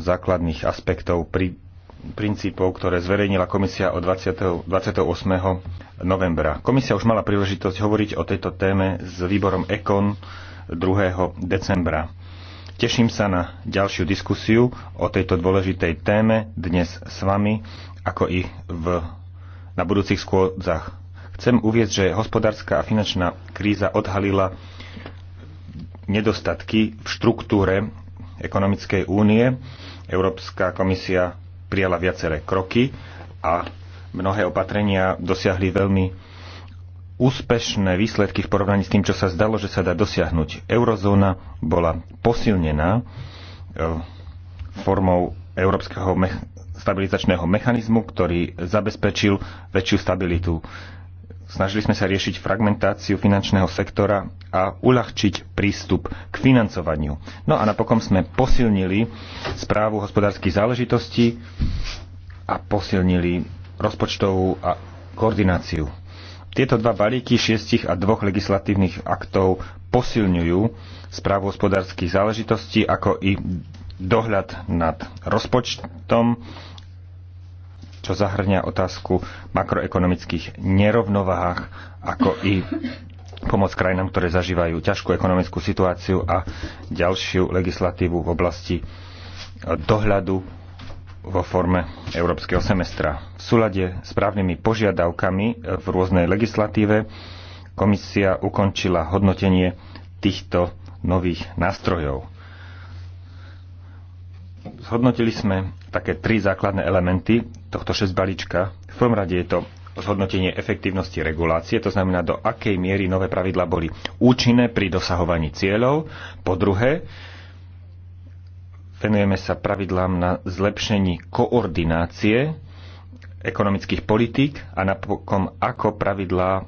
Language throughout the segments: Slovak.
základných aspektov pri princípov, ktoré zverejnila komisia od 20, 28. novembra. Komisia už mala príležitosť hovoriť o tejto téme s výborom EKON 2. decembra. Teším sa na ďalšiu diskusiu o tejto dôležitej téme dnes s vami, ako i v, na budúcich skôdzach. Chcem uvieť, že hospodárska a finančná kríza odhalila nedostatky v štruktúre ekonomickej únie. Európska komisia prijala viaceré kroky a mnohé opatrenia dosiahli veľmi úspešné výsledky v porovnaní s tým, čo sa zdalo, že sa dá dosiahnuť. Eurozóna bola posilnená e, formou Európskeho stabilizačného mechanizmu, ktorý zabezpečil väčšiu stabilitu Snažili sme sa riešiť fragmentáciu finančného sektora a uľahčiť prístup k financovaniu. No a napokon sme posilnili správu hospodárskych záležitostí a posilnili rozpočtovú a koordináciu. Tieto dva balíky šiestich a dvoch legislatívnych aktov posilňujú správu hospodárskych záležitostí ako i dohľad nad rozpočtom čo zahrňa otázku makroekonomických nerovnovách, ako i pomoc krajinám, ktoré zažívajú ťažkú ekonomickú situáciu a ďalšiu legislatívu v oblasti dohľadu vo forme európskeho semestra. V súlade s právnymi požiadavkami v rôznej legislatíve komisia ukončila hodnotenie týchto nových nástrojov. Zhodnotili sme také tri základné elementy tohto šesť balíčka. V prvom rade je to zhodnotenie efektívnosti regulácie, to znamená, do akej miery nové pravidla boli účinné pri dosahovaní cieľov. Po druhé, venujeme sa pravidlám na zlepšení koordinácie ekonomických politík a napokon ako pravidlá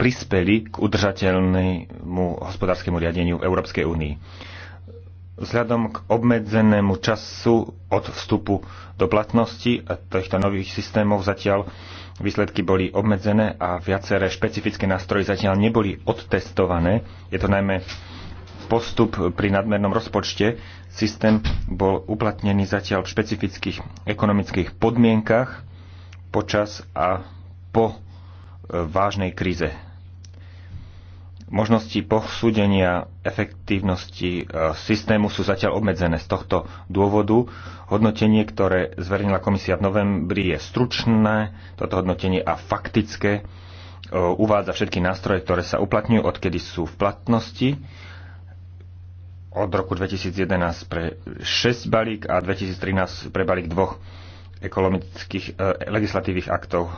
prispeli k udržateľnému hospodárskému riadeniu Európskej únii vzhľadom k obmedzenému času od vstupu do platnosti týchto nových systémov zatiaľ výsledky boli obmedzené a viaceré špecifické nástroje zatiaľ neboli odtestované. Je to najmä postup pri nadmernom rozpočte. Systém bol uplatnený zatiaľ v špecifických ekonomických podmienkach počas a po e, vážnej kríze Možnosti posúdenia efektívnosti e, systému sú zatiaľ obmedzené. Z tohto dôvodu hodnotenie, ktoré zverejnila komisia v novembri, je stručné, toto hodnotenie a faktické. E, uvádza všetky nástroje, ktoré sa uplatňujú, odkedy sú v platnosti od roku 2011 pre 6 balík a 2013 pre balík dvoch ekonomických eh, legislatívnych aktov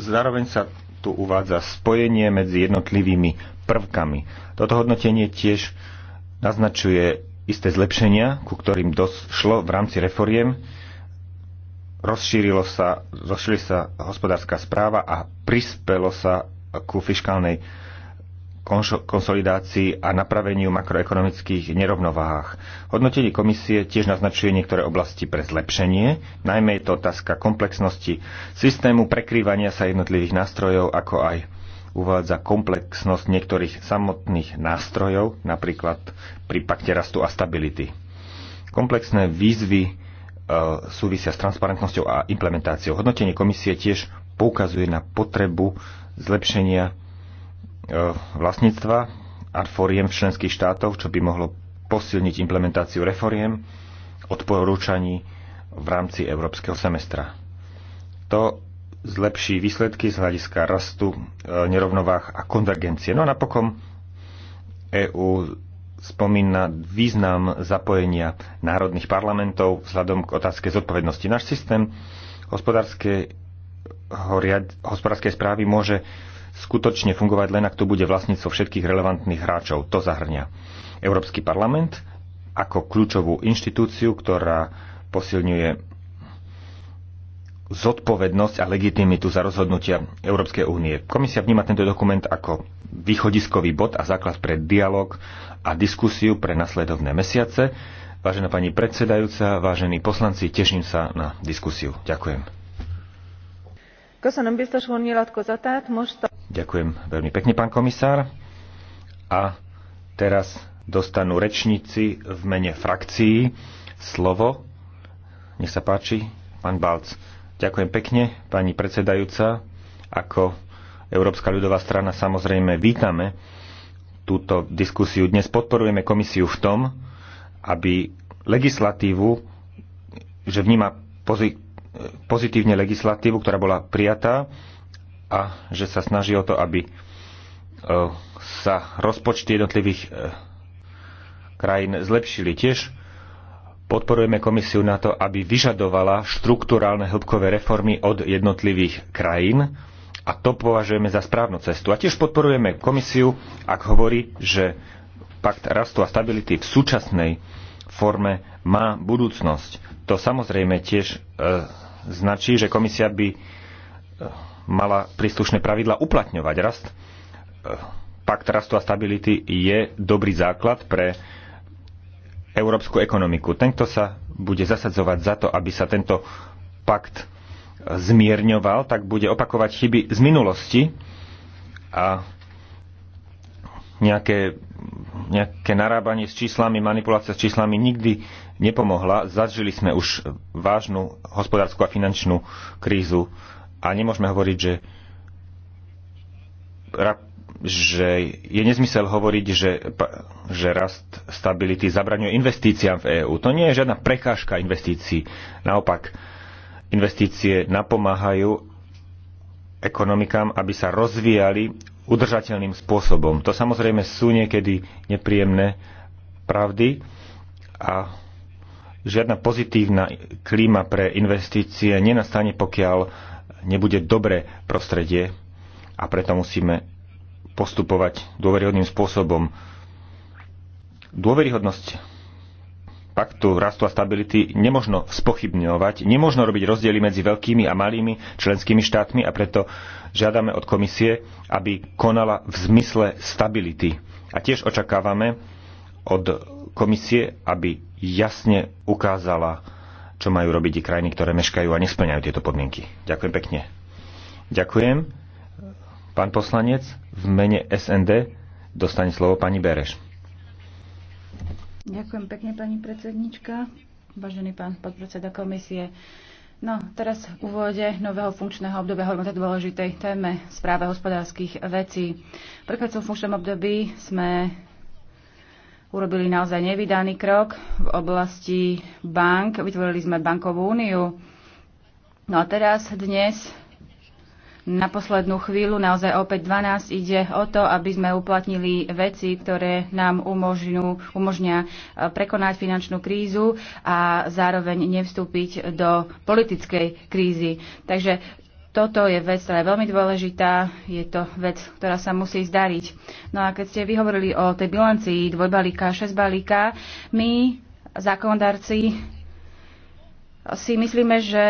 Zároveň sa tu uvádza spojenie medzi jednotlivými prvkami. Toto hodnotenie tiež naznačuje isté zlepšenia, ku ktorým došlo v rámci reforiem. Rozšírilo sa, rozšírila sa hospodárska správa a prispelo sa ku fiskálnej konsolidácii a napraveniu makroekonomických nerovnováh. Hodnotenie komisie tiež naznačuje niektoré oblasti pre zlepšenie, najmä je to otázka komplexnosti systému prekrývania sa jednotlivých nástrojov, ako aj uvádza komplexnosť niektorých samotných nástrojov, napríklad pri pakte rastu a stability. Komplexné výzvy e, súvisia s transparentnosťou a implementáciou. Hodnotenie komisie tiež poukazuje na potrebu zlepšenia Eh, vlastníctva a foriem členských štátov, čo by mohlo posilniť implementáciu reforiem, odporúčaní v rámci európskeho semestra. To zlepší výsledky z hľadiska rastu, eh, nerovnováh a konvergencie. No a napokon EÚ spomína význam zapojenia národných parlamentov vzhľadom k otázke zodpovednosti. Náš systém hospodárskej hospodárskej správy môže skutočne fungovať len, ak to bude vlastníctvo všetkých relevantných hráčov. To zahrňa Európsky parlament ako kľúčovú inštitúciu, ktorá posilňuje zodpovednosť a legitimitu za rozhodnutia Európskej únie. Komisia vníma tento dokument ako východiskový bod a základ pre dialog a diskusiu pre nasledovné mesiace. Vážená pani predsedajúca, vážení poslanci, teším sa na diskusiu. Ďakujem. Ďakujem veľmi pekne, pán komisár. A teraz dostanú rečníci v mene frakcií slovo. Nech sa páči, pán Balc. Ďakujem pekne, pani predsedajúca. Ako Európska ľudová strana samozrejme vítame túto diskusiu. Dnes podporujeme komisiu v tom, aby legislatívu, že vníma pozit pozitívne legislatívu, ktorá bola prijatá a že sa snaží o to, aby e, sa rozpočty jednotlivých e, krajín zlepšili. Tiež podporujeme komisiu na to, aby vyžadovala štruktúrálne hĺbkové reformy od jednotlivých krajín a to považujeme za správnu cestu. A tiež podporujeme komisiu, ak hovorí, že pakt rastu a stability v súčasnej forme má budúcnosť to samozrejme tiež e, značí, že komisia by e, mala príslušné pravidla uplatňovať. Rast, e, pakt rastu a stability je dobrý základ pre európsku ekonomiku. Tento sa bude zasadzovať za to, aby sa tento pakt zmierňoval, tak bude opakovať chyby z minulosti a nejaké, nejaké narábanie s číslami, manipulácia s číslami nikdy nepomohla. Zažili sme už vážnu hospodárskú a finančnú krízu a nemôžeme hovoriť, že, že je nezmysel hovoriť, že, že rast stability zabraňuje investíciám v EÚ. To nie je žiadna prekážka investícií. Naopak, investície napomáhajú ekonomikám, aby sa rozvíjali udržateľným spôsobom. To samozrejme sú niekedy nepríjemné pravdy a žiadna pozitívna klíma pre investície nenastane, pokiaľ nebude dobré prostredie a preto musíme postupovať dôveryhodným spôsobom. Dôveryhodnosť paktu rastu a stability nemožno spochybňovať, nemožno robiť rozdiely medzi veľkými a malými členskými štátmi a preto žiadame od komisie, aby konala v zmysle stability. A tiež očakávame, od komisie, aby jasne ukázala, čo majú robiť i krajiny, ktoré meškajú a nesplňajú tieto podmienky. Ďakujem pekne. Ďakujem. Pán poslanec, v mene SND dostane slovo pani Bereš. Ďakujem pekne, pani predsednička. Vážený pán podpredseda komisie, No, teraz v úvode nového funkčného obdobia hovoríme o dôležitej téme správe hospodárskych vecí. V funkčnom období sme urobili naozaj nevydaný krok v oblasti bank. Vytvorili sme bankovú úniu. No a teraz dnes na poslednú chvíľu, naozaj opäť 12, ide o to, aby sme uplatnili veci, ktoré nám umožňujú, umožňa e, prekonať finančnú krízu a zároveň nevstúpiť do politickej krízy. Takže toto je vec, ktorá je veľmi dôležitá, je to vec, ktorá sa musí zdariť. No a keď ste vyhovorili o tej bilancii dvojbalíka, šesťbalíka, my, zákonodárci, si myslíme, že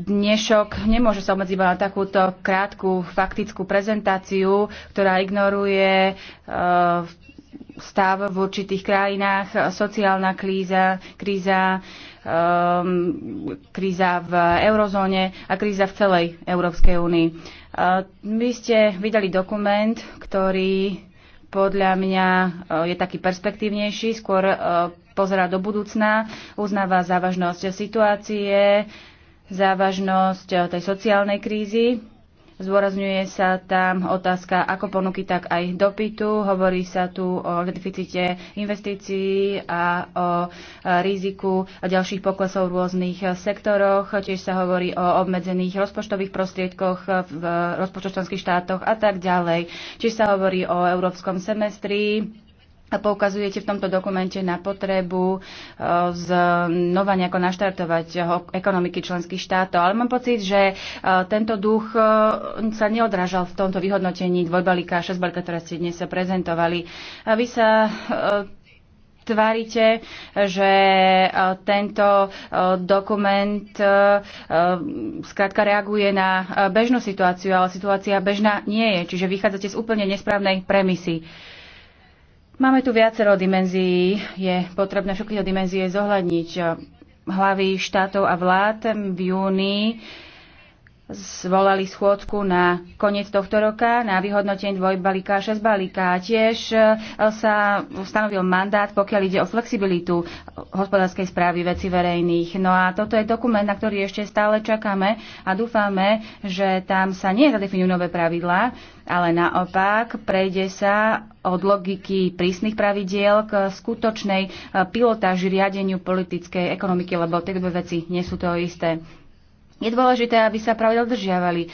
dnešok nemôže sa obmedziť na takúto krátku faktickú prezentáciu, ktorá ignoruje uh, stav v určitých krajinách, sociálna kríza, kríza, um, kríza v eurozóne a kríza v celej Európskej únii. Uh, vy ste vydali dokument, ktorý podľa mňa uh, je taký perspektívnejší, skôr uh, pozera do budúcna, uznáva závažnosť situácie, závažnosť uh, tej sociálnej krízy Zvorazňuje sa tam otázka ako ponuky, tak aj dopytu. Hovorí sa tu o deficite investícií a o e, riziku ďalších poklesov v rôznych sektoroch. Tiež sa hovorí o obmedzených rozpočtových prostriedkoch v e, rozpočtovských štátoch a tak ďalej. Tiež sa hovorí o európskom semestri a poukazujete v tomto dokumente na potrebu e, znova nejako naštartovať ekonomiky členských štátov. Ale mám pocit, že e, tento duch e, sa neodrážal v tomto vyhodnotení dvojbalíka a šesťbalíka, ktoré ste dnes prezentovali. A vy sa tvárite, že tento dokument skrátka reaguje na bežnú situáciu, ale situácia bežná nie je. Čiže vychádzate z úplne nesprávnej premisy. Máme tu viacero dimenzií, je potrebné všetky dimenzie zohľadniť. Hlavy štátov a vlád v júni zvolali schôdku na koniec tohto roka na vyhodnotenie dvojbalíka a šesťbalíka. Tiež e, sa stanovil mandát, pokiaľ ide o flexibilitu hospodárskej správy veci verejných. No a toto je dokument, na ktorý ešte stále čakáme a dúfame, že tam sa nie zadefinujú nové pravidlá, ale naopak prejde sa od logiky prísnych pravidiel k skutočnej e, pilotáži riadeniu politickej ekonomiky, lebo tie dve veci nie sú to isté. Je dôležité, aby sa pravidel držiavali.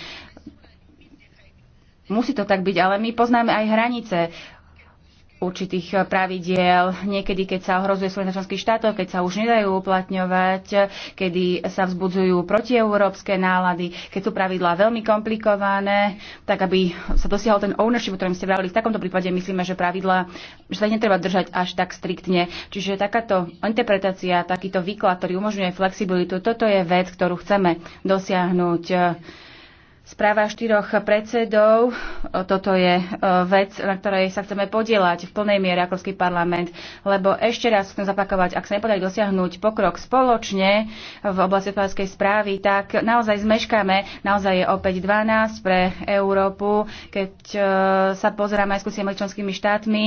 Musí to tak byť, ale my poznáme aj hranice určitých eh, pravidiel, niekedy, keď sa ohrozuje svoje členských štátov, keď sa už nedajú uplatňovať, kedy sa vzbudzujú protieurópske nálady, keď sú pravidlá veľmi komplikované, tak aby sa dosiahol ten ownership, o ktorom ste vravili. V takomto prípade myslíme, že pravidlá, že sa netreba držať až tak striktne. Čiže takáto interpretácia, takýto výklad, ktorý umožňuje flexibilitu, toto je vec, ktorú chceme dosiahnuť Správa štyroch predsedov, toto je e, vec, na ktorej sa chceme podielať v plnej miere Európsky parlament, lebo ešte raz chcem zapakovať, ak sa nepodarí dosiahnuť pokrok spoločne v oblasti hospodárskej správy, tak naozaj zmeškáme, naozaj je opäť 12 pre Európu, keď e, sa pozeráme aj s členskými štátmi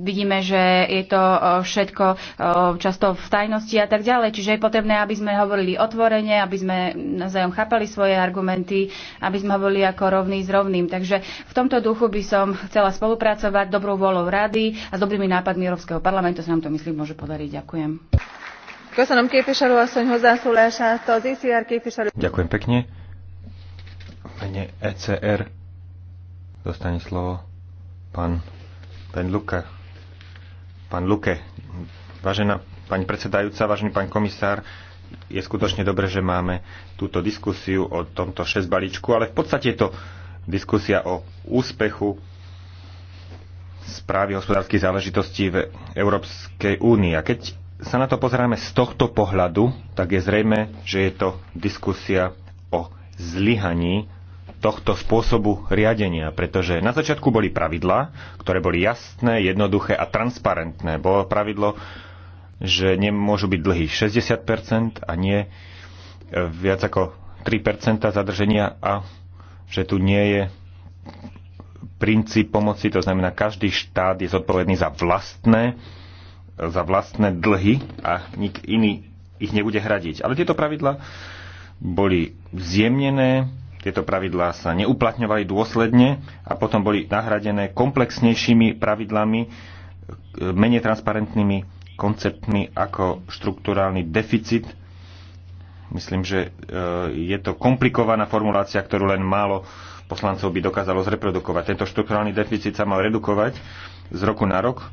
Vidíme, že je to e, všetko e, často v tajnosti a tak ďalej, čiže je potrebné, aby sme hovorili otvorene, aby sme navzájom chápali svoje argumenty, aby sme hovorili ako rovný s rovným. Takže v tomto duchu by som chcela spolupracovať dobrou vôľou rady a s dobrými nápadmi Európskeho parlamentu sa nám to, myslím, môže podariť. Ďakujem. Ďakujem pekne. V mene ECR dostane slovo pán Pán Luka, pán Luke, vážená pani predsedajúca, vážený pán komisár, je skutočne dobre, že máme túto diskusiu o tomto šesť balíčku, ale v podstate je to diskusia o úspechu správy hospodárskych záležitostí v Európskej únii. A keď sa na to pozeráme z tohto pohľadu, tak je zrejme, že je to diskusia o zlyhaní tohto spôsobu riadenia, pretože na začiatku boli pravidlá, ktoré boli jasné, jednoduché a transparentné. Bolo pravidlo, že nemôžu byť dlhy 60% a nie e, viac ako 3% zadrženia a že tu nie je princíp pomoci, to znamená, každý štát je zodpovedný za vlastné, za vlastné dlhy a nik iný ich nebude hradiť. Ale tieto pravidla boli zjemnené, tieto pravidlá sa neuplatňovali dôsledne a potom boli nahradené komplexnejšími pravidlami, e, menej transparentnými konceptmi ako štruktúrálny deficit. Myslím, že e, je to komplikovaná formulácia, ktorú len málo poslancov by dokázalo zreprodukovať. Tento štruktúrálny deficit sa mal redukovať z roku na rok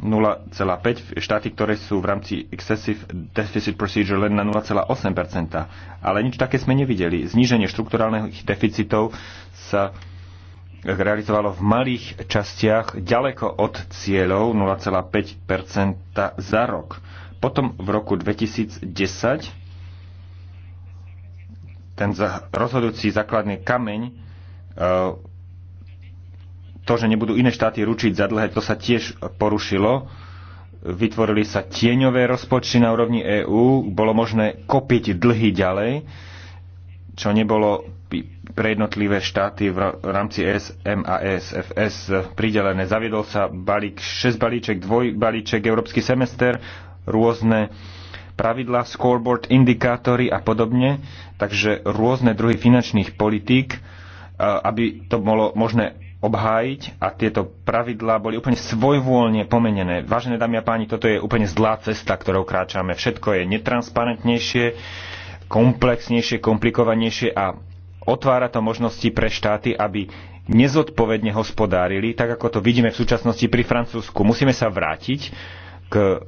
0,5, štáty, ktoré sú v rámci excessive deficit procedure len na 0,8%. Ale nič také sme nevideli. Zníženie štrukturálnych deficitov sa realizovalo v malých častiach ďaleko od cieľov 0,5% za rok. Potom v roku 2010 ten rozhodujúci základný kameň e, to, že nebudú iné štáty ručiť za dlhé, to sa tiež porušilo. Vytvorili sa tieňové rozpočty na úrovni EÚ, bolo možné kopiť dlhy ďalej, čo nebolo pre jednotlivé štáty v rámci e SM a ESFS pridelené. Zaviedol sa balík 6 balíček, 2 balíček, európsky semester, rôzne pravidlá, scoreboard, indikátory a podobne, takže rôzne druhy finančných politík, aby to bolo možné obhájiť a tieto pravidlá boli úplne svojvôľne pomenené. Vážené dámy a páni, toto je úplne zlá cesta, ktorou kráčame. Všetko je netransparentnejšie, komplexnejšie, komplikovanejšie a otvára to možnosti pre štáty, aby nezodpovedne hospodárili, tak ako to vidíme v súčasnosti pri Francúzsku. Musíme sa vrátiť k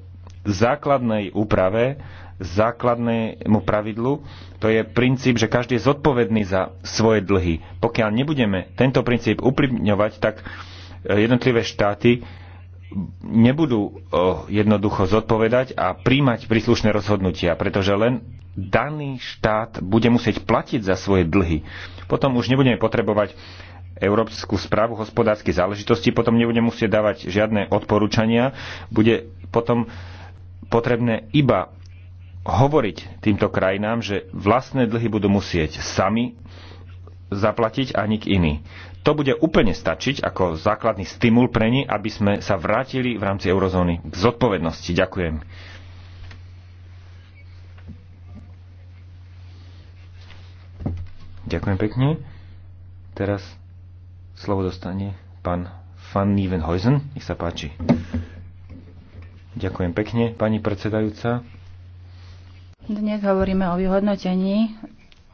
základnej úprave, základnému pravidlu, to je princíp, že každý je zodpovedný za svoje dlhy. Pokiaľ nebudeme tento princíp uplivňovať, tak e, jednotlivé štáty nebudú e, jednoducho zodpovedať a príjmať príslušné rozhodnutia, pretože len daný štát bude musieť platiť za svoje dlhy. Potom už nebudeme potrebovať Európsku správu hospodárskej záležitosti, potom nebude musieť dávať žiadne odporúčania, bude potom potrebné iba hovoriť týmto krajinám, že vlastné dlhy budú musieť sami zaplatiť a nik iný. To bude úplne stačiť ako základný stimul pre ni, aby sme sa vrátili v rámci eurozóny k zodpovednosti. Ďakujem. Ďakujem pekne. Teraz slovo dostane pán Van Nieuwenhuizen. Nech sa páči. Ďakujem pekne, pani predsedajúca. Dnes hovoríme o vyhodnotení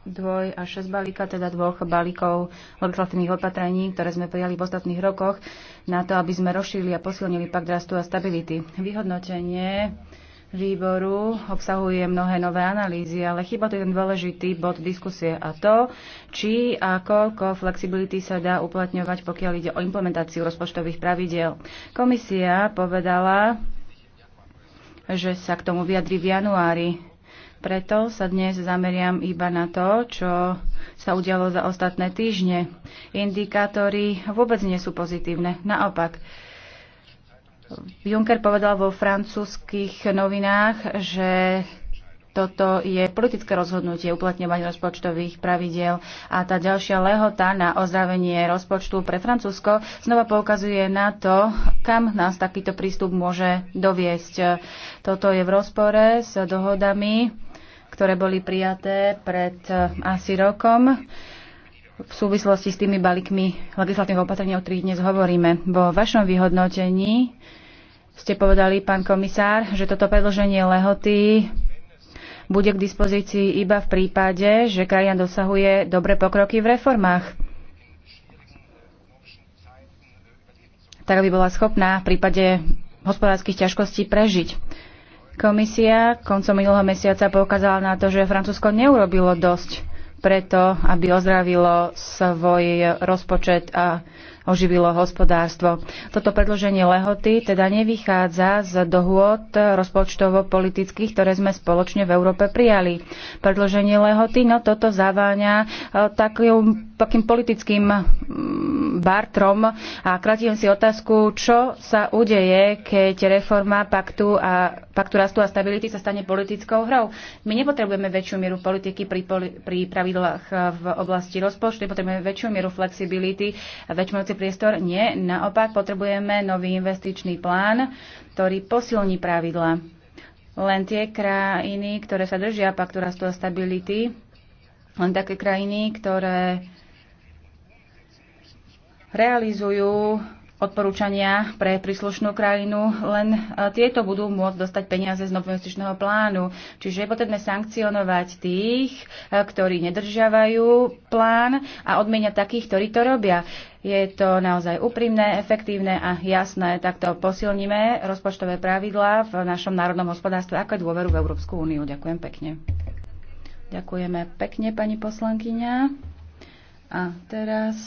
dvoj a šesť balíka, teda dvoch balíkov legislatívnych opatrení, ktoré sme prijali v ostatných rokoch na to, aby sme rozšírili a posilnili pakt rastu a stability. Vyhodnotenie výboru obsahuje mnohé nové analýzy, ale chyba to je ten dôležitý bod diskusie a to, či a koľko flexibility sa dá uplatňovať, pokiaľ ide o implementáciu rozpočtových pravidiel. Komisia povedala, že sa k tomu vyjadri v januári preto sa dnes zameriam iba na to, čo sa udialo za ostatné týždne. Indikátory vôbec nie sú pozitívne. Naopak, Juncker povedal vo francúzských novinách, že toto je politické rozhodnutie uplatňovania rozpočtových pravidiel a tá ďalšia lehota na ozdravenie rozpočtu pre Francúzsko znova poukazuje na to, kam nás takýto prístup môže doviesť. Toto je v rozpore s dohodami ktoré boli prijaté pred eh, asi rokom. V súvislosti s tými balíkmi legislatívnych opatrení, o ktorých dnes hovoríme, vo vašom vyhodnotení ste povedali, pán komisár, že toto predlženie lehoty bude k dispozícii iba v prípade, že krajina dosahuje dobré pokroky v reformách. Tak, aby bola schopná v prípade hospodárskych ťažkostí prežiť. Komisia koncom minulého mesiaca poukázala na to, že Francúzsko neurobilo dosť preto, aby ozdravilo svoj rozpočet a oživilo hospodárstvo. Toto predloženie lehoty teda nevychádza z dohôd rozpočtovo-politických, ktoré sme spoločne v Európe prijali. Predloženie lehoty, no toto zaváňa e, takým, takým politickým mm, bartrom a kratím si otázku, čo sa udeje, keď reforma paktu, a, paktu rastu a stability sa stane politickou hrou. My nepotrebujeme väčšiu mieru politiky pri, poli, pri pravidlách e, v oblasti rozpočtu, potrebujeme väčšiu mieru flexibility a väčšiu priestor? Nie, naopak potrebujeme nový investičný plán, ktorý posilní pravidla. Len tie krajiny, ktoré sa držia paktu rastu a stability, len také krajiny, ktoré realizujú odporúčania pre príslušnú krajinu, len e, tieto budú môcť dostať peniaze z novoinvestičného plánu. Čiže je potrebné sankcionovať tých, e, ktorí nedržiavajú plán a odmieniať takých, ktorí to robia. Je to naozaj úprimné, efektívne a jasné. Takto posilníme rozpočtové pravidlá v našom národnom hospodárstve, ako aj dôveru v Európsku úniu. Ďakujem pekne. Ďakujeme pekne, pani poslankyňa. A teraz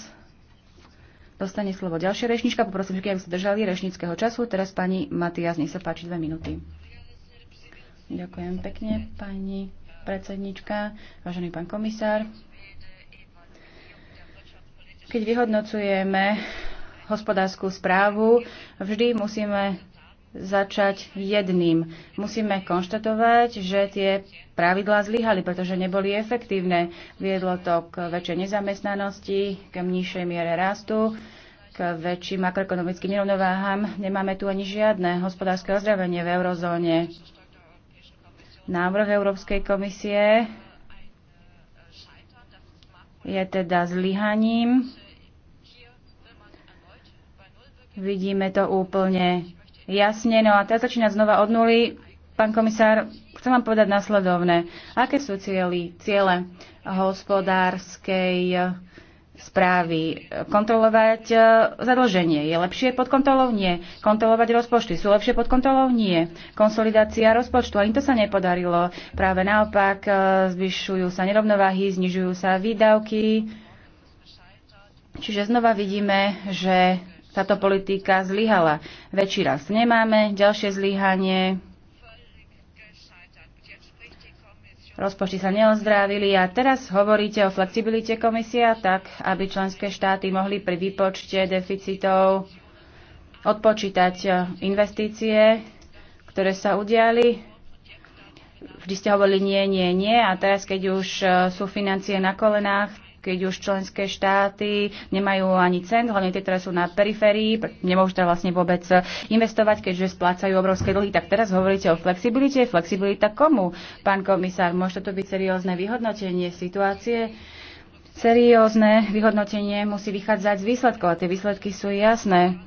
dostane slovo ďalšia rešnička. Poprosím že aby sa držali rešnického času. Teraz pani Matias, nech sa páči dve minúty. Ďakujem pekne, pani predsednička, vážený pán komisár, keď vyhodnocujeme hospodárskú správu, vždy musíme začať jedným. Musíme konštatovať, že tie pravidlá zlyhali, pretože neboli efektívne. Viedlo to k väčšej nezamestnanosti, k nižšej miere rastu, k väčším makroekonomickým nerovnováham. Nemáme tu ani žiadne hospodárske ozdravenie v eurozóne. Návrh Európskej komisie je teda zlyhaním Vidíme to úplne jasne. No a teraz začína znova od nuly. Pán komisár, chcem vám povedať nasledovné. Aké sú cieľi, ciele hospodárskej eh, správy. Kontrolovať eh, zadlženie je lepšie pod kontrolou? Nie. Kontrolovať rozpočty sú lepšie pod kontrolou? Nie. Konsolidácia rozpočtu, ani to sa nepodarilo. Práve naopak, eh, zvyšujú sa nerovnováhy, znižujú sa výdavky. Čiže znova vidíme, že táto politika zlyhala. Väčší raz nemáme, ďalšie zlyhanie. Rozpočty sa neozdrávili a teraz hovoríte o flexibilite komisia tak, aby členské štáty mohli pri výpočte deficitov odpočítať investície, ktoré sa udiali. Vždy ste hovorili nie, nie, nie a teraz, keď už sú financie na kolenách, keď už členské štáty nemajú ani cen, hlavne tie, ktoré sú na periférii, nemôžu tam teda vlastne vôbec investovať, keďže splácajú obrovské dlhy. Tak teraz hovoríte o flexibilite. Flexibilita komu? Pán komisár, môže to byť seriózne vyhodnotenie situácie? Seriózne vyhodnotenie musí vychádzať z výsledkov a tie výsledky sú jasné.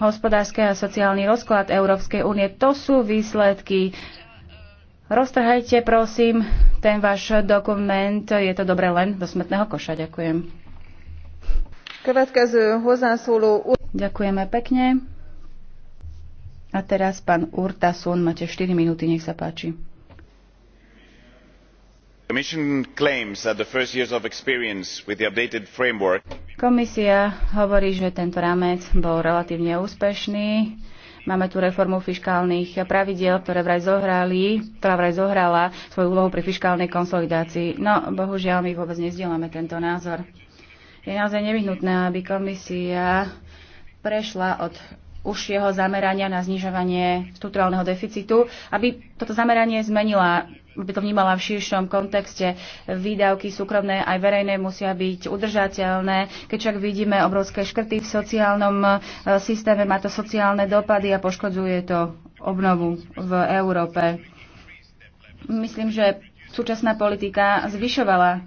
Hospodárske a sociálny rozklad Európskej únie to sú výsledky Roztrhajte, prosím, ten váš dokument. Je to dobre len do smetného koša. Ďakujem. Ďakujeme pekne. A teraz pán Urtasun, máte 4 minúty, nech sa páči. Komisia hovorí, že tento rámec bol relatívne úspešný Máme tu reformu fiskálnych pravidiel, ktoré vraj zohrali, ktorá vraj zohrala svoju úlohu pri fiškálnej konsolidácii. No, bohužiaľ, my vôbec nezdielame tento názor. Je naozaj nevyhnutné, aby komisia prešla od jeho zamerania na znižovanie strukturálneho deficitu, aby toto zameranie zmenila by to vnímala v širšom kontexte. Výdavky súkromné aj verejné musia byť udržateľné. Keď však vidíme obrovské škrty v sociálnom e, systéme, má to sociálne dopady a poškodzuje to obnovu v Európe. Myslím, že súčasná politika zvyšovala e,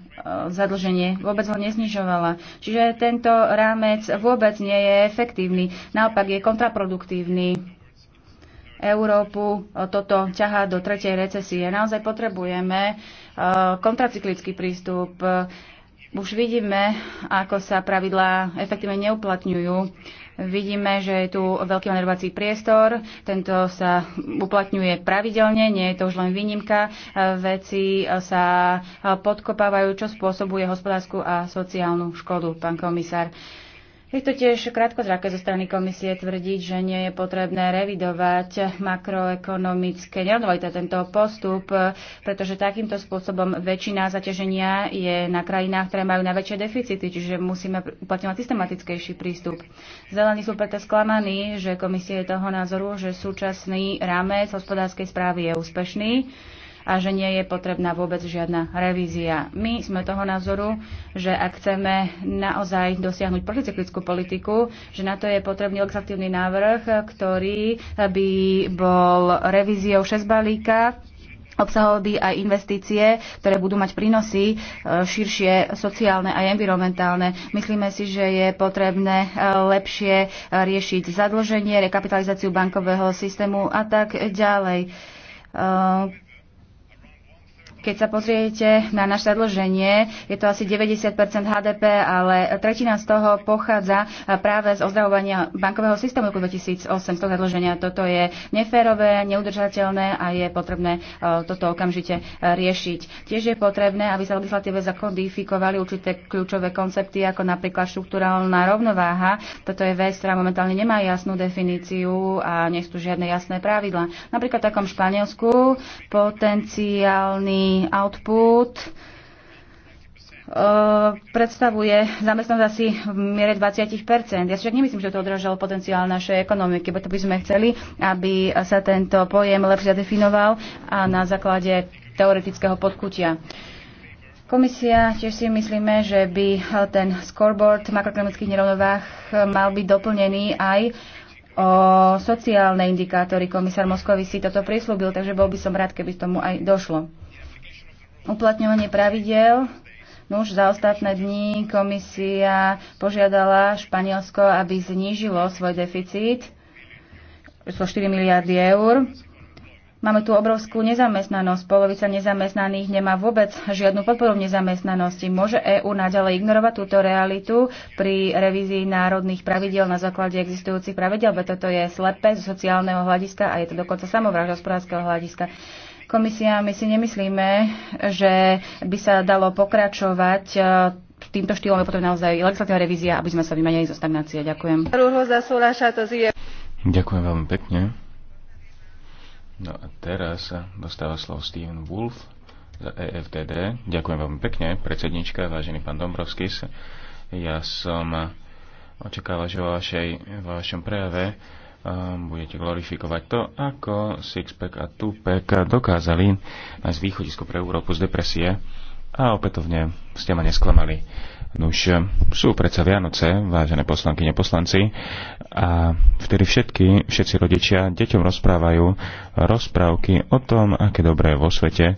zadlženie, vôbec ho neznižovala. Čiže tento rámec vôbec nie je efektívny, naopak je kontraproduktívny Európu toto ťahá do tretej recesie. Naozaj potrebujeme kontracyklický prístup. Už vidíme, ako sa pravidlá efektívne neuplatňujú. Vidíme, že je tu veľký manévrovací priestor, tento sa uplatňuje pravidelne, nie je to už len výnimka. E, veci e, sa e, podkopávajú, čo spôsobuje hospodárskú a sociálnu škodu, pán komisár. Je to tiež krátkozraké zo strany komisie tvrdiť, že nie je potrebné revidovať makroekonomické nerovnováhy, tento postup, pretože takýmto spôsobom väčšina zaťaženia je na krajinách, ktoré majú najväčšie deficity, čiže musíme uplatňovať systematickejší prístup. Zelení sú preto sklamaní, že komisie je toho názoru, že súčasný rámec hospodárskej správy je úspešný a že nie je potrebná vôbec žiadna revízia. My sme toho názoru, že ak chceme naozaj dosiahnuť proticyklickú politiku, že na to je potrebný legislatívny návrh, ktorý by bol revíziou 6 balíka obsahol by aj investície, ktoré budú mať prínosy e, širšie sociálne a environmentálne. Myslíme si, že je potrebné e, lepšie e, riešiť zadlženie, rekapitalizáciu bankového systému a tak ďalej keď sa pozriete na naše zadlženie, je to asi 90 HDP, ale tretina z toho pochádza eh, práve z ozdravovania bankového systému roku 2008 z toho zadlženia. Toto je neférové, neudržateľné a je potrebné eh, toto okamžite eh, riešiť. Tiež je potrebné, aby sa legislatíve zakodifikovali určité kľúčové koncepty, ako napríklad štruktúrálna rovnováha. Toto je vec, ktorá momentálne nemá jasnú definíciu a nie sú žiadne jasné pravidla. Napríklad v takom Španielsku potenciálny output eh, predstavuje zamestnanosť asi v miere 20 Ja však nemyslím, že to odrážalo potenciál našej ekonomiky, bo to by sme chceli, aby sa tento pojem lepšie zadefinoval a na základe teoretického podkutia. Komisia tiež si myslíme, že by ten scoreboard makroekonomických nerovnovách mal byť doplnený aj o sociálne indikátory. Komisár Moskovi si toto prislúbil, takže bol by som rád, keby tomu aj došlo. Uplatňovanie pravidel No už za ostatné dni komisia požiadala Španielsko, aby znížilo svoj deficit so 4 miliardy eur. Máme tu obrovskú nezamestnanosť. Polovica nezamestnaných nemá vôbec žiadnu podporu v nezamestnanosti. Môže EÚ naďalej ignorovať túto realitu pri revízii národných pravidel na základe existujúcich pravidel, veď toto je slepé z sociálneho hľadiska a je to dokonca samovraž hospodárskeho hľadiska. Komisia, my si nemyslíme, že by sa dalo pokračovať e, týmto štýlom je potom naozaj legislatívna revízia, aby sme sa vymenili zo stagnácie. Ďakujem. Ďakujem veľmi pekne. No a teraz dostáva slovo Steven Wolf za EFTD. Ďakujem veľmi pekne, predsednička, vážený pán Dombrovskis. Ja som očakával, že vo, vašej, vo vašom prejave budete glorifikovať to, ako Sixpack a Tupac dokázali nájsť východisko pre Európu z depresie a opätovne ste ma nesklamali. Nuž, sú predsa Vianoce, vážené poslanky, poslanci, a vtedy všetky, všetci rodičia deťom rozprávajú rozprávky o tom, aké dobré je vo svete,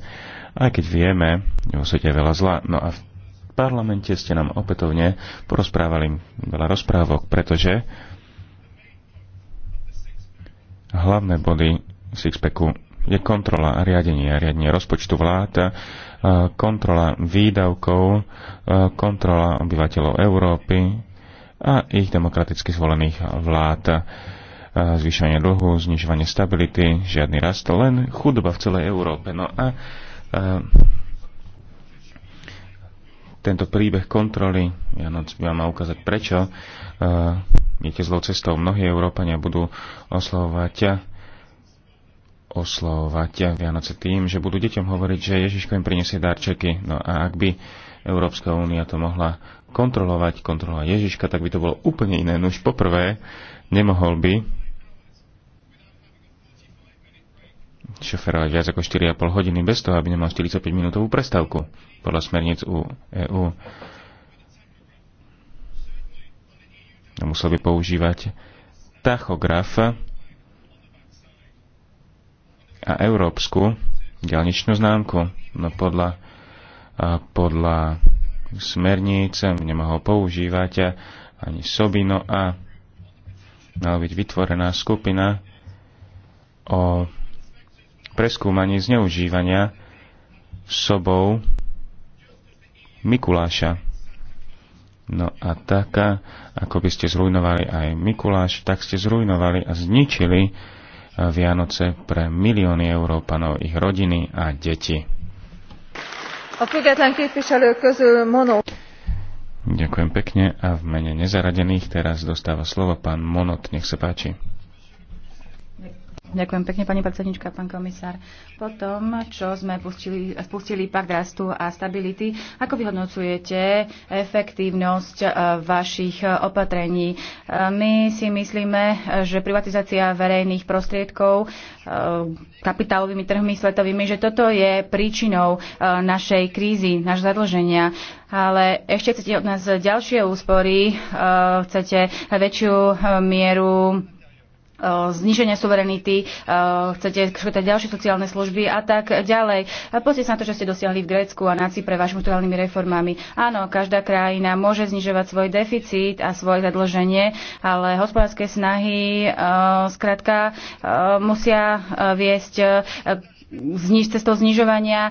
aj keď vieme, že vo svete je veľa zla. No a v parlamente ste nám opätovne porozprávali veľa rozprávok, pretože hlavné body Sixpacku je kontrola a riadenie, riadenie rozpočtu vlád, kontrola výdavkov, kontrola obyvateľov Európy a ich demokraticky zvolených vlád, zvyšovanie dlhu, znižovanie stability, žiadny rast, len chudoba v celej Európe. No a tento príbeh kontroly Vianoc by mal ukázať, prečo uh, idete zlou cestou. Mnohí Európania budú oslovovať oslovovať Vianoce tým, že budú deťom hovoriť, že Ježiško im prinesie darčeky. No a ak by Európska únia to mohla kontrolovať, kontrolovať Ježiška, tak by to bolo úplne iné. No už poprvé nemohol by šoferovať viac ako 4,5 hodiny bez toho, aby nemal 45 minútovú prestávku podľa smerníc u EU. musel by používať tachograf a európsku ďalničnú známku. No podľa, podľa smernice nemohol používať ani Sobino a mala byť vytvorená skupina o preskúmaní zneužívania sobou Mikuláša. No a tak, ako by ste zrujnovali aj Mikuláš, tak ste zrujnovali a zničili e, Vianoce pre milióny Európanov, ich rodiny a deti. Ďakujem pekne a v mene nezaradených teraz dostáva slovo pán Monot, nech sa páči. Ďakujem pekne, pani predsednička, pán komisár. Po tom, čo sme pustili, spustili pakt rastu a stability, ako vyhodnocujete efektívnosť eh, vašich eh, opatrení? Eh, my si myslíme, že privatizácia verejných prostriedkov kapitálovými trhmi svetovými, že toto je príčinou našej krízy, nášho zadlženia. Ale ešte chcete od nás ďalšie úspory, chcete väčšiu mieru E, zniženia suverenity, e, chcete škrtať ďalšie sociálne služby a tak ďalej. Pozrite sa na to, že ste dosiahli v Grécku a na Cypre vašimi strukturálnymi reformami. Áno, každá krajina môže znižovať svoj deficit a svoje zadlženie, ale hospodárske snahy e, skrátka musia viesť zniž, cestou znižovania e,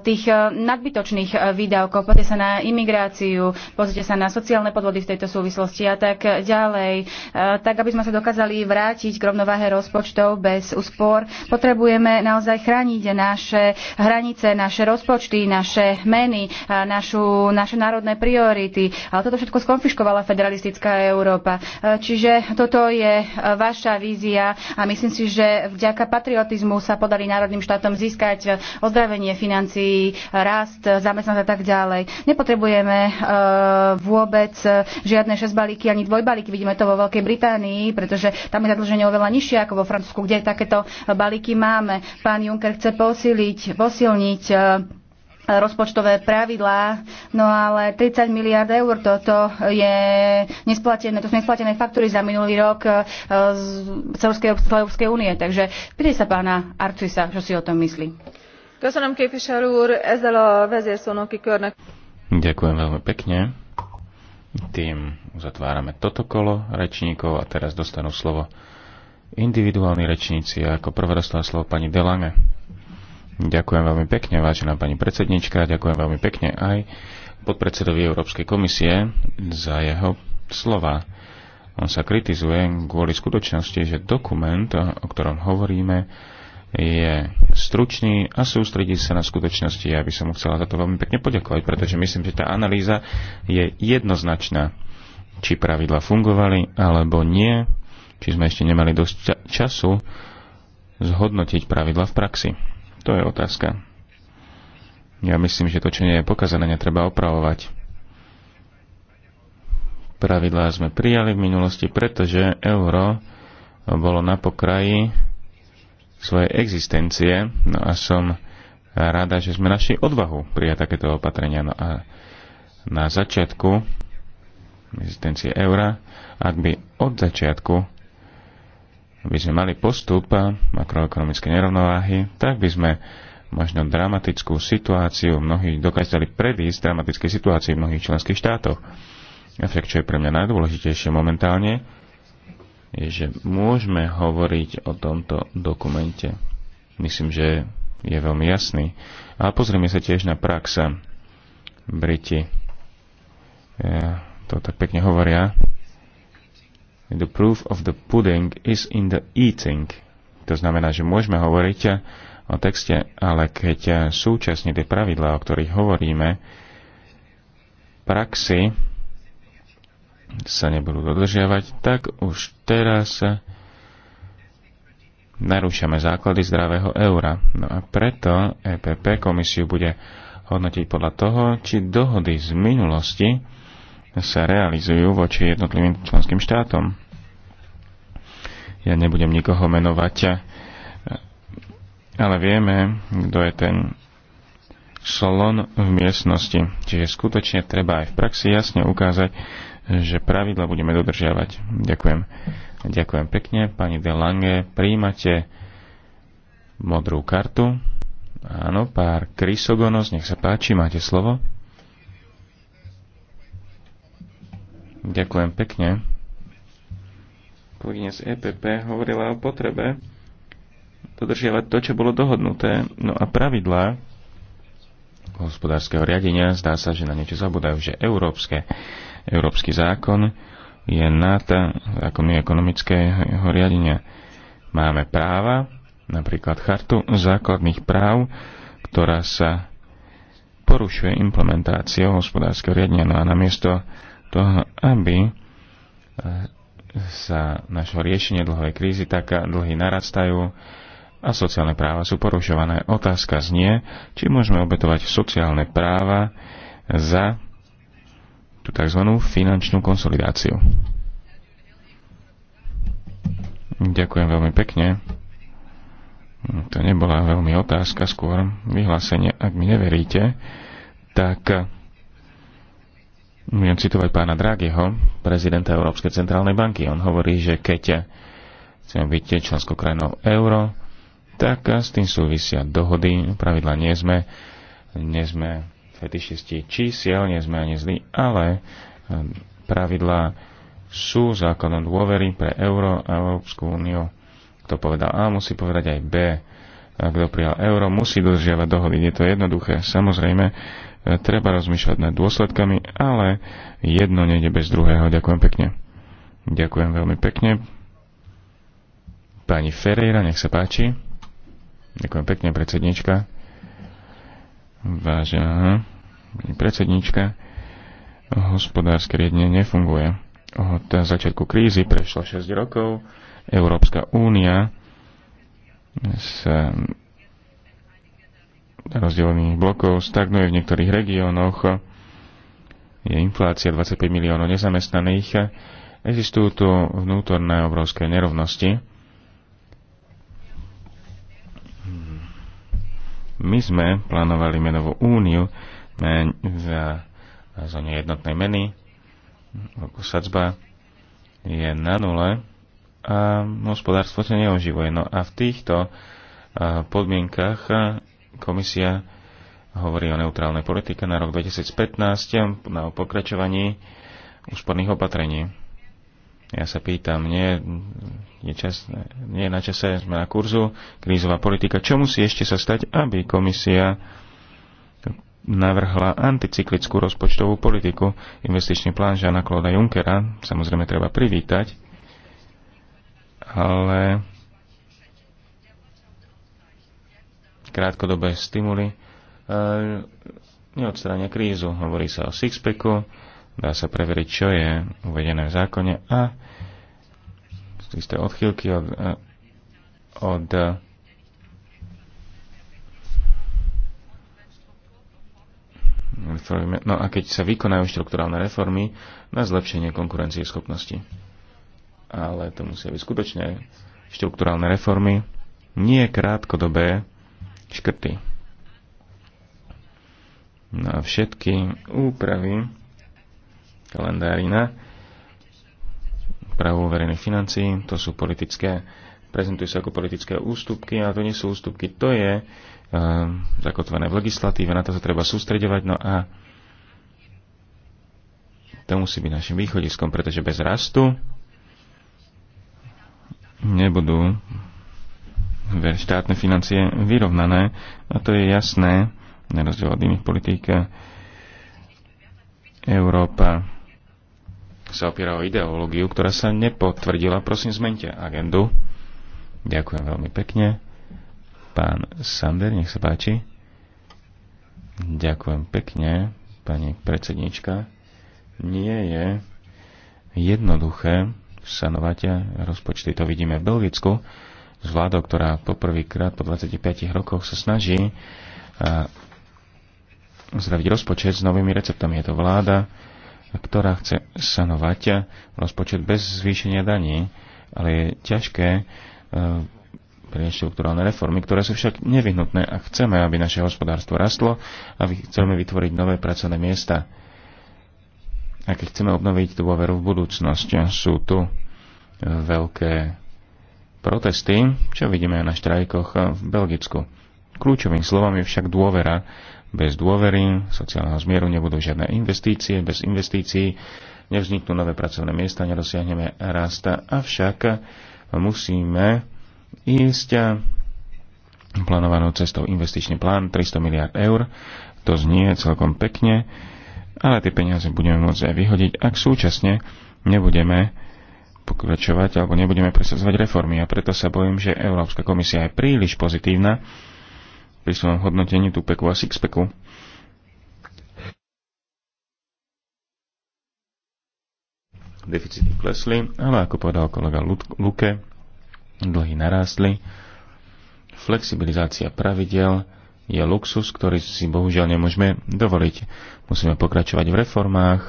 tých e, nadbytočných e, výdavkov. Pozrite sa na imigráciu, pozrite sa na sociálne podvody v tejto súvislosti a tak ďalej. Tak, aby sme sa dokázali vrátiť k rovnováhe rozpočtov bez úspor, potrebujeme naozaj chrániť naše hranice, naše rozpočty, naše meny, našu, naše národné priority. Ale toto všetko skonfiškovala federalistická Európa. Čiže toto je vaša vízia a myslím si, že vďaka patriotizmu sa podali národným štátom štátom získať ozdravenie financií, rast, zamestnanosť a tak ďalej. Nepotrebujeme e, vôbec žiadne balíky ani dvojbalíky. Vidíme to vo Veľkej Británii, pretože tam je zadlženie oveľa nižšie ako vo Francúzsku, kde takéto balíky máme. Pán Juncker chce posíliť, posilniť e, rozpočtové pravidlá, no ale 30 miliard eur toto je nesplatené, to sú nesplatené faktúry za minulý rok e, z celskej Európskej únie. Takže pýtaj sa pána Arcisa, čo si o tom myslí. Ďakujem veľmi pekne. Tým uzatvárame toto kolo rečníkov a teraz dostanú slovo individuálni rečníci ako prvé dostala slovo pani Delange. Ďakujem veľmi pekne, vážená pani predsednička, ďakujem veľmi pekne aj podpredsedovi Európskej komisie za jeho slova. On sa kritizuje kvôli skutočnosti, že dokument, o ktorom hovoríme, je stručný a sústredí sa na skutočnosti. Ja by som mu chcela za to veľmi pekne poďakovať, pretože myslím, že tá analýza je jednoznačná, či pravidla fungovali alebo nie, či sme ešte nemali dosť času zhodnotiť pravidla v praxi. To je otázka. Ja myslím, že to, čo nie je pokazané, netreba opravovať. Pravidlá sme prijali v minulosti, pretože euro bolo na pokraji svojej existencie. No a som rada, že sme našli odvahu prijať takéto opatrenia. No a na začiatku existencie eura, ak by od začiatku by sme mali postup makroekonomické nerovnováhy, tak by sme možno dramatickú situáciu mnohých dokázali predísť dramatickej situácii v mnohých členských štátoch. Avšak čo je pre mňa najdôležitejšie momentálne, je, že môžeme hovoriť o tomto dokumente. Myslím, že je veľmi jasný. A pozrieme sa tiež na prax. Briti eh, to tak pekne hovoria, The proof of the pudding is in the eating. To znamená, že môžeme hovoriť o texte, ale keď súčasne tie pravidlá, o ktorých hovoríme, praxi sa nebudú dodržiavať, tak už teraz narúšame základy zdravého eura. No a preto EPP komisiu bude hodnotiť podľa toho, či dohody z minulosti sa realizujú voči jednotlivým členským štátom. Ja nebudem nikoho menovať, eh, ale vieme, kto je ten slon v miestnosti. Čiže skutočne treba aj v praxi jasne ukázať, že pravidla budeme dodržiavať. Ďakujem. Ďakujem pekne. Pani De Lange, príjmate modrú kartu. Áno, pár krysogonos, nech sa páči, máte slovo. Ďakujem pekne. Kolegyňa z EPP hovorila o potrebe dodržiavať to, čo bolo dohodnuté. No a pravidlá hospodárskeho riadenia zdá sa, že na niečo zabudajú, že európske, európsky zákon je ako my ekonomického riadenia. Máme práva, napríklad chartu základných práv, ktorá sa porušuje implementáciou hospodárskeho riadenia. No a namiesto toho, aby e, sa našlo riešenie dlhovej krízy, tak dlhy narastajú a sociálne práva sú porušované. Otázka znie, či môžeme obetovať sociálne práva za tú tzv. finančnú konsolidáciu. Ďakujem veľmi pekne. To nebola veľmi otázka, skôr vyhlásenie. Ak mi neveríte, tak budem citovať pána Draghiho, prezidenta Európskej centrálnej banky. On hovorí, že keď chceme byť členskou krajinou euro, tak s tým súvisia dohody, pravidla nie sme, nie sme fetišisti čísiel, nie sme ani zlí, ale ehm, pravidla sú zákonom dôvery pre euro a Európsku úniu. Kto povedal A, musí povedať aj B. A kto prijal euro, musí dodržiavať dohody. Je to jednoduché. Samozrejme, treba rozmýšľať nad dôsledkami, ale jedno nejde bez druhého. Ďakujem pekne. Ďakujem veľmi pekne. Pani Ferreira, nech sa páči. Ďakujem pekne, predsednička. Vážená pani predsednička, hospodárske riedne nefunguje. Od začiatku krízy prešlo 6 rokov. Európska únia sa rozdelených blokov, stagnuje v niektorých regiónoch, je inflácia 25 miliónov nezamestnaných, existujú tu vnútorné obrovské nerovnosti. My sme plánovali menovú úniu men, za zóne jednotnej meny. ako Sadzba je na nule a hospodárstvo sa neoživuje. No a v týchto podmienkach komisia hovorí o neutrálnej politike na rok 2015 na pokračovaní úsporných opatrení. Ja sa pýtam, nie, je čas, nie na čase, sme na kurzu, krízová politika. Čo musí ešte sa stať, aby komisia navrhla anticyklickú rozpočtovú politiku? Investičný plán Žana Klóda Junckera samozrejme treba privítať, ale krátkodobé stimuly e, neodstránia krízu. Hovorí sa o sixpacku, dá sa preveriť, čo je uvedené v zákone a isté odchýlky od, e, od e, no a keď sa vykonajú štruktúrálne reformy na zlepšenie konkurencie schopnosti. Ale to musia byť skutočne štruktúrálne reformy, nie krátkodobé škrty. No a všetky úpravy kalendárina právo verejných financí, to sú politické, prezentujú sa ako politické ústupky, ale to nie sú ústupky, to je e, zakotvené v legislatíve, na to sa treba sústredovať, no a to musí byť našim východiskom, pretože bez rastu nebudú štátne financie vyrovnané a to je jasné, na rozdiel od iných politík. Európa sa opiera o ideológiu, ktorá sa nepotvrdila. Prosím, zmente agendu. Ďakujem veľmi pekne. Pán Sander, nech sa páči. Ďakujem pekne, pani predsednička. Nie je jednoduché sanovať rozpočty. To vidíme v Belgicku s vládou, ktorá poprvýkrát po 25 rokoch sa snaží zdraviť rozpočet s novými receptami. Je to vláda, ktorá chce sanovať rozpočet bez zvýšenia daní, ale je ťažké e, pre štruktúralné reformy, ktoré sú však nevyhnutné, a chceme, aby naše hospodárstvo rastlo a chceme vytvoriť nové pracovné miesta. A keď chceme obnoviť tú dôveru v budúcnosť, sú tu e, veľké protesty, čo vidíme aj na štrajkoch v Belgicku. Kľúčovým slovom je však dôvera. Bez dôvery, sociálneho zmieru nebudú žiadne investície, bez investícií nevzniknú nové pracovné miesta, nedosiahneme rasta, avšak musíme ísť plánovanou cestou investičný plán 300 miliard eur. To znie celkom pekne, ale tie peniaze budeme môcť aj vyhodiť, ak súčasne nebudeme pokračovať alebo nebudeme presadzovať reformy. A preto sa bojím, že Európska komisia je príliš pozitívna pri svojom hodnotení tupeku a sixpeku. Deficity klesli, ale ako povedal kolega Luke, dlhy narástli. Flexibilizácia pravidel je luxus, ktorý si bohužiaľ nemôžeme dovoliť. Musíme pokračovať v reformách,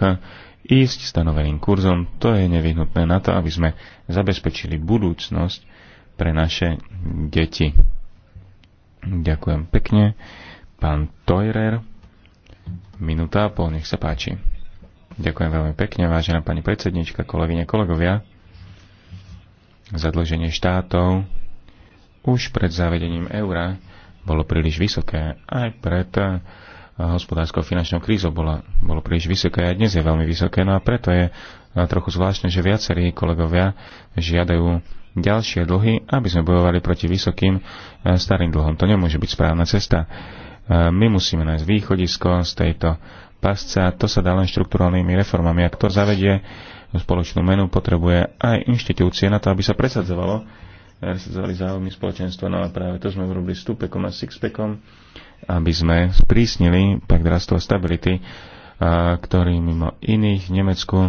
ísť stanoveným kurzom. To je nevyhnutné na to, aby sme zabezpečili budúcnosť pre naše deti. Ďakujem pekne. Pán Tojrer, minúta a pol, nech sa páči. Ďakujem veľmi pekne, vážená pani predsednička, kolegyne, kolegovia. Zadlženie štátov už pred zavedením eura bolo príliš vysoké aj preto hospodárskou finančnou krízou bola, bolo príliš vysoké a dnes je veľmi vysoké. No a preto je e, trochu zvláštne, že viacerí kolegovia žiadajú ďalšie dlhy, aby sme bojovali proti vysokým e, starým dlhom. To nemôže byť správna cesta. E, my musíme nájsť východisko z tejto pasce a to sa dá len štruktúralnými reformami. Ak to zavedie spoločnú menu, potrebuje aj inštitúcie na to, aby sa presadzovalo presadzovali záujmy spoločenstva. No a práve to sme urobili s Tupekom a Sixpackom aby sme sprísnili pakt rastu a stability, ktorý mimo iných v Nemecku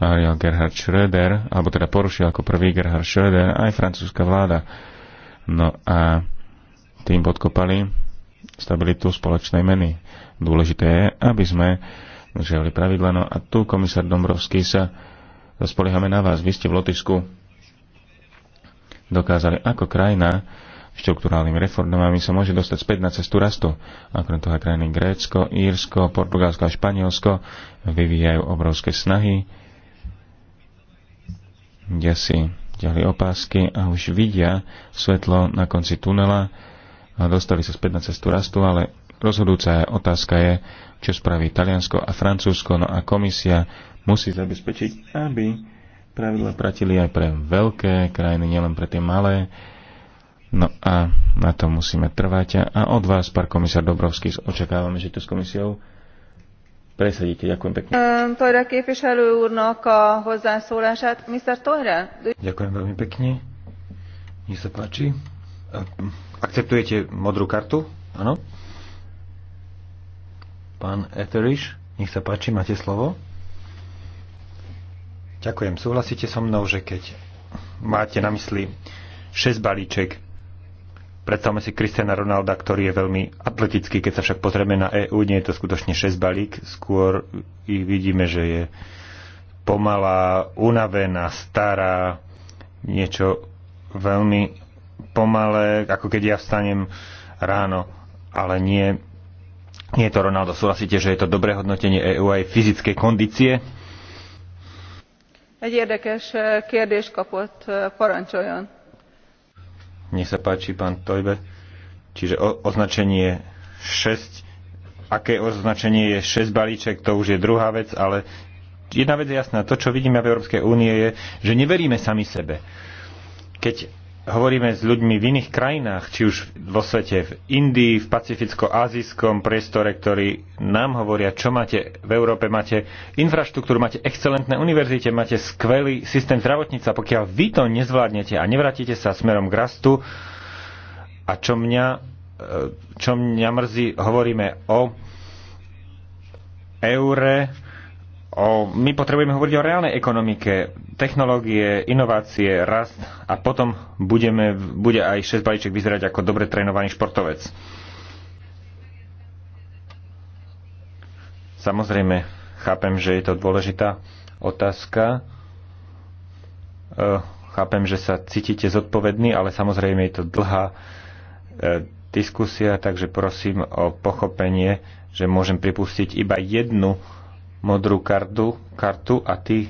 rial Gerhard Schröder, alebo teda porušil ako prvý Gerhard Schröder aj francúzska vláda. No a tým podkopali stabilitu spoločnej meny. Dôležité je, aby sme žili pravidla. No a tu, komisár Dombrovský, sa spoliehame na vás. Vy ste v Lotyšsku dokázali ako krajina štruktúrálnymi reformami sa môže dostať späť na cestu rastu. A okrem toho aj krajiny Grécko, Írsko, Portugalsko a Španielsko vyvíjajú obrovské snahy, kde si ďali opásky a už vidia svetlo na konci tunela a dostali sa späť na cestu rastu, ale rozhodujúca je, otázka je, čo spraví Taliansko a Francúzsko, no a komisia musí zabezpečiť, aby pravidla platili aj pre veľké krajiny, nielen pre tie malé, No a na to musíme trvať. A od vás, pán komisár Dobrovský, očakávame, že to s komisiou presadíte. Ďakujem pekne. Hm, Ďakujem veľmi pekne. Nech sa páči. Hm, akceptujete modrú kartu? Áno? Pán Eteriš, nech sa páči, máte slovo. Ďakujem. Súhlasíte so mnou, že keď máte na mysli 6 balíček Predstavme si Kristiana Ronalda, ktorý je veľmi atletický, keď sa však pozrieme na EU, nie je to skutočne 6 balík, skôr i vidíme, že je pomalá, unavená, stará, niečo veľmi pomalé, ako keď ja vstanem ráno, ale nie, nie je to Ronaldo. Súhlasíte, že je to dobré hodnotenie EU aj fyzickej kondície? Egy érdekes eh, kérdés kapott, eh, parancsoljon! Nech sa páči, pán Tojbe. Čiže o, označenie 6. Aké označenie je 6 balíček, to už je druhá vec, ale jedna vec je jasná. To, čo vidíme v Európskej únie, je, že neveríme sami sebe. Keď hovoríme s ľuďmi v iných krajinách, či už vo svete, v Indii, v pacificko-azijskom priestore, ktorí nám hovoria, čo máte v Európe, máte infraštruktúru, máte excelentné univerzite, máte skvelý systém zdravotníca. Pokiaľ vy to nezvládnete a nevrátite sa smerom k rastu, a čo mňa, e, čo mňa mrzí, hovoríme o eure, o, my potrebujeme hovoriť o reálnej ekonomike technológie, inovácie, rast a potom budeme, bude aj 6 balíček vyzerať ako dobre trénovaný športovec. Samozrejme, chápem, že je to dôležitá otázka. Eh, chápem, že sa cítite zodpovední, ale samozrejme je to dlhá eh, diskusia, takže prosím o pochopenie, že môžem pripustiť iba jednu modrú kartu, kartu a tí,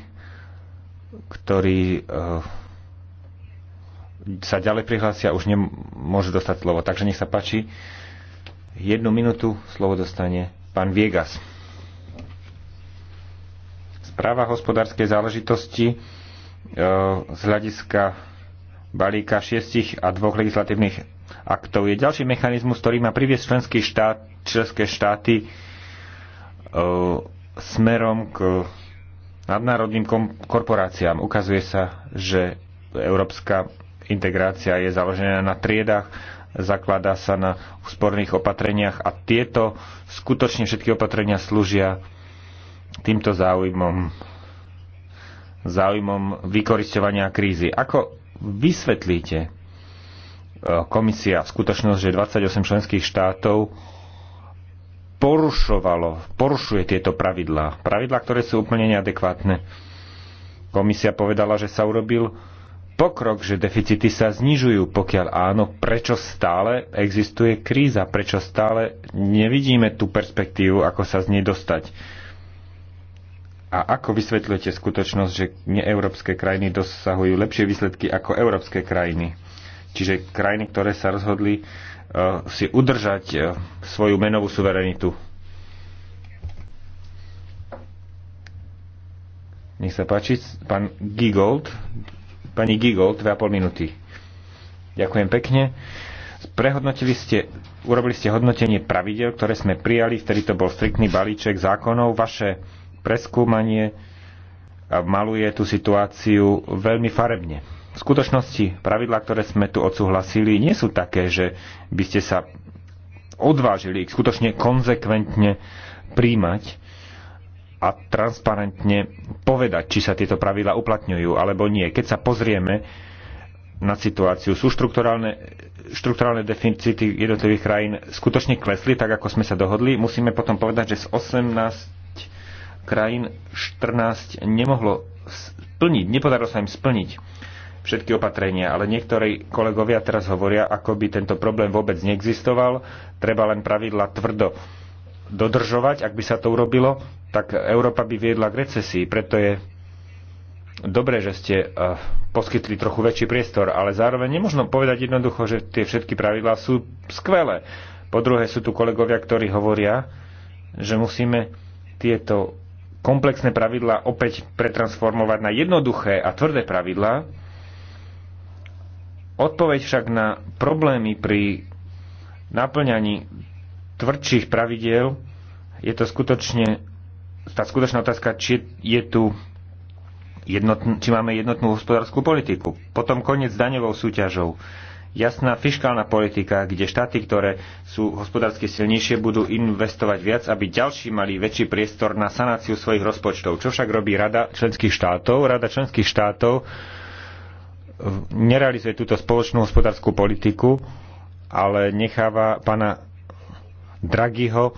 ktorí eh, sa ďalej prihlásia, už nemôžu dostať slovo. Takže nech sa páči. Jednu minútu slovo dostane pán Viegas. Správa hospodárskej záležitosti eh, z hľadiska balíka šiestich a dvoch legislatívnych aktov je ďalší mechanizmus, ktorý má priviesť členské, štát, členské štáty eh, smerom k nadnárodným korporáciám. Ukazuje sa, že európska integrácia je založená na triedách, zakladá sa na úsporných opatreniach a tieto skutočne všetky opatrenia slúžia týmto záujmom záujmom vykoristovania krízy. Ako vysvetlíte e, komisia skutočnosť, že 28 členských štátov porušovalo, porušuje tieto pravidlá. Pravidlá, ktoré sú úplne neadekvátne. Komisia povedala, že sa urobil pokrok, že deficity sa znižujú. Pokiaľ áno, prečo stále existuje kríza? Prečo stále nevidíme tú perspektívu, ako sa z nej dostať? A ako vysvetľujete skutočnosť, že neeurópske krajiny dosahujú lepšie výsledky ako európske krajiny? Čiže krajiny, ktoré sa rozhodli Eh, si udržať eh, svoju menovú suverenitu. Nech sa páči, pán Gigold, pani Gigold, 2,5 minúty. Ďakujem pekne. Prehodnotili ste, urobili ste hodnotenie pravidel, ktoré sme prijali, vtedy to bol striktný balíček zákonov. Vaše preskúmanie maluje tú situáciu veľmi farebne v skutočnosti pravidlá, ktoré sme tu odsúhlasili, nie sú také, že by ste sa odvážili ich skutočne konzekventne príjmať a transparentne povedať, či sa tieto pravidlá uplatňujú alebo nie. Keď sa pozrieme na situáciu, sú štrukturálne, štrukturálne deficity jednotlivých krajín skutočne klesli, tak ako sme sa dohodli. Musíme potom povedať, že z 18 krajín 14 nemohlo splniť, nepodarilo sa im splniť všetky opatrenia, ale niektorí kolegovia teraz hovoria, ako by tento problém vôbec neexistoval, treba len pravidla tvrdo dodržovať, ak by sa to urobilo, tak Európa by viedla k recesii. Preto je dobré, že ste uh, poskytli trochu väčší priestor, ale zároveň nemôžno povedať jednoducho, že tie všetky pravidlá sú skvelé. Po druhé sú tu kolegovia, ktorí hovoria, že musíme tieto komplexné pravidlá opäť pretransformovať na jednoduché a tvrdé pravidlá, Odpoveď však na problémy pri naplňaní tvrdších pravidiel je to skutočne tá skutočná otázka, či je tu jednotn, či máme jednotnú hospodárskú politiku. Potom koniec daňovou súťažou. Jasná fiskálna politika, kde štáty, ktoré sú hospodársky silnejšie, budú investovať viac, aby ďalší mali väčší priestor na sanáciu svojich rozpočtov. Čo však robí Rada členských štátov? Rada členských štátov nerealizuje túto spoločnú hospodárskú politiku, ale necháva pána Draghiho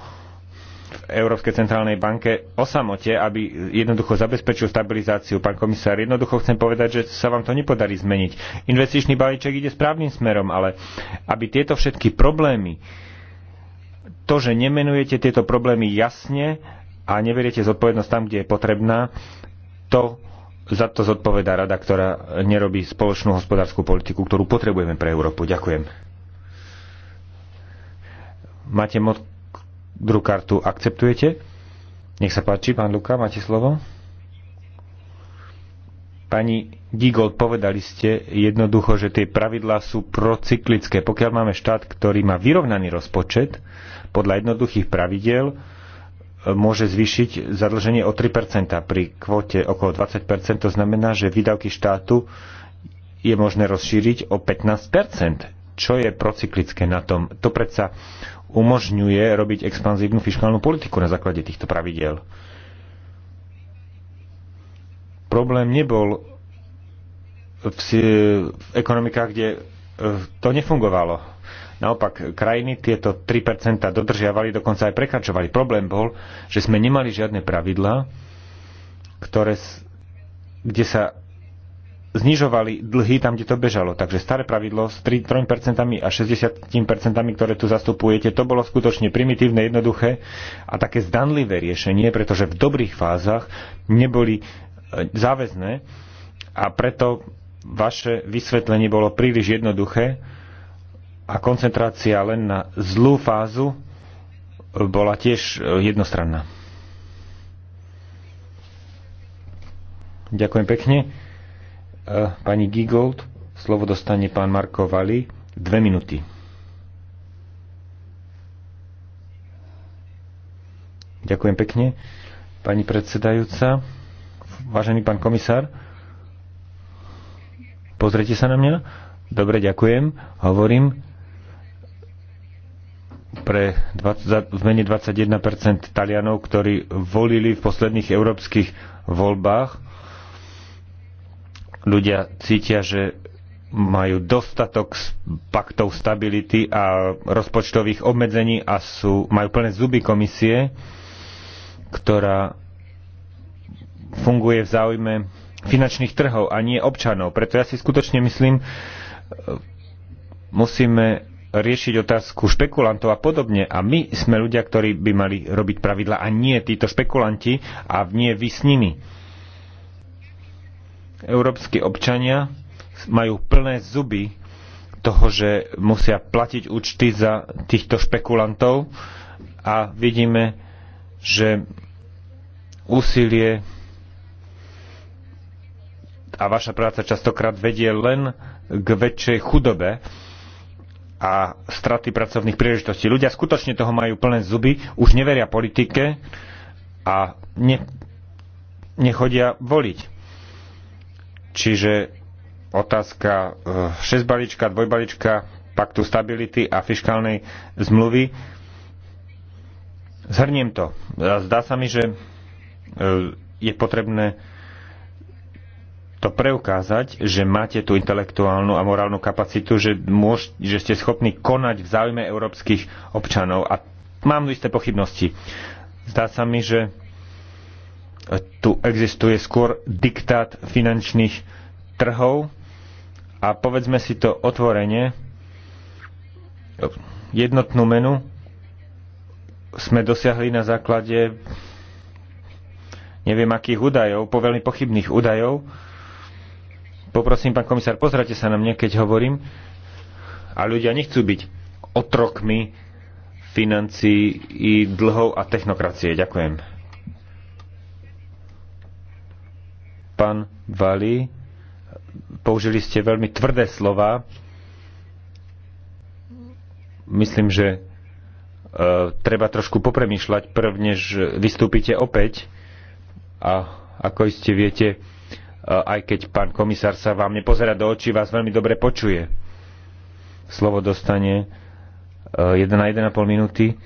v Európskej centrálnej banke o samote, aby jednoducho zabezpečil stabilizáciu. Pán komisár, jednoducho chcem povedať, že sa vám to nepodarí zmeniť. Investičný balíček ide správnym smerom, ale aby tieto všetky problémy, to, že nemenujete tieto problémy jasne a neveriete zodpovednosť tam, kde je potrebná, to za to zodpovedá rada, ktorá nerobí spoločnú hospodárskú politiku, ktorú potrebujeme pre Európu. Ďakujem. Máte modrú kartu, akceptujete? Nech sa páči, pán Luka, máte slovo. Pani Gigol, povedali ste jednoducho, že tie pravidlá sú procyklické. Pokiaľ máme štát, ktorý má vyrovnaný rozpočet podľa jednoduchých pravidel, môže zvýšiť zadlženie o 3 pri kvote okolo 20 To znamená, že výdavky štátu je možné rozšíriť o 15 Čo je procyklické na tom? To predsa umožňuje robiť expanzívnu fiskálnu politiku na základe týchto pravidel. Problém nebol v, v ekonomikách, kde eh, to nefungovalo Naopak, krajiny tieto 3% dodržiavali, dokonca aj prekračovali. Problém bol, že sme nemali žiadne pravidlá, ktoré, kde sa znižovali dlhy tam, kde to bežalo. Takže staré pravidlo s 3, 3% a 60%, ktoré tu zastupujete, to bolo skutočne primitívne, jednoduché a také zdanlivé riešenie, pretože v dobrých fázach neboli e, záväzné a preto vaše vysvetlenie bolo príliš jednoduché a koncentrácia len na zlú fázu bola tiež e, jednostranná. Ďakujem pekne. E, pani Gigold, slovo dostane pán Marko Vali. Dve minúty. Ďakujem pekne. Pani predsedajúca, vážený pán komisár, pozrite sa na mňa. Dobre, ďakujem. Hovorím, pre 20, v mene 21% Talianov, ktorí volili v posledných európskych voľbách. Ľudia cítia, že majú dostatok paktov stability a rozpočtových obmedzení a sú, majú plné zuby komisie, ktorá funguje v záujme finančných trhov a nie občanov. Preto ja si skutočne myslím, e, musíme riešiť otázku špekulantov a podobne. A my sme ľudia, ktorí by mali robiť pravidla a nie títo špekulanti a nie vy s nimi. Európsky občania majú plné zuby toho, že musia platiť účty za týchto špekulantov a vidíme, že úsilie a vaša práca častokrát vedie len k väčšej chudobe a straty pracovných príležitostí. Ľudia skutočne toho majú plné zuby, už neveria politike a ne, nechodia voliť. Čiže otázka 6 eh, balíčka, 2 balíčka, paktu stability a fiskálnej zmluvy. Zhrniem to. Zdá sa mi, že eh, je potrebné to preukázať, že máte tú intelektuálnu a morálnu kapacitu, že, môž, že ste schopní konať v záujme európskych občanov. A mám isté pochybnosti. Zdá sa mi, že tu existuje skôr diktát finančných trhov a povedzme si to otvorenie. jednotnú menu sme dosiahli na základe neviem akých údajov, po veľmi pochybných údajov, Poprosím, pán komisár, pozrite sa na mňa, keď hovorím. A ľudia nechcú byť otrokmi financií i dlhov a technokracie. Ďakujem. Pán Vali, použili ste veľmi tvrdé slova. Myslím, že e, treba trošku popremýšľať, prvnež vystúpite opäť. A ako iste viete, aj keď pán komisár sa vám nepozerá do očí, vás veľmi dobre počuje. Slovo dostane 1 eh, na 1,5 minúty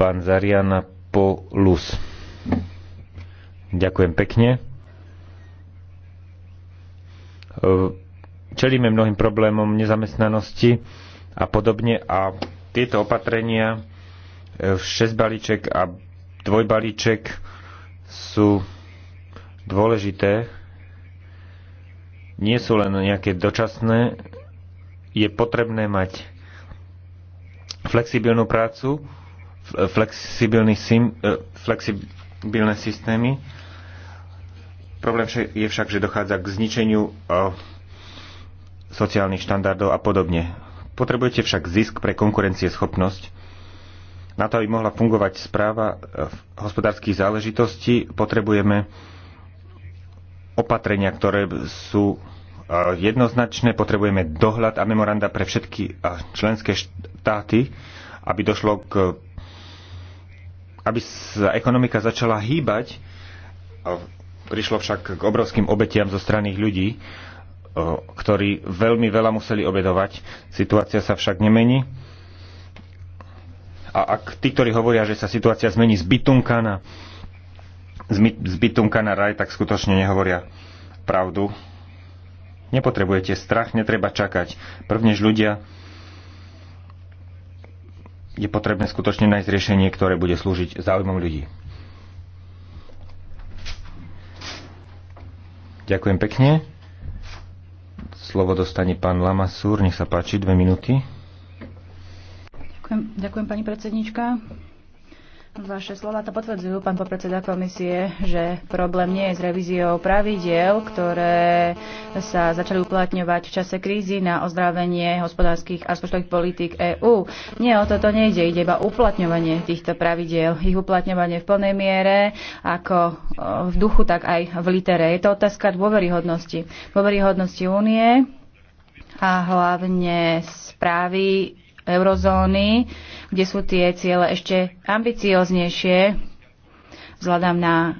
pán Zariana Polus. Ďakujem pekne. Eh, čelíme mnohým problémom nezamestnanosti a podobne a tieto opatrenia, 6 eh, balíček a dvojbalíček sú dôležité nie sú len nejaké dočasné, je potrebné mať flexibilnú prácu, flexibilný sim, e, flexibilné systémy. Problém je však, že dochádza k zničeniu e, sociálnych štandardov a podobne. Potrebujete však zisk pre konkurencieschopnosť. Na to, aby mohla fungovať správa e, hospodárskych záležitostí, potrebujeme opatrenia, ktoré sú e, jednoznačné, potrebujeme dohľad a memoranda pre všetky e, členské štáty, aby došlo k aby sa ekonomika začala hýbať, e, prišlo však k obrovským obetiam zo strany ľudí, ktorí veľmi veľa museli obedovať. Situácia sa však nemení. A ak tí, ktorí hovoria, že sa situácia zmení z bytunka na z bytunka na raj, tak skutočne nehovoria pravdu. Nepotrebujete strach, netreba čakať. Prvnež ľudia je potrebné skutočne nájsť riešenie, ktoré bude slúžiť záujmom ľudí. Ďakujem pekne. Slovo dostane pán Lamasúr. Nech sa páči, dve minúty. Ďakujem, ďakujem pani predsednička. Vaše slova to potvrdzujú, pán podpredseda komisie, že problém nie je s revíziou pravidiel, ktoré sa začali uplatňovať v čase krízy na ozdravenie hospodárskych a rozpočtových politík EÚ. Nie, o toto nejde, ide iba uplatňovanie týchto pravidiel, ich uplatňovanie v plnej miere, ako e, v duchu, tak aj v litere. Je to otázka dôveryhodnosti. Dôveryhodnosti únie a hlavne správy eurozóny, kde sú tie ciele ešte ambicioznejšie, vzhľadám na uh,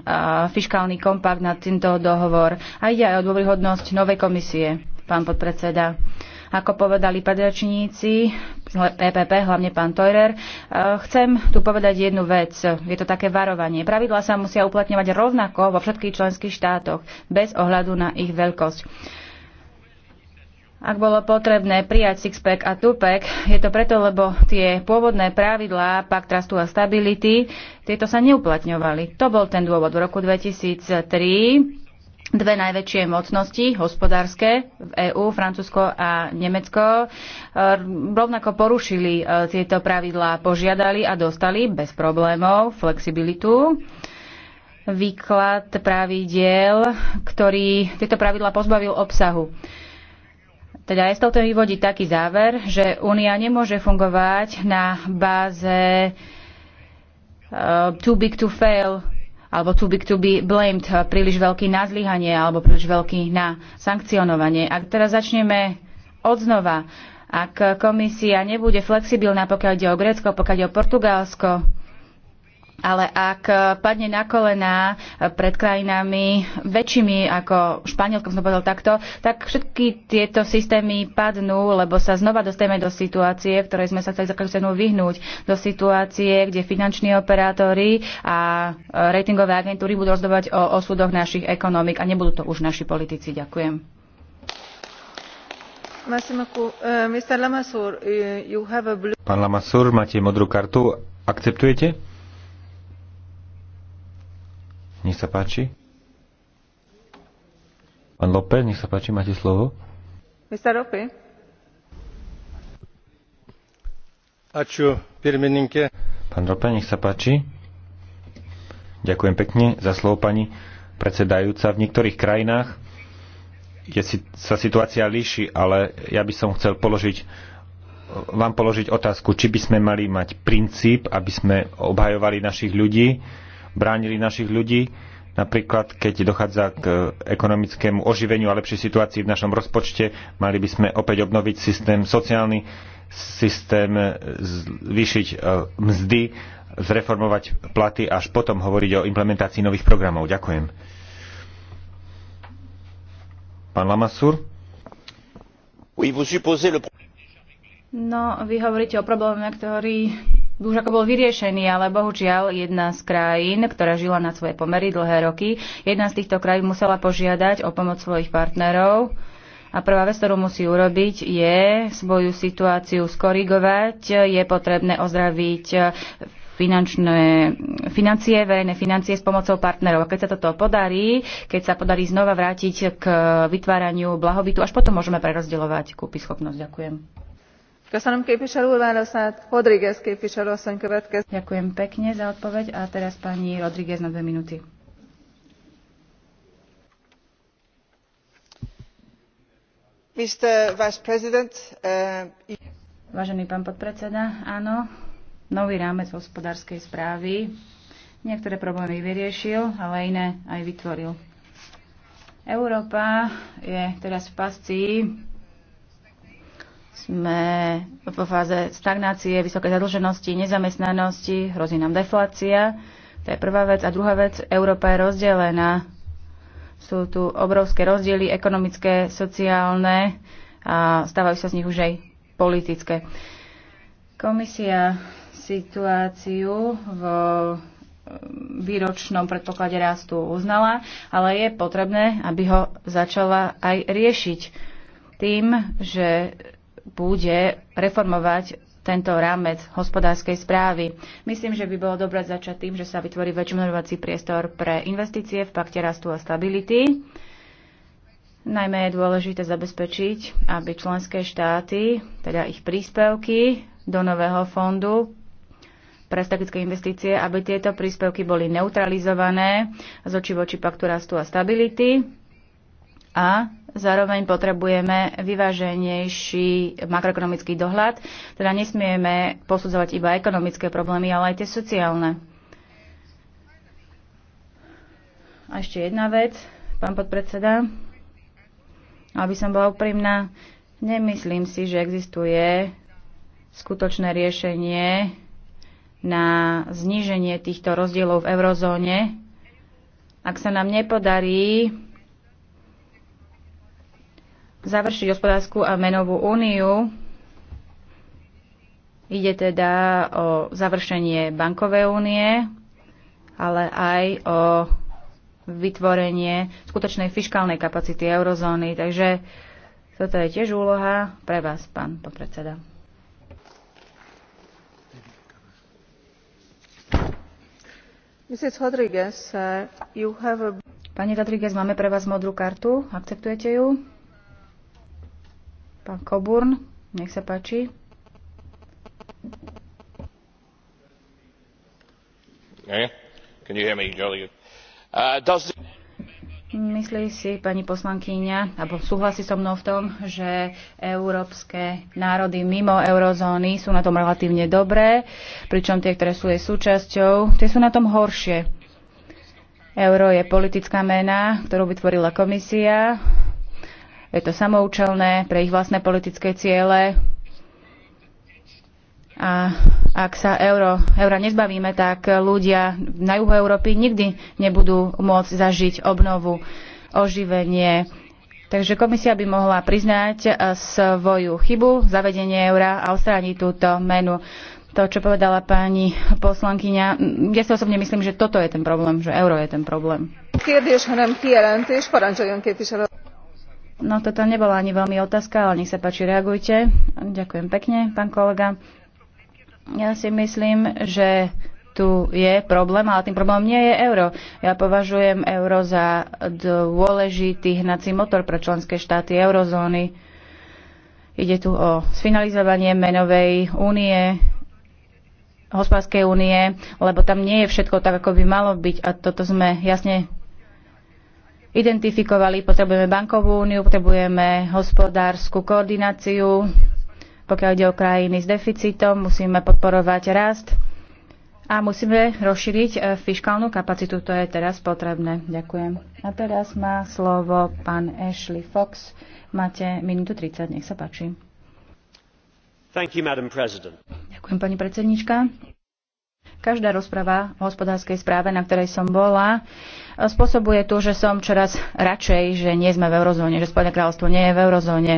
fiskálny kompakt, na tento dohovor. A ide aj o dôveryhodnosť novej komisie, pán podpredseda. Ako povedali predračníci EPP, hlavne pán Teurer, uh, chcem tu povedať jednu vec. Je to také varovanie. Pravidlá sa musia uplatňovať rovnako vo všetkých členských štátoch, bez ohľadu na ich veľkosť ak bolo potrebné prijať Sixpack a Tupac, je to preto, lebo tie pôvodné pravidlá Pakt Rastu a Stability, tieto sa neuplatňovali. To bol ten dôvod. V roku 2003 dve najväčšie mocnosti hospodárske v EÚ, Francúzsko a Nemecko, eh, rovnako porušili eh, tieto pravidlá, požiadali a dostali bez problémov flexibilitu výklad pravidiel, ktorý tieto pravidlá pozbavil obsahu. Teda aj z tohto vyvodí taký záver, že Únia nemôže fungovať na báze uh, too big to fail alebo too big to be blamed, príliš veľký na zlyhanie alebo príliš veľký na sankcionovanie. Ak teraz začneme odznova, ak komisia nebude flexibilná, pokiaľ ide o Grécko, pokiaľ ide o Portugalsko, ale ak padne na kolená pred krajinami väčšími ako Španielko, som povedal takto, tak všetky tieto systémy padnú, lebo sa znova dostaneme do situácie, v ktorej sme sa chceli za každú vyhnúť, do situácie, kde finanční operátori a ratingové agentúry budú rozdovať o osudoch našich ekonomik a nebudú to už naši politici. Ďakujem. Eh, eh, Pán Lamassur, máte modrú kartu. Akceptujete? Nech sa páči. Pán Lope, nech sa páči, máte slovo. Mr. Lope. Ačiū, pirmininkė. Pán Lope, nech sa páči. Ďakujem pekne za slovo, pani predsedajúca. V niektorých krajinách je, sa situácia líši, ale ja by som chcel položiť vám položiť otázku, či by sme mali mať princíp, aby sme obhajovali našich ľudí, bránili našich ľudí, Napríklad, keď dochádza k e, ekonomickému oživeniu a lepšej situácii v našom rozpočte, mali by sme opäť obnoviť systém sociálny, systém e, zvýšiť e, mzdy, zreformovať platy, až potom hovoriť o implementácii nových programov. Ďakujem. Pán Lamassur? No, vy hovoríte o probléme, ktorý už ako bol vyriešený, ale bohužiaľ jedna z krajín, ktorá žila na svoje pomery dlhé roky, jedna z týchto krajín musela požiadať o pomoc svojich partnerov. A prvá vec, ktorú musí urobiť, je svoju situáciu skorigovať, je potrebné ozdraviť finančné, financie, verejné financie s pomocou partnerov. A keď sa toto podarí, keď sa podarí znova vrátiť k vytváraniu blahobytu, až potom môžeme prerozdeľovať kúpy schopnosť. Ďakujem. Ďakujem pekne za odpoveď a teraz pani Rodriguez na dve minúty. Eh, Vážený pán podpredseda, áno, nový rámec hospodárskej správy niektoré problémy vyriešil, ale iné aj vytvoril. Európa je teraz v pasci sme vo fáze stagnácie, vysokej zadlženosti, nezamestnanosti, hrozí nám deflácia. To je prvá vec. A druhá vec, Európa je rozdelená. Sú tu obrovské rozdiely ekonomické, sociálne a stávajú sa z nich už aj politické. Komisia situáciu v mm, výročnom predpoklade rastu uznala, ale je potrebné, aby ho začala aj riešiť tým, že bude reformovať tento rámec hospodárskej správy. Myslím, že by bolo dobré začať tým, že sa vytvorí väčší priestor pre investície v pakte rastu a stability. Najmä je dôležité zabezpečiť, aby členské štáty, teda ich príspevky do nového fondu pre strategické investície, aby tieto príspevky boli neutralizované z oči voči paktu rastu a stability a Zároveň potrebujeme vyváženejší makroekonomický dohľad, teda nesmieme posudzovať iba ekonomické problémy, ale aj tie sociálne. A ešte jedna vec, pán podpredseda, aby som bola úprimná, nemyslím si, že existuje skutočné riešenie na zníženie týchto rozdielov v eurozóne. Ak sa nám nepodarí završiť hospodárskú a menovú úniu. Ide teda o završenie bankovej únie, ale aj o vytvorenie skutočnej fiskálnej kapacity eurozóny. Takže toto je tiež úloha pre vás, pán podpredseda. Uh, Pani Rodriguez, máme pre vás modrú kartu. Akceptujete ju? Pán Koburn, nech sa páči. Uh, Myslí si pani poslankyňa, alebo súhlasí so mnou v tom, že európske národy mimo eurozóny sú na tom relatívne dobré, pričom tie, ktoré sú jej súčasťou, tie sú na tom horšie. Euro je politická mena, ktorú vytvorila komisia je to samoučelné pre ich vlastné politické ciele. A ak sa euro, eura nezbavíme, tak ľudia na juhu Európy nikdy nebudú môcť zažiť obnovu, oživenie. Takže komisia by mohla priznať e, svoju chybu, zavedenie eura a odstrániť túto menu. To, čo povedala pani poslankyňa, ja si osobne myslím, že toto je ten problém, že euro je ten problém. No toto nebola ani veľmi otázka, ale nech sa páči, reagujte. Ďakujem pekne, pán kolega. Ja si myslím, že tu je problém, ale tým problémom nie je euro. Ja považujem euro za dôležitý hnací motor pre členské štáty eurozóny. Ide tu o sfinalizovanie menovej únie, hospodárskej únie, lebo tam nie je všetko tak, ako by malo byť a toto sme jasne identifikovali. Potrebujeme bankovú úniu, potrebujeme hospodárskú koordináciu. Pokiaľ ide o krajiny s deficitom, musíme podporovať rast a musíme rozšíriť eh, fiskálnu kapacitu. To je teraz potrebné. Ďakujem. A teraz má slovo pán Ashley Fox. Máte minútu 30, nech sa páči. Thank you, Madam President. Ďakujem, pani predsednička. Každá rozprava o hospodárskej správe, na ktorej som bola, spôsobuje tu, že som čoraz radšej, že nie sme v eurozóne, že Spojené kráľovstvo nie je v eurozóne.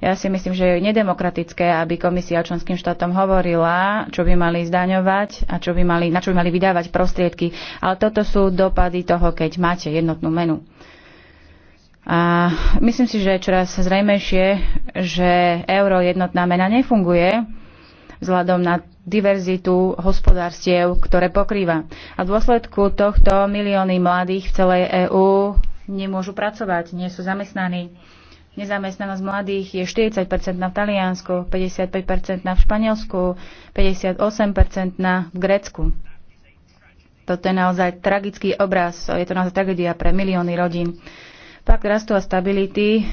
Ja si myslím, že je nedemokratické, aby komisia členským štátom hovorila, čo by mali zdaňovať a čo by mali, na čo by mali vydávať prostriedky. Ale toto sú dopady toho, keď máte jednotnú menu. A myslím si, že je čoraz zrejmejšie, že euro jednotná mena nefunguje vzhľadom na diverzitu hospodárstiev, ktoré pokrýva. A v dôsledku tohto milióny mladých v celej EÚ nemôžu pracovať, nie sú zamestnaní. Nezamestnanosť mladých je 40% v Taliansku, 55% v Španielsku, 58% v Grécku. Toto je naozaj tragický obraz, je to naozaj tragédia pre milióny rodín. Pakt rastu a stability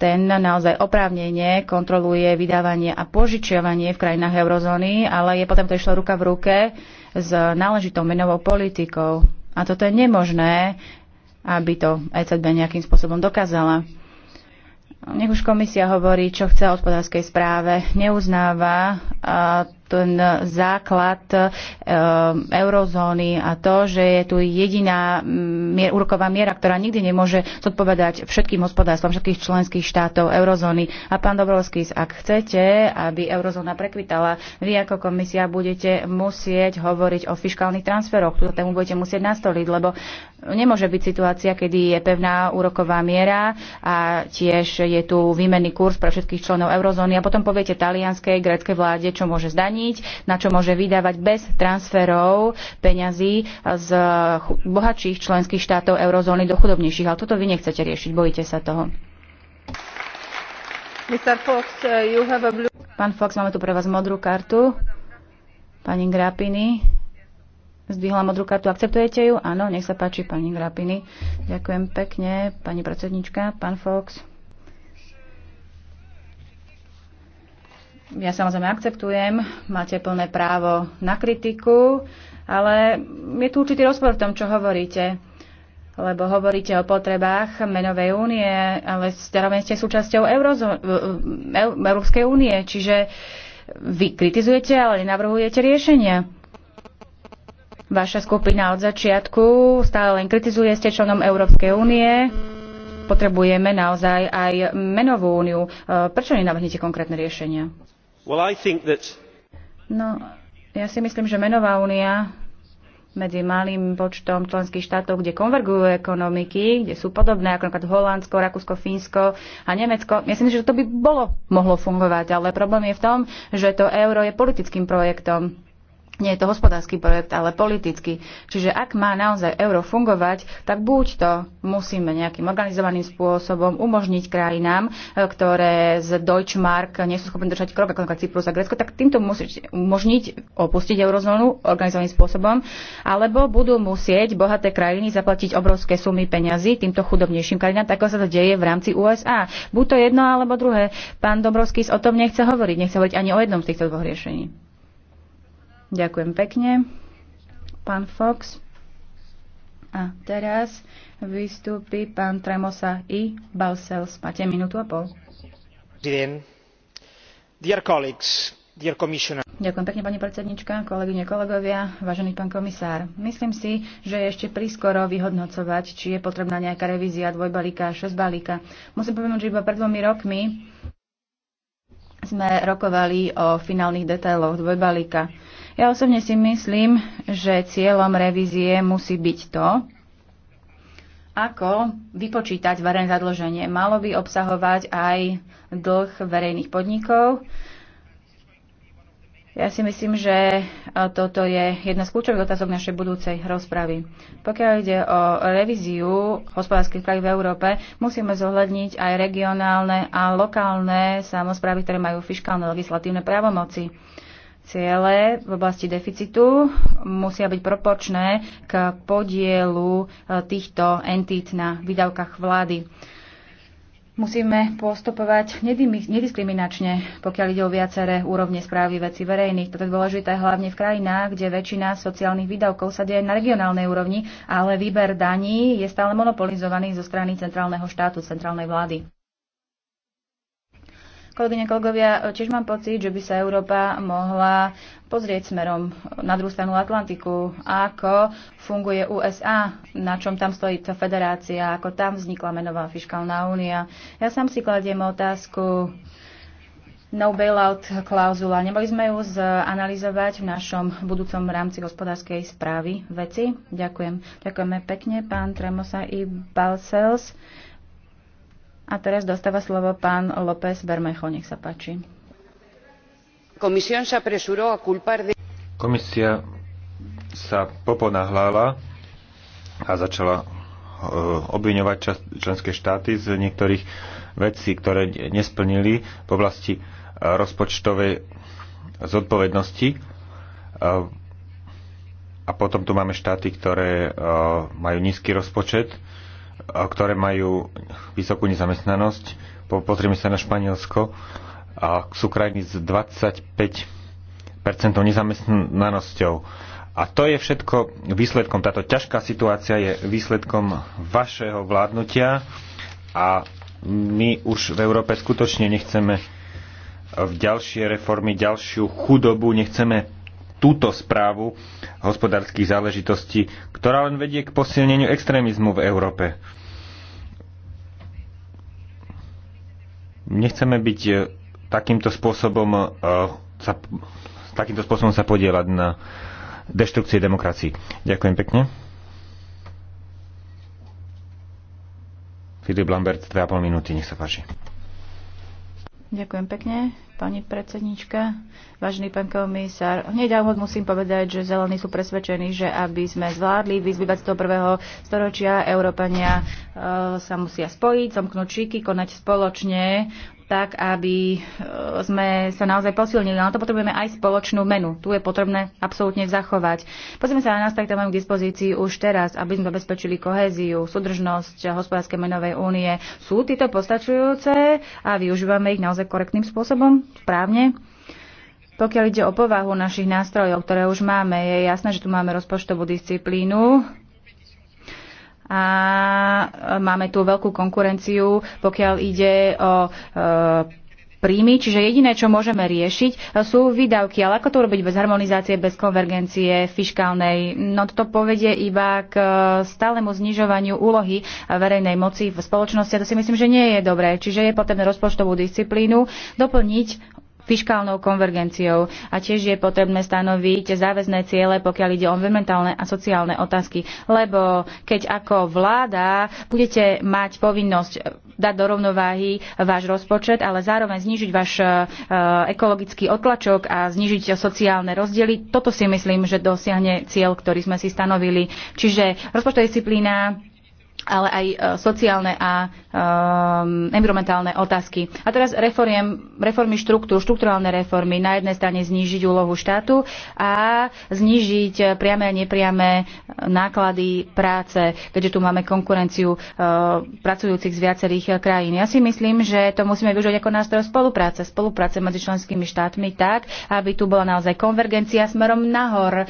ten naozaj oprávnenie kontroluje vydávanie a požičiavanie v krajinách eurozóny, ale je potom to išlo ruka v ruke s náležitou menovou politikou. A toto je nemožné, aby to ECB nejakým spôsobom dokázala. Nech už komisia hovorí, čo chce o hospodárskej správe, neuznáva ten základ e, eurozóny a to, že je tu jediná mm, mier, úroková miera, ktorá nikdy nemôže zodpovedať všetkým hospodárstvom všetkých členských štátov eurozóny. A pán Dobrovský, ak chcete, aby eurozóna prekvitala, vy ako komisia budete musieť hovoriť o fiskálnych transferoch. tuto tému budete musieť nastoliť, lebo Nemôže byť situácia, kedy je pevná úroková miera a tiež je tu výmenný kurz pre všetkých členov eurozóny a potom poviete talianskej, gréckej vláde, čo môže zdaniť, na čo môže vydávať bez transferov peňazí z bohatších členských štátov eurozóny do chudobnejších. Ale toto vy nechcete riešiť, bojíte sa toho. Fox, uh, blue... Pán Fox, máme tu pre vás modrú kartu. Pani Grapini. Zdvihla modrú kartu. Akceptujete ju? Áno, nech sa páči, pani Grapiny. Ďakujem pekne, pani predsednička, pán Fox. Ja samozrejme akceptujem, máte plné právo na kritiku, ale je tu určitý rozpor v tom, čo hovoríte lebo hovoríte o potrebách menovej únie, ale zároveň ste súčasťou Eurozo- Európskej únie, čiže vy kritizujete, ale nenavrhujete riešenia. Vaša skupina od začiatku stále len kritizuje, ste členom Európskej únie. Potrebujeme naozaj aj menovú úniu. E, prečo nenavrhnete konkrétne riešenia? Well, that... No, ja si myslím, že menová únia medzi malým počtom členských štátov, kde konvergujú ekonomiky, kde sú podobné ako napríklad Holandsko, Rakúsko, Fínsko a Nemecko. Ja si myslím, že to by bolo mohlo fungovať, ale problém je v tom, že to euro je politickým projektom nie je to hospodársky projekt, ale politický. Čiže ak má naozaj euro fungovať, tak buď to musíme nejakým organizovaným spôsobom umožniť krajinám, e, ktoré z Deutsche Mark nie sú schopné držať krok, ako Cyprus a Grécko, tak týmto musí umožniť opustiť eurozónu organizovaným spôsobom, alebo budú musieť bohaté krajiny zaplatiť obrovské sumy peňazí týmto chudobnejším krajinám, tak ako sa to deje v rámci USA. Buď to jedno alebo druhé. Pán Dobrovský o tom nechce hovoriť, nechce hovoriť ani o jednom z týchto dvoch riešení. Ďakujem pekne. Pán Fox. A teraz vystúpi pán Tremosa i Balsels. Máte minútu a pol. Dear colleagues, dear commissioner. Ďakujem pekne, pani predsednička, kolegyne, kolegovia, vážený pán komisár. Myslím si, že je ešte prískoro vyhodnocovať, či je potrebná nejaká revízia dvojbalíka a šesťbalíka. Musím povedať, že iba pred dvomi rokmi sme rokovali o finálnych detailoch dvojbalíka. Ja osobne si myslím, že cieľom revízie musí byť to, ako vypočítať verejné zadlženie. Malo by obsahovať aj dlh verejných podnikov. Ja si myslím, že e, toto je jedna z kľúčových otázok našej budúcej rozpravy. Pokiaľ ide o revíziu hospodárskych práv v Európe, musíme zohľadniť aj regionálne a lokálne samozprávy, ktoré majú fiskálne legislatívne právomoci. Ciele v oblasti deficitu musia byť proporčné k podielu e, týchto entít na výdavkách vlády. Musíme postupovať nediskriminačne, pokiaľ ide o viaceré úrovne správy veci verejných. Toto je dôležité hlavne v krajinách, kde väčšina sociálnych výdavkov sa deje na regionálnej úrovni, ale výber daní je stále monopolizovaný zo strany centrálneho štátu, centrálnej vlády. Kolegyne, kolegovia, tiež mám pocit, že by sa Európa mohla pozrieť smerom na druhú stranu Atlantiku, ako funguje USA, na čom tam stojí tá federácia, ako tam vznikla menová fiskálna únia. Ja sám si kladiem otázku, no bailout klauzula. Nemali sme ju zanalizovať v našom budúcom rámci hospodárskej správy veci. Ďakujem. Ďakujeme pekne, pán Tremosa i Balsels. A teraz dostáva slovo pán López Bermejo, nech sa páči. Komisia sa poponahlála a začala e, obviňovať členské štáty z niektorých vecí, ktoré nesplnili v oblasti e, rozpočtovej zodpovednosti. E, a potom tu máme štáty, ktoré majú nízky rozpočet ktoré majú vysokú nezamestnanosť. Pozrieme sa na Španielsko. A sú krajiny s 25 nezamestnanosťou. A to je všetko výsledkom, táto ťažká situácia je výsledkom vašeho vládnutia a my už v Európe skutočne nechceme v ďalšie reformy, ďalšiu chudobu, nechceme túto správu hospodárskych záležitostí, ktorá len vedie k posilneniu extrémizmu v Európe. Nechceme byť e, takýmto spôsobom e, sa, takýmto spôsobom sa podielať na deštrukcie demokracii. Ďakujem pekne. Filip Lambert, 2,5 minúty, nech sa páči. Ďakujem pekne, pani predsednička. Vážený pán komisár, hneď ahoj musím povedať, že zelení sú presvedčení, že aby sme zvládli výzvy 21. storočia, Európania e, sa musia spojiť, zamknúť šíky, konať spoločne, tak, aby e, sme sa naozaj posilnili. Na to potrebujeme aj spoločnú menu. Tu je potrebné absolútne zachovať. Pozrieme sa na nás ktoré máme k dispozícii už teraz, aby sme zabezpečili kohéziu, súdržnosť hospodárskej menovej únie. Sú tieto postačujúce a využívame ich naozaj korektným spôsobom, správne? Pokiaľ ide o povahu našich nástrojov, ktoré už máme, je jasné, že tu máme rozpočtovú disciplínu, a e, máme tu veľkú konkurenciu, pokiaľ ide o e, príjmy, čiže jediné, čo môžeme riešiť, e, sú výdavky. Ale ako to urobiť bez harmonizácie, bez konvergencie fiškálnej? No to povedie iba k stálemu znižovaniu úlohy verejnej moci v spoločnosti a to si myslím, že nie je dobré. Čiže je potrebné rozpočtovú disciplínu doplniť fiškálnou konvergenciou a tiež je potrebné stanoviť záväzné ciele, pokiaľ ide o environmentálne a sociálne otázky. Lebo keď ako vláda budete mať povinnosť dať do rovnováhy váš rozpočet, ale zároveň znižiť váš e, ekologický otlačok a znižiť sociálne rozdiely, toto si myslím, že dosiahne cieľ, ktorý sme si stanovili. Čiže rozpočtová disciplína ale aj e, sociálne a um, environmentálne otázky. A teraz reformiem, reformy štruktúr, štruktúrálne reformy. Na jednej strane znížiť úlohu štátu a znížiť priame a nepriame e, náklady práce, keďže tu máme konkurenciu uh, pracujúcich z viacerých krajín. Ja si myslím, že to musíme využiť ako nástroj spolupráce, spolupráce medzi členskými štátmi tak, aby tu bola naozaj konvergencia smerom nahor uh,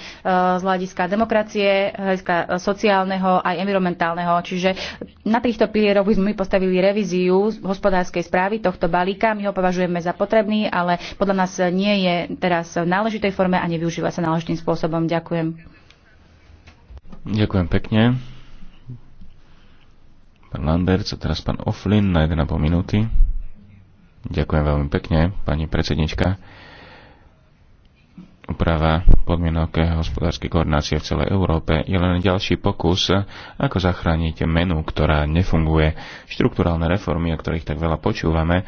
z hľadiska demokracie, hľadiska sociálneho aj environmentálneho, čiže Čiže na týchto pilieroch by sme postavili revíziu hospodárskej správy tohto balíka. My ho považujeme za potrebný, ale podľa nás nie je teraz v náležitej forme a nevyužíva sa náležitým spôsobom. Ďakujem. Ďakujem pekne. Pán Lander, a teraz pán Oflin na 1,5 minúty. Ďakujem veľmi pekne, pani predsednička úprava podmienok hospodárskej koordinácie v celej Európe je len ďalší pokus, ako zachrániť menu, ktorá nefunguje. Štruktúralne reformy, o ktorých tak veľa počúvame,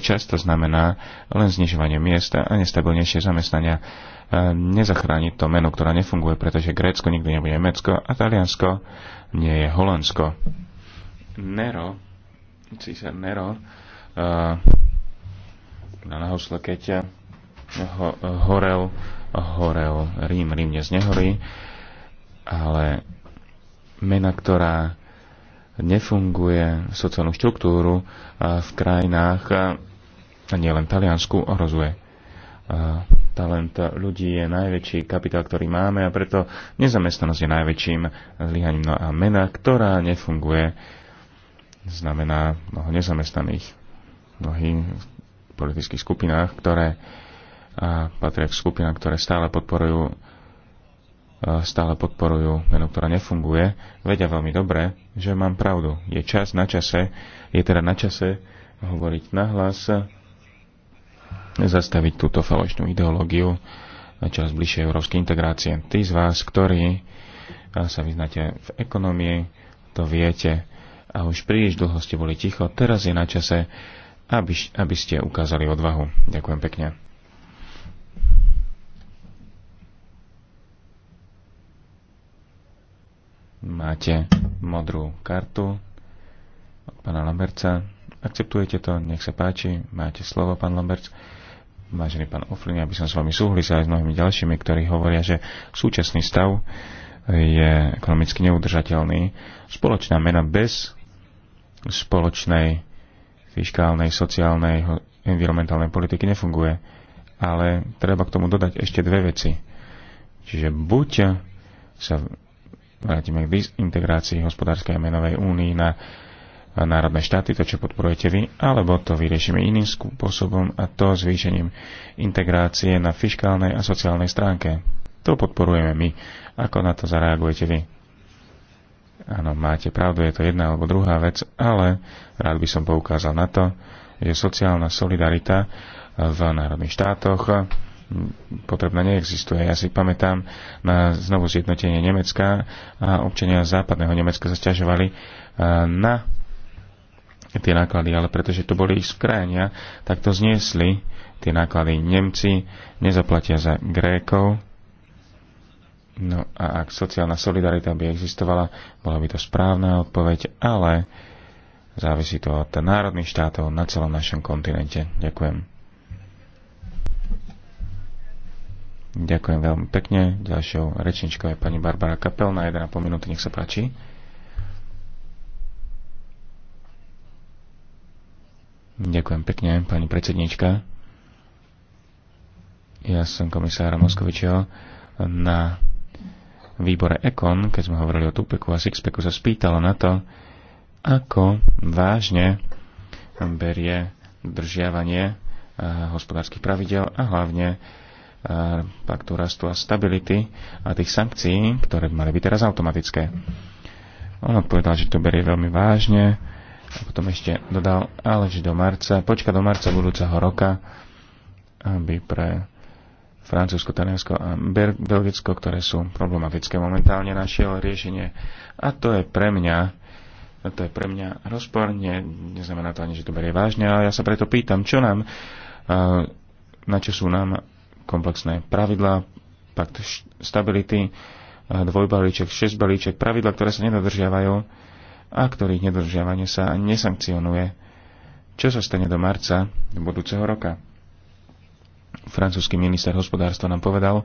často znamená len znižovanie miesta a nestabilnejšie zamestnania. Nezachrániť to menu, ktorá nefunguje, pretože Grécko nikdy nebude Nemecko a Taliansko nie je Holandsko. Nero, císar Nero, uh, na hosle, keď ho, horel horel Rím. Rím dnes nehorí, ale mena, ktorá nefunguje sociálnu štruktúru v krajinách, a nielen Taliansku, ohrozuje. Talent ľudí je najväčší kapitál, ktorý máme a preto nezamestnanosť je najväčším zlyhaním. No a mena, ktorá nefunguje, znamená mnoho nezamestnaných. Mnohí v politických skupinách, ktoré a patria k skupinám, ktoré stále podporujú stále podporujú menu, ktorá nefunguje, vedia veľmi dobre, že mám pravdu. Je čas na čase, je teda na čase hovoriť nahlas, zastaviť túto falošnú ideológiu na čas bližšie európskej integrácie. Tí z vás, ktorí sa vyznáte v ekonomii, to viete a už príliš dlho ste boli ticho, teraz je na čase, aby, aby ste ukázali odvahu. Ďakujem pekne. Máte modrú kartu od pána Lamberca. Akceptujete to? Nech sa páči. Máte slovo, pán Lamberc. Vážený pán Oflin, aby som s vami súhlasil aj s mnohými ďalšími, ktorí hovoria, že súčasný stav je ekonomicky neudržateľný. Spoločná mena bez spoločnej fiskálnej, sociálnej, environmentálnej politiky nefunguje. Ale treba k tomu dodať ešte dve veci. Čiže buď sa vrátime k disintegrácii hospodárskej a menovej únii na národné štáty, to, čo podporujete vy, alebo to vyriešime iným spôsobom a to zvýšením integrácie na fiskálnej a sociálnej stránke. To podporujeme my. Ako na to zareagujete vy? Áno, máte pravdu, je to jedna alebo druhá vec, ale rád by som poukázal na to, že sociálna solidarita v národných štátoch potrebná neexistuje. Ja si pamätám na znovu zjednotenie Nemecka a občania západného Nemecka sa stiažovali eh, na tie náklady, ale pretože to boli ich skrajania, tak to zniesli tie náklady. Nemci nezaplatia za Grékov, No a ak sociálna solidarita by existovala, bola by to správna odpoveď, ale závisí to od národných štátov na celom našom kontinente. Ďakujem. Ďakujem veľmi pekne. Ďalšou rečničkou je pani Barbara Kapel na 1,5 minúty. Nech sa páči. Ďakujem pekne, pani predsednička. Ja som komisára Moskovičeho na výbore EKON, keď sme hovorili o Tupeku a Sixpeku, sa spýtala na to, ako vážne berie držiavanie eh, hospodárskych pravidel a hlavne E, paktu rastu a stability a tých sankcií, ktoré mali byť teraz automatické. On odpovedal, že to berie veľmi vážne a potom ešte dodal, ale že do marca, počka do marca budúceho roka, aby pre Francúzsko, Taliansko a Belgicko, ktoré sú problematické momentálne, našiel riešenie. A to je pre mňa to je pre mňa rozpor, nie, neznamená to ani, že to berie vážne, ale ja sa preto pýtam, čo nám, e, na čo sú nám komplexné pravidlá, pakt stability, dvojbalíček, šesťbalíček, pravidlá, ktoré sa nedodržiavajú a ktorých nedodržiavanie sa nesankcionuje. Čo sa stane do marca do budúceho roka? Francúzsky minister hospodárstva nám povedal,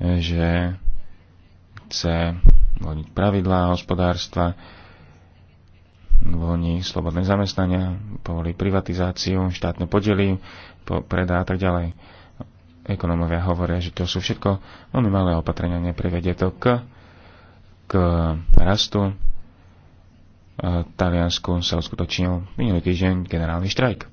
že chce voliť pravidlá hospodárstva, voľní slobodné zamestnania, povolí privatizáciu, štátne podely, predá a tak ďalej ekonómovia hovoria, že to sú všetko veľmi malé opatrenia, neprivedie to k, k rastu. V e, Taliansku sa uskutočnil minulý týždeň generálny štrajk.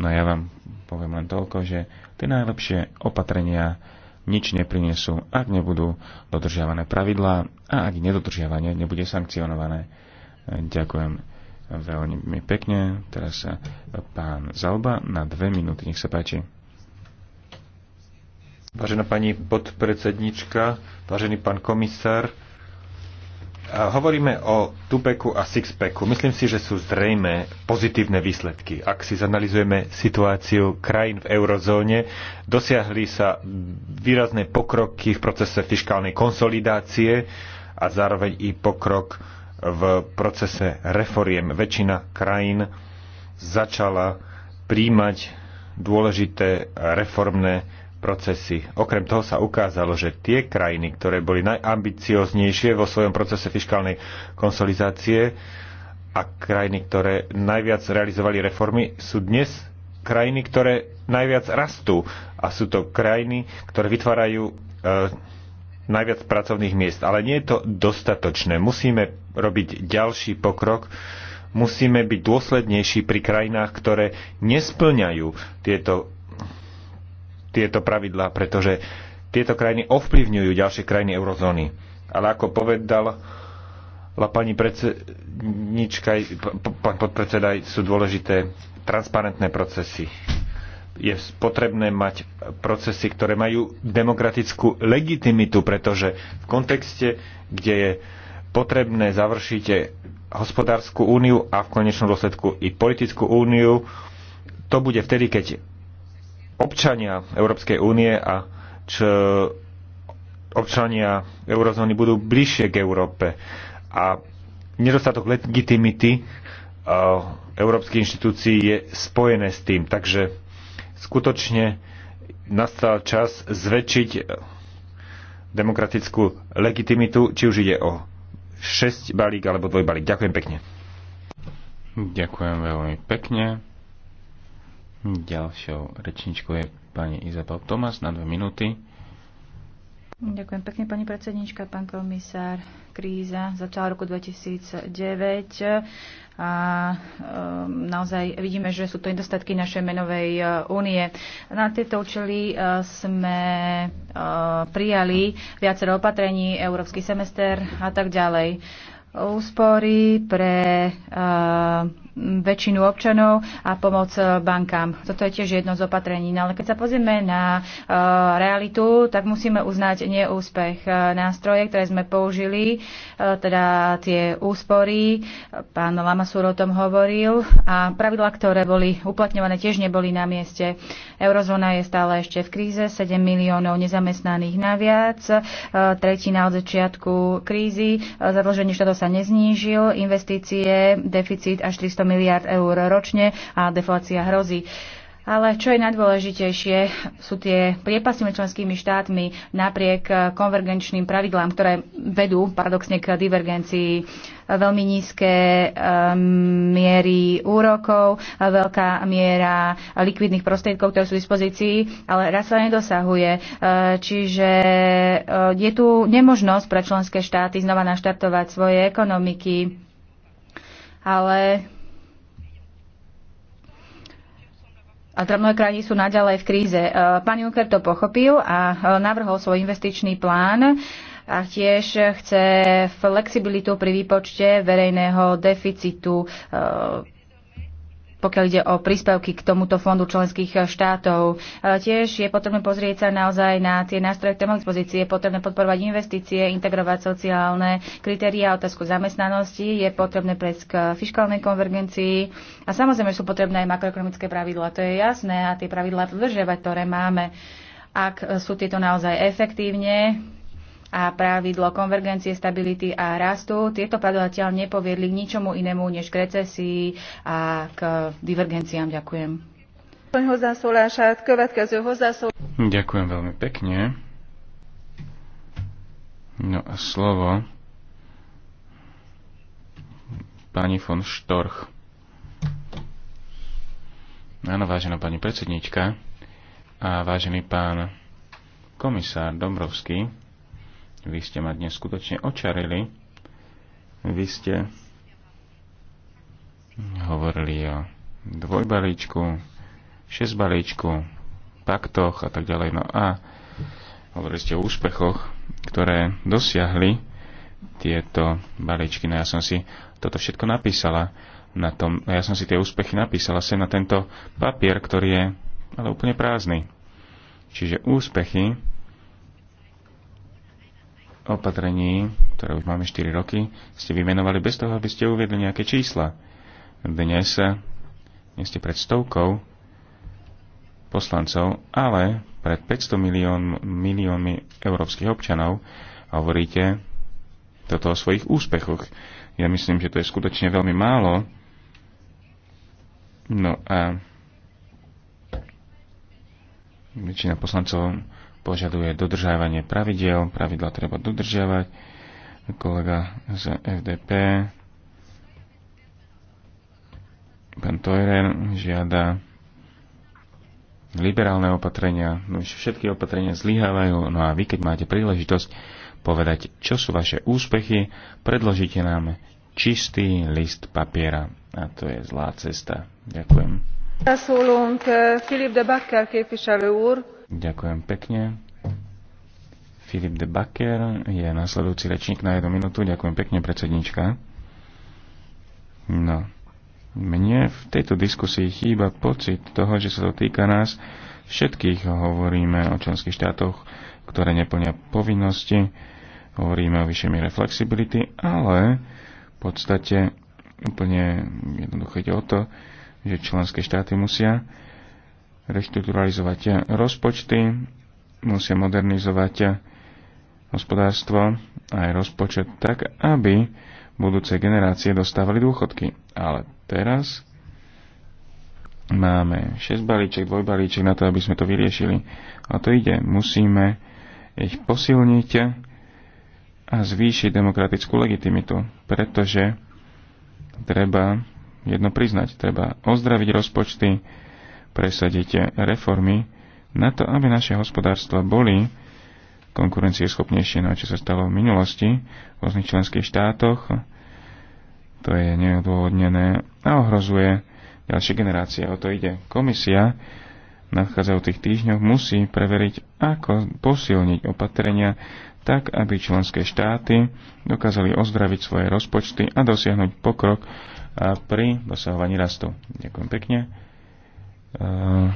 No ja vám poviem len toľko, že tie najlepšie opatrenia nič neprinesú, ak nebudú dodržiavané pravidlá a ak nedodržiavanie nebude sankcionované. E, ďakujem veľmi pekne. Teraz sa pán Zalba na dve minúty, nech sa páči. Vážená pani podpredsednička, vážený pán komisár, hovoríme o tupeku a sixpacku. Myslím si, že sú zrejme pozitívne výsledky. Ak si zanalizujeme situáciu krajín v eurozóne, dosiahli sa výrazné pokroky v procese fiskálnej konsolidácie a zároveň i pokrok v procese reforiem. Väčšina krajín začala príjmať dôležité reformné procesy. Okrem toho sa ukázalo, že tie krajiny, ktoré boli najambicioznejšie vo svojom procese fiskálnej konsolidácie a krajiny, ktoré najviac realizovali reformy, sú dnes krajiny, ktoré najviac rastú a sú to krajiny, ktoré vytvárajú e, najviac pracovných miest. Ale nie je to dostatočné. Musíme robiť ďalší pokrok. Musíme byť dôslednejší pri krajinách, ktoré nesplňajú tieto tieto pravidlá, pretože tieto krajiny ovplyvňujú ďalšie krajiny eurozóny. Ale ako povedal la pani predsednička, pán podpredseda, sú dôležité transparentné procesy. Je potrebné mať procesy, ktoré majú demokratickú legitimitu, pretože v kontexte, kde je potrebné završiť hospodárskú úniu a v konečnom dôsledku i politickú úniu, to bude vtedy, keď občania Európskej únie a čo občania eurozóny budú bližšie k Európe. A nedostatok legitimity uh, európskych inštitúcií je spojené s tým. Takže skutočne nastal čas zväčšiť demokratickú legitimitu, či už ide o 6 balík alebo balík. Ďakujem pekne. Ďakujem veľmi pekne. Ďalšou rečničkou je pani Izabel Tomas na dve minúty. Ďakujem pekne, pani predsednička, pán komisár. Kríza začala roku 2009 a e, naozaj vidíme, že sú to nedostatky našej menovej uh, únie. Na tieto účely uh, sme uh, prijali viacero opatrení, európsky semester a tak ďalej úspory pre eh, väčšinu občanov a pomoc eh, bankám. Toto je tiež jedno z opatrení. No ale keď sa pozrieme na eh, realitu, tak musíme uznať neúspech nástroje, ktoré sme použili, teda tie úspory. Pán Lamasúr o tom hovoril a pravidla, ktoré boli uplatňované, tiež neboli na mieste. Eurozóna je stále ešte v kríze, 7 miliónov nezamestnaných naviac, tretina od začiatku krízy, zadlženie štátov sa neznížil, investície, deficit až 300 miliard eur ročne a deflácia hrozí. Ale čo je najdôležitejšie, sú tie priepasy medzi členskými štátmi napriek eh, konvergenčným pravidlám, ktoré vedú paradoxne k divergencii veľmi nízke eh, miery úrokov, eh, veľká miera likvidných prostriedkov, ktoré sú v dispozícii, ale raz sa nedosahuje. Čiže je tu nemožnosť pre členské štáty znova naštartovať svoje ekonomiky, ale a teda mnohé krajiny sú naďalej v kríze. E, pán Juncker to pochopil a e, navrhol svoj investičný plán a tiež chce flexibilitu pri výpočte verejného deficitu e, pokiaľ ide o príspevky k tomuto fondu členských štátov. E, tiež je potrebné pozrieť sa naozaj na tie nástroje, ktoré máme k dispozícii. Je potrebné podporovať investície, integrovať sociálne kritéria, otázku zamestnanosti, je potrebné prejsť k fiskálnej konvergencii a samozrejme sú potrebné aj makroekonomické pravidla, to je jasné a tie pravidla dodržiavať, ktoré máme. Ak sú tieto naozaj efektívne, a pravidlo konvergencie, stability a rastu. Tieto pravidla zatiaľ nepoviedli k ničomu inému než k recesii a k divergenciám. Ďakujem. Ďakujem veľmi pekne. No a slovo pani von Storch. Áno, vážená pani predsednička a vážený pán komisár Dombrovský, vy ste ma dnes skutočne očarili. Vy ste hovorili o dvojbalíčku, šesťbalíčku, paktoch a tak ďalej. No a hovorili ste o úspechoch, ktoré dosiahli tieto balíčky. No ja som si toto všetko napísala na tom, ja som si tie úspechy napísala sem na tento papier, ktorý je ale úplne prázdny. Čiže úspechy opatrení, ktoré už máme 4 roky, ste vymenovali bez toho, aby ste uviedli nejaké čísla. Dnes, dnes ste pred stovkou poslancov, ale pred 500 milión, miliónmi európskych občanov a hovoríte toto o svojich úspechoch. Ja myslím, že to je skutočne veľmi málo. No a väčšina poslancov požaduje dodržávanie pravidel, pravidla treba dodržiavať. Kolega z FDP, pán Toiren, žiada liberálne opatrenia, no už všetky opatrenia zlyhávajú, no a vy, keď máte príležitosť povedať, čo sú vaše úspechy, predložite nám čistý list papiera. A to je zlá cesta. Ďakujem. Filip de Bakker Ďakujem pekne. Filip de Bakker je nasledujúci rečník na jednu minútu. Ďakujem pekne, predsednička. No, mne v tejto diskusii chýba pocit toho, že sa to týka nás všetkých. Hovoríme o členských štátoch, ktoré neplnia povinnosti, hovoríme o vyššej miere flexibility, ale v podstate úplne jednoduché ide o to, že členské štáty musia reštrukturalizovať rozpočty, musia modernizovať hospodárstvo a aj rozpočet tak, aby budúce generácie dostávali dôchodky. Ale teraz máme 6 balíček, 2 balíček na to, aby sme to vyriešili. A to ide. Musíme ich posilniť a zvýšiť demokratickú legitimitu, pretože treba jedno priznať, treba ozdraviť rozpočty, presadiť reformy na to, aby naše hospodárstva boli konkurencieschopnejšie. No čo sa stalo v minulosti v rôznych členských štátoch, to je neodôvodnené a ohrozuje ďalšie generácie. O to ide. Komisia v nadchádzajúcich týždňoch musí preveriť, ako posilniť opatrenia tak, aby členské štáty dokázali ozdraviť svoje rozpočty a dosiahnuť pokrok pri dosahovaní rastu. Ďakujem pekne. Eh,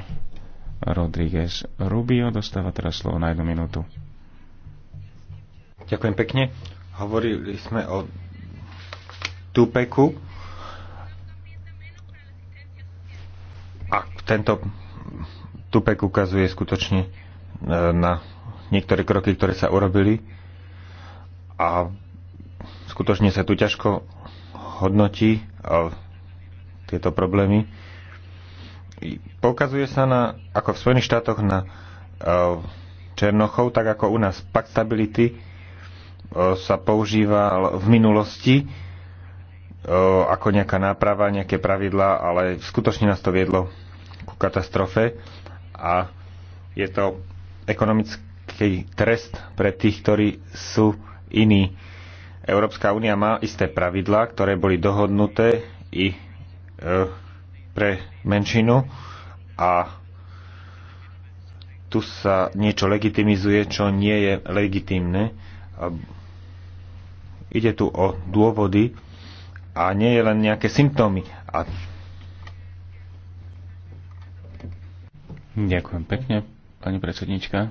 Rodríguez Rubio dostáva teraz slovo na jednu minútu. Ďakujem pekne. Hovorili sme o Tupeku. A tento Tupek ukazuje skutočne eh, na niektoré kroky, ktoré sa urobili. A skutočne sa tu ťažko hodnotí eh, tieto problémy poukazuje sa na, ako v Spojených štátoch na eh, Černochov, tak ako u nás Pact Stability eh, sa používal v minulosti eh, ako nejaká náprava, nejaké pravidlá, ale skutočne nás to viedlo ku katastrofe a je to ekonomický trest pre tých, ktorí sú iní. Európska únia má isté pravidlá, ktoré boli dohodnuté i pre menšinu a tu sa niečo legitimizuje, čo nie je legitimné. Ide tu o dôvody a nie je len nejaké symptómy. A... Ďakujem pekne, pani predsednička.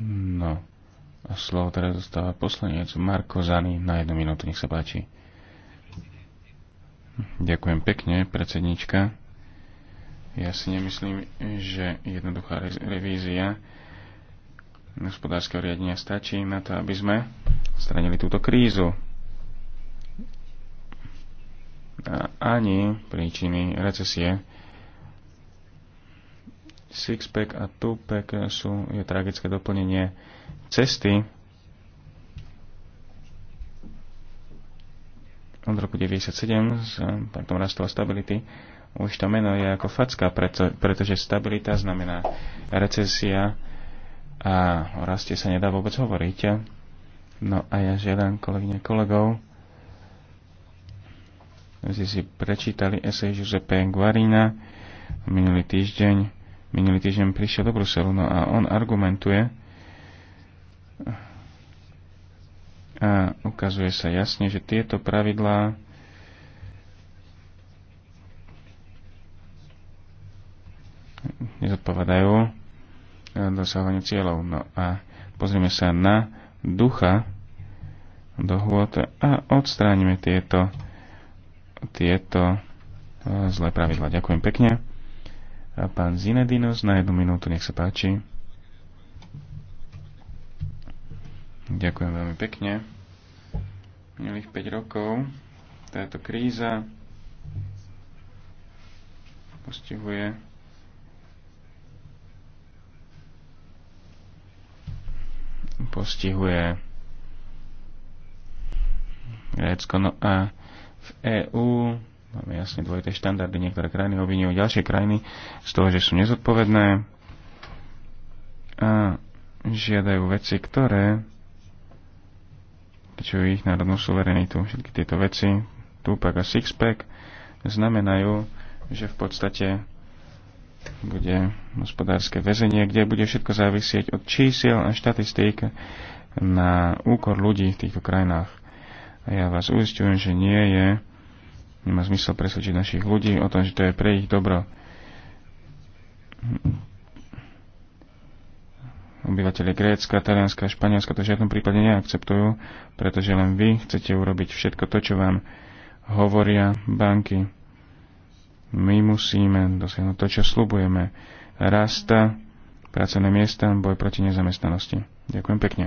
No. Slovo teraz dostáva poslanec Marko Zany na jednu minútu, nech sa páči. Ďakujem pekne, predsednička. Ja si nemyslím, že jednoduchá revízia hospodárskeho riadenia stačí na to, aby sme stranili túto krízu. A ani príčiny recesie Sixpack a Tupac sú je tragické doplnenie cesty od roku 1997 s eh, rastu a stability už to meno je ako facka, preto, pretože stabilita znamená recesia a o raste sa nedá vôbec hovoriť. No a ja žiadam kolegyne kolegov, ste si prečítali esej Giuseppe Guarina minulý týždeň. Minulý týždeň prišiel do Bruselu, no a on argumentuje, a ukazuje sa jasne, že tieto pravidlá nezodpovedajú e, dosahovaniu cieľov. No a pozrieme sa na ducha dohôd a odstránime tieto, tieto e, zlé pravidla. Ďakujem pekne. A pán Zinedinos na jednu minútu, nech sa páči. Ďakujem veľmi pekne. Minulých 5 rokov táto kríza postihuje postihuje Grécko. No a v EÚ máme jasne dvojité štandardy. Niektoré krajiny obvinujú ďalšie krajiny z toho, že sú nezodpovedné a žiadajú veci, ktoré zabezpečujú ich národnú suverenitu. Všetky tieto veci, Tupac a Sixpack, znamenajú, že v podstate bude hospodárske väzenie, kde bude všetko závisieť od čísiel a štatistík na úkor ľudí v týchto krajinách. A ja vás uistujem, že nie je, nemá zmysel presvedčiť našich ľudí o tom, že to je pre ich dobro obyvateľe Grécka, Talianska Španielska to v žiadnom prípade neakceptujú, pretože len vy chcete urobiť všetko to, čo vám hovoria banky. My musíme dosiahnuť to, čo slubujeme. Rasta, pracovné miesta, boj proti nezamestnanosti. Ďakujem pekne.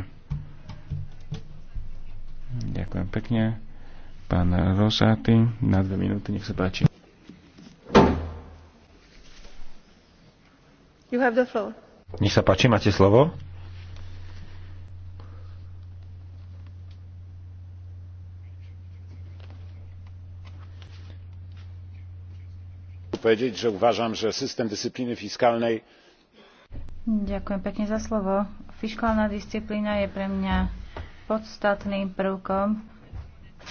Ďakujem pekne. Pán Rosáty, na dve minúty, nech sa páči. You have the floor. Nech sa páči, máte slovo. povedať, že uvažam, že systém disciplíny fiskálnej... Ďakujem pekne za slovo. Fiskálna disciplína je pre mňa podstatným prvkom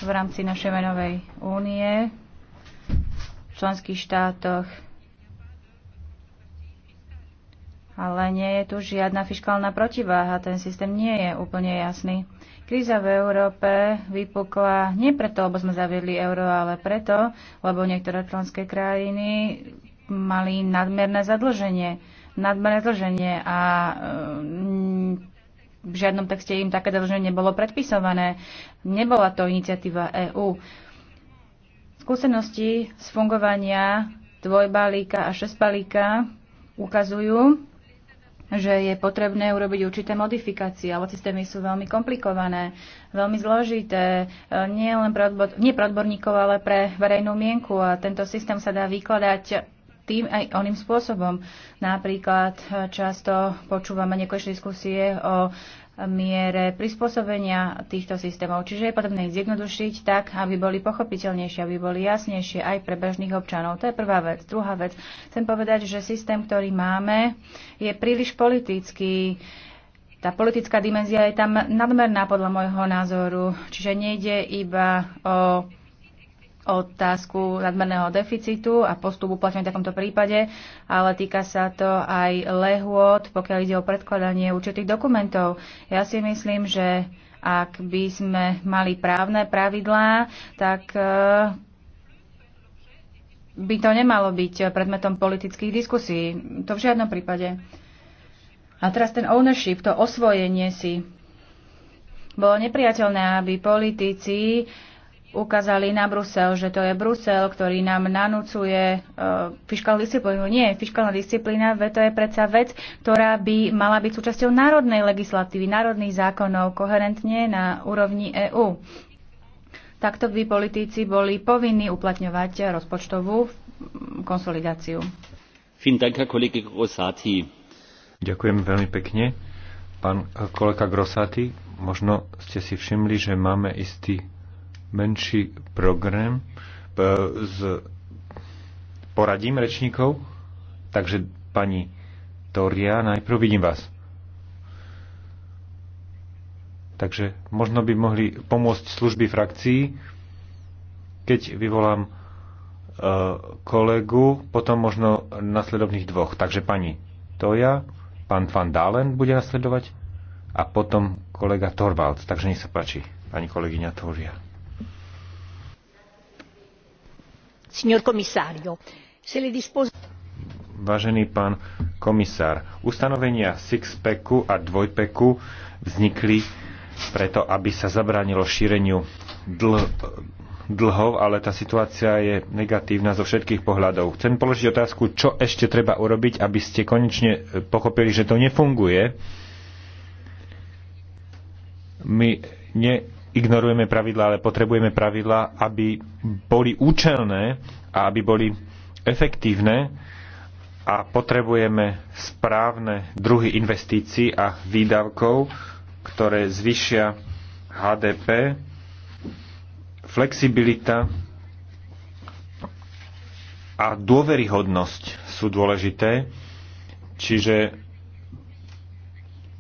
v rámci našej menovej únie v členských štátoch ale nie je tu žiadna fiskálna protiváha, ten systém nie je úplne jasný. Kríza v Európe vypukla nie preto, lebo sme zaviedli euro, ale preto, lebo niektoré členské krajiny mali nadmerné zadlženie. Nadmerné zadlženie a mm, v žiadnom texte im také zadlženie nebolo predpisované. Nebola to iniciatíva EÚ. Skúsenosti z fungovania dvojbalíka a šestbalíka ukazujú, že je potrebné urobiť určité modifikácie, ale systémy sú veľmi komplikované, veľmi zložité, e, nie len pre, odbor, nie pre odborníkov, ale pre verejnú mienku a tento systém sa dá vykladať tým aj oným spôsobom. Napríklad e, často počúvame nekonečné diskusie o miere prispôsobenia týchto systémov. Čiže je potrebné ich zjednodušiť tak, aby boli pochopiteľnejšie, aby boli jasnejšie aj pre bežných občanov. To je prvá vec. Druhá vec. Chcem povedať, že systém, ktorý máme, je príliš politický. Tá politická dimenzia je tam nadmerná podľa môjho názoru. Čiže nejde iba o otázku nadmerného deficitu a postup uplatňovania v takomto prípade, ale týka sa to aj lehôd, pokiaľ ide o predkladanie určitých dokumentov. Ja si myslím, že ak by sme mali právne pravidlá, tak e, by to nemalo byť predmetom politických diskusí. To v žiadnom prípade. A teraz ten ownership, to osvojenie si. Bolo nepriateľné, aby politici ukázali na Brusel, že to je Brusel, ktorý nám nanúcuje uh, fiskálnu disciplínu. Nie, fiskálna disciplína, ve to je predsa vec, ktorá by mala byť súčasťou národnej legislatívy, národných zákonov, koherentne na úrovni EÚ. Takto by politici boli povinní uplatňovať rozpočtovú mm, konsolidáciu. Ďakujem veľmi pekne. Pán kolega Grosati, možno ste si všimli, že máme istý menší program e, s poradím rečníkov. Takže pani Toria, najprv vidím vás. Takže možno by mohli pomôcť služby frakcií, keď vyvolám e, kolegu, potom možno nasledovných dvoch. Takže pani Toja, pán Van Dalen bude nasledovať a potom kolega Torvalds. Takže nech sa páči, pani kolegyňa Toria. signor commissario, se le dispos- Vážený pán komisár, ustanovenia six six-packu a dvojpeku vznikli preto, aby sa zabránilo šíreniu dl- dlhov, ale tá situácia je negatívna zo všetkých pohľadov. Chcem položiť otázku, čo ešte treba urobiť, aby ste konečne e, pochopili, že to nefunguje. My ne ignorujeme pravidlá, ale potrebujeme pravidlá, aby boli účelné a aby boli efektívne a potrebujeme správne druhy investícií a výdavkov, ktoré zvyšia HDP, flexibilita a dôveryhodnosť sú dôležité, čiže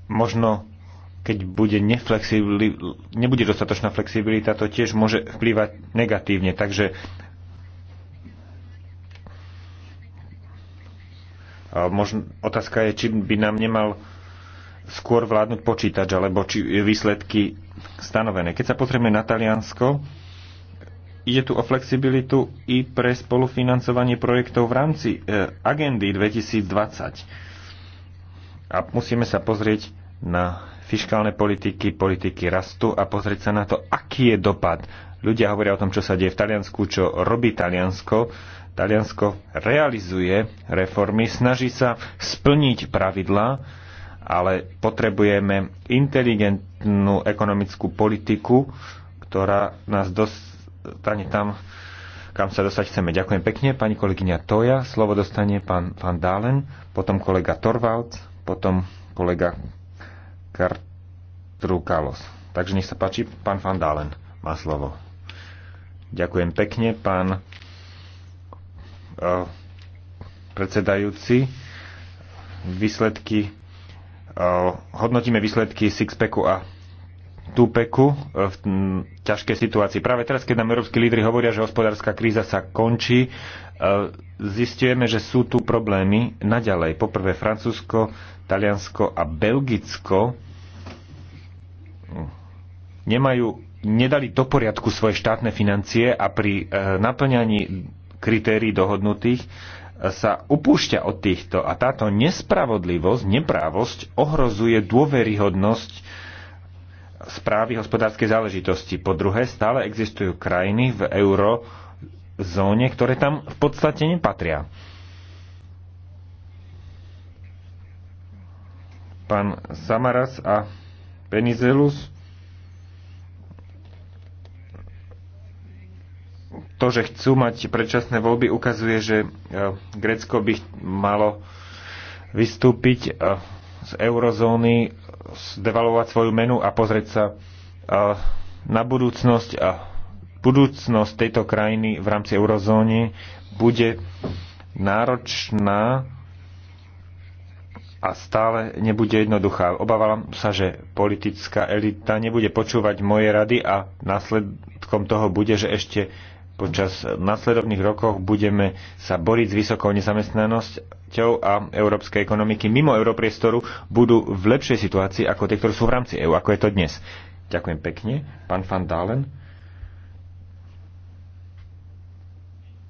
možno keď bude nebude dostatočná flexibilita, to tiež môže vplývať negatívne. Takže možno, otázka je, či by nám nemal skôr vládnuť počítač, alebo či výsledky stanovené. Keď sa pozrieme na Taliansko, ide tu o flexibilitu i pre spolufinancovanie projektov v rámci e, agendy 2020. A musíme sa pozrieť na fiskálne politiky, politiky rastu a pozrieť sa na to, aký je dopad. Ľudia hovoria o tom, čo sa deje v Taliansku, čo robí Taliansko. Taliansko realizuje reformy, snaží sa splniť pravidlá, ale potrebujeme inteligentnú ekonomickú politiku, ktorá nás dostane tam, kam sa dostať chceme. Ďakujem pekne, pani kolegyňa Toja. Slovo dostane pán, pán Dálen, potom kolega Torvalds, potom kolega kartu Takže nech sa páči, pán Van Dalen má slovo. Ďakujem pekne, pán eh, predsedajúci. Výsledky, eh, hodnotíme výsledky Sixpacku a Tupeku eh, v ťažkej situácii. Práve teraz, keď nám európsky lídry hovoria, že hospodárska kríza sa končí, zistujeme, že sú tu problémy naďalej. Poprvé Francúzsko, Taliansko a Belgicko nemajú, nedali do poriadku svoje štátne financie a pri e, naplňaní kritérií dohodnutých e, sa upúšťa od týchto a táto nespravodlivosť, neprávosť ohrozuje dôveryhodnosť správy hospodárskej záležitosti. Po druhé, stále existujú krajiny v eurozóne, ktoré tam v podstate nepatria. Pán Samaras a Penizelus. To, že chcú mať predčasné voľby, ukazuje, že e, Grécko by malo vystúpiť e, z eurozóny, e, zdevalovať svoju menu a pozrieť sa na budúcnosť a budúcnosť tejto krajiny v rámci eurozóny bude náročná a stále nebude jednoduchá. Obávam sa, že politická elita nebude počúvať moje rady a následkom toho bude, že ešte počas nasledovných rokov budeme sa boriť s vysokou nezamestnanosťou a európskej ekonomiky mimo europriestoru budú v lepšej situácii ako tie, ktoré sú v rámci EÚ, ako je to dnes. Ďakujem pekne. Pán Van Dalen.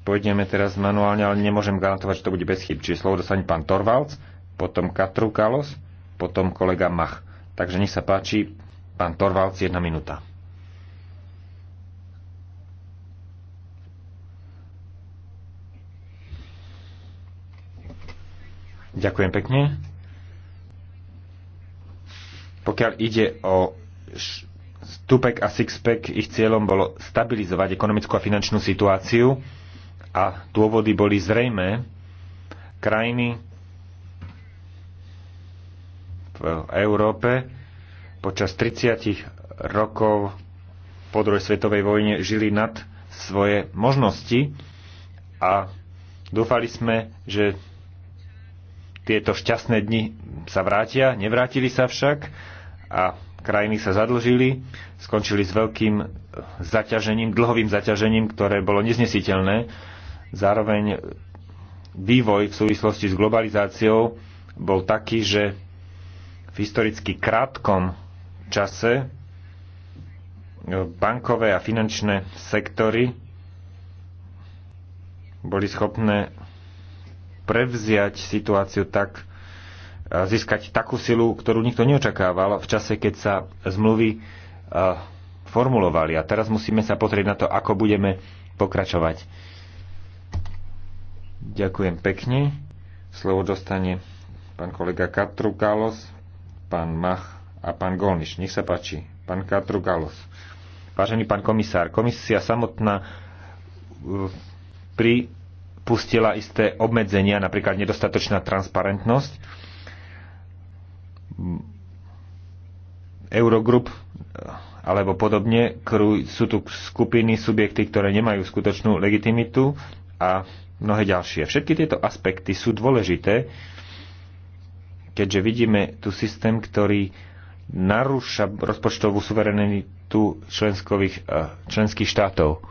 Pôjdeme teraz manuálne, ale nemôžem garantovať, že to bude bez chyb. Čiže slovo dostane pán Torvalds potom Katru Kalos, potom kolega Mach. Takže nech sa páči, pán Torvalc, jedna minúta. Ďakujem pekne. Pokiaľ ide o Tupek a Sixpack, ich cieľom bolo stabilizovať ekonomickú a finančnú situáciu a dôvody boli zrejmé. Krajiny v Európe. Počas 30 rokov po druhej svetovej vojne žili nad svoje možnosti a dúfali sme, že tieto šťastné dni sa vrátia, nevrátili sa však a krajiny sa zadlžili, skončili s veľkým zaťažením, dlhovým zaťažením, ktoré bolo neznesiteľné. Zároveň vývoj v súvislosti s globalizáciou bol taký, že v historicky krátkom čase e, bankové a finančné sektory boli schopné prevziať situáciu tak, e, získať takú silu, ktorú nikto neočakával v čase, keď sa zmluvy e, formulovali. A teraz musíme sa pozrieť na to, ako budeme pokračovať. Ďakujem pekne. Slovo dostane pán kolega Katru Kalos pán Mach a pán Golniš. Nech sa páči, pán Katrugalov. Vážený pán komisár, komisia samotná e, pripustila isté obmedzenia, napríklad nedostatočná transparentnosť. Eurogroup e, alebo podobne, sú tu skupiny, subjekty, ktoré nemajú skutočnú legitimitu a mnohé ďalšie. Všetky tieto aspekty sú dôležité, keďže vidíme tu systém, ktorý narúša rozpočtovú suverenitu členských eh, štátov.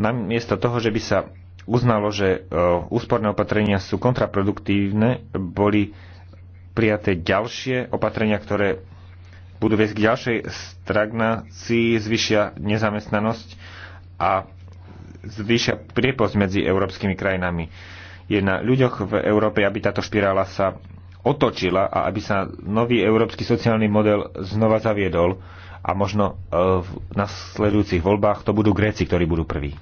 Namiesto toho, že by sa uznalo, že eh, úsporné opatrenia sú kontraproduktívne, boli prijaté ďalšie opatrenia, ktoré budú viesť k ďalšej stagnácii, zvyšia nezamestnanosť a zvýšia prieposť medzi európskymi krajinami. Je na ľuďoch v Európe, aby táto špirála sa otočila a aby sa nový európsky sociálny model znova zaviedol a možno e, v nasledujúcich voľbách to budú Gréci, ktorí budú prví.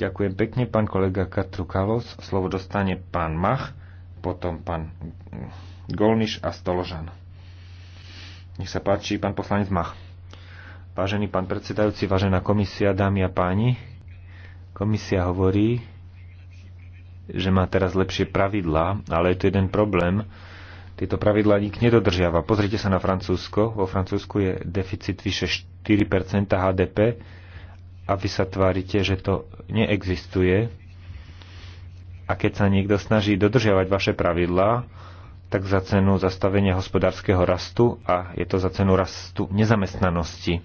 Ďakujem pekne, pán kolega Kalos. Slovo dostane pán Mach, potom pán Golniš a Stoložan. Nech sa páči, pán poslanec Mach. Vážený pán predsedajúci, vážená komisia, dámy a páni, komisia hovorí, že má teraz lepšie pravidlá, ale je to jeden problém. Tieto pravidlá nik nedodržiava. Pozrite sa na Francúzsko. Vo Francúzsku je deficit vyše 4% HDP a vy sa tvárite, že to neexistuje. A keď sa niekto snaží dodržiavať vaše pravidlá, tak za cenu zastavenia hospodárskeho rastu a je to za cenu rastu nezamestnanosti.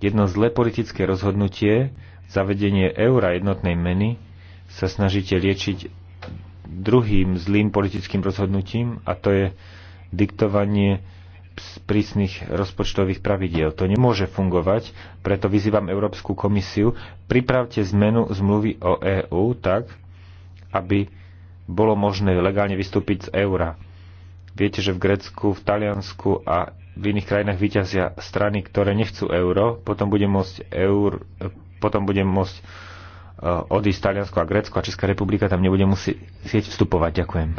Jedno zlé politické rozhodnutie, zavedenie eura jednotnej meny, sa snažíte liečiť druhým zlým politickým rozhodnutím a to je diktovanie prísnych rozpočtových pravidiel. To nemôže fungovať, preto vyzývam Európsku komisiu, pripravte zmenu zmluvy o EÚ tak, aby bolo možné legálne vystúpiť z eura. Viete, že v Grécku, v Taliansku a v iných krajinách vyťazia strany, ktoré nechcú euro, potom bude môcť, eur, potom bude môcť Eh, odísť Taliansko a Grécko a Česká republika tam nebude musieť vstupovať. Ďakujem.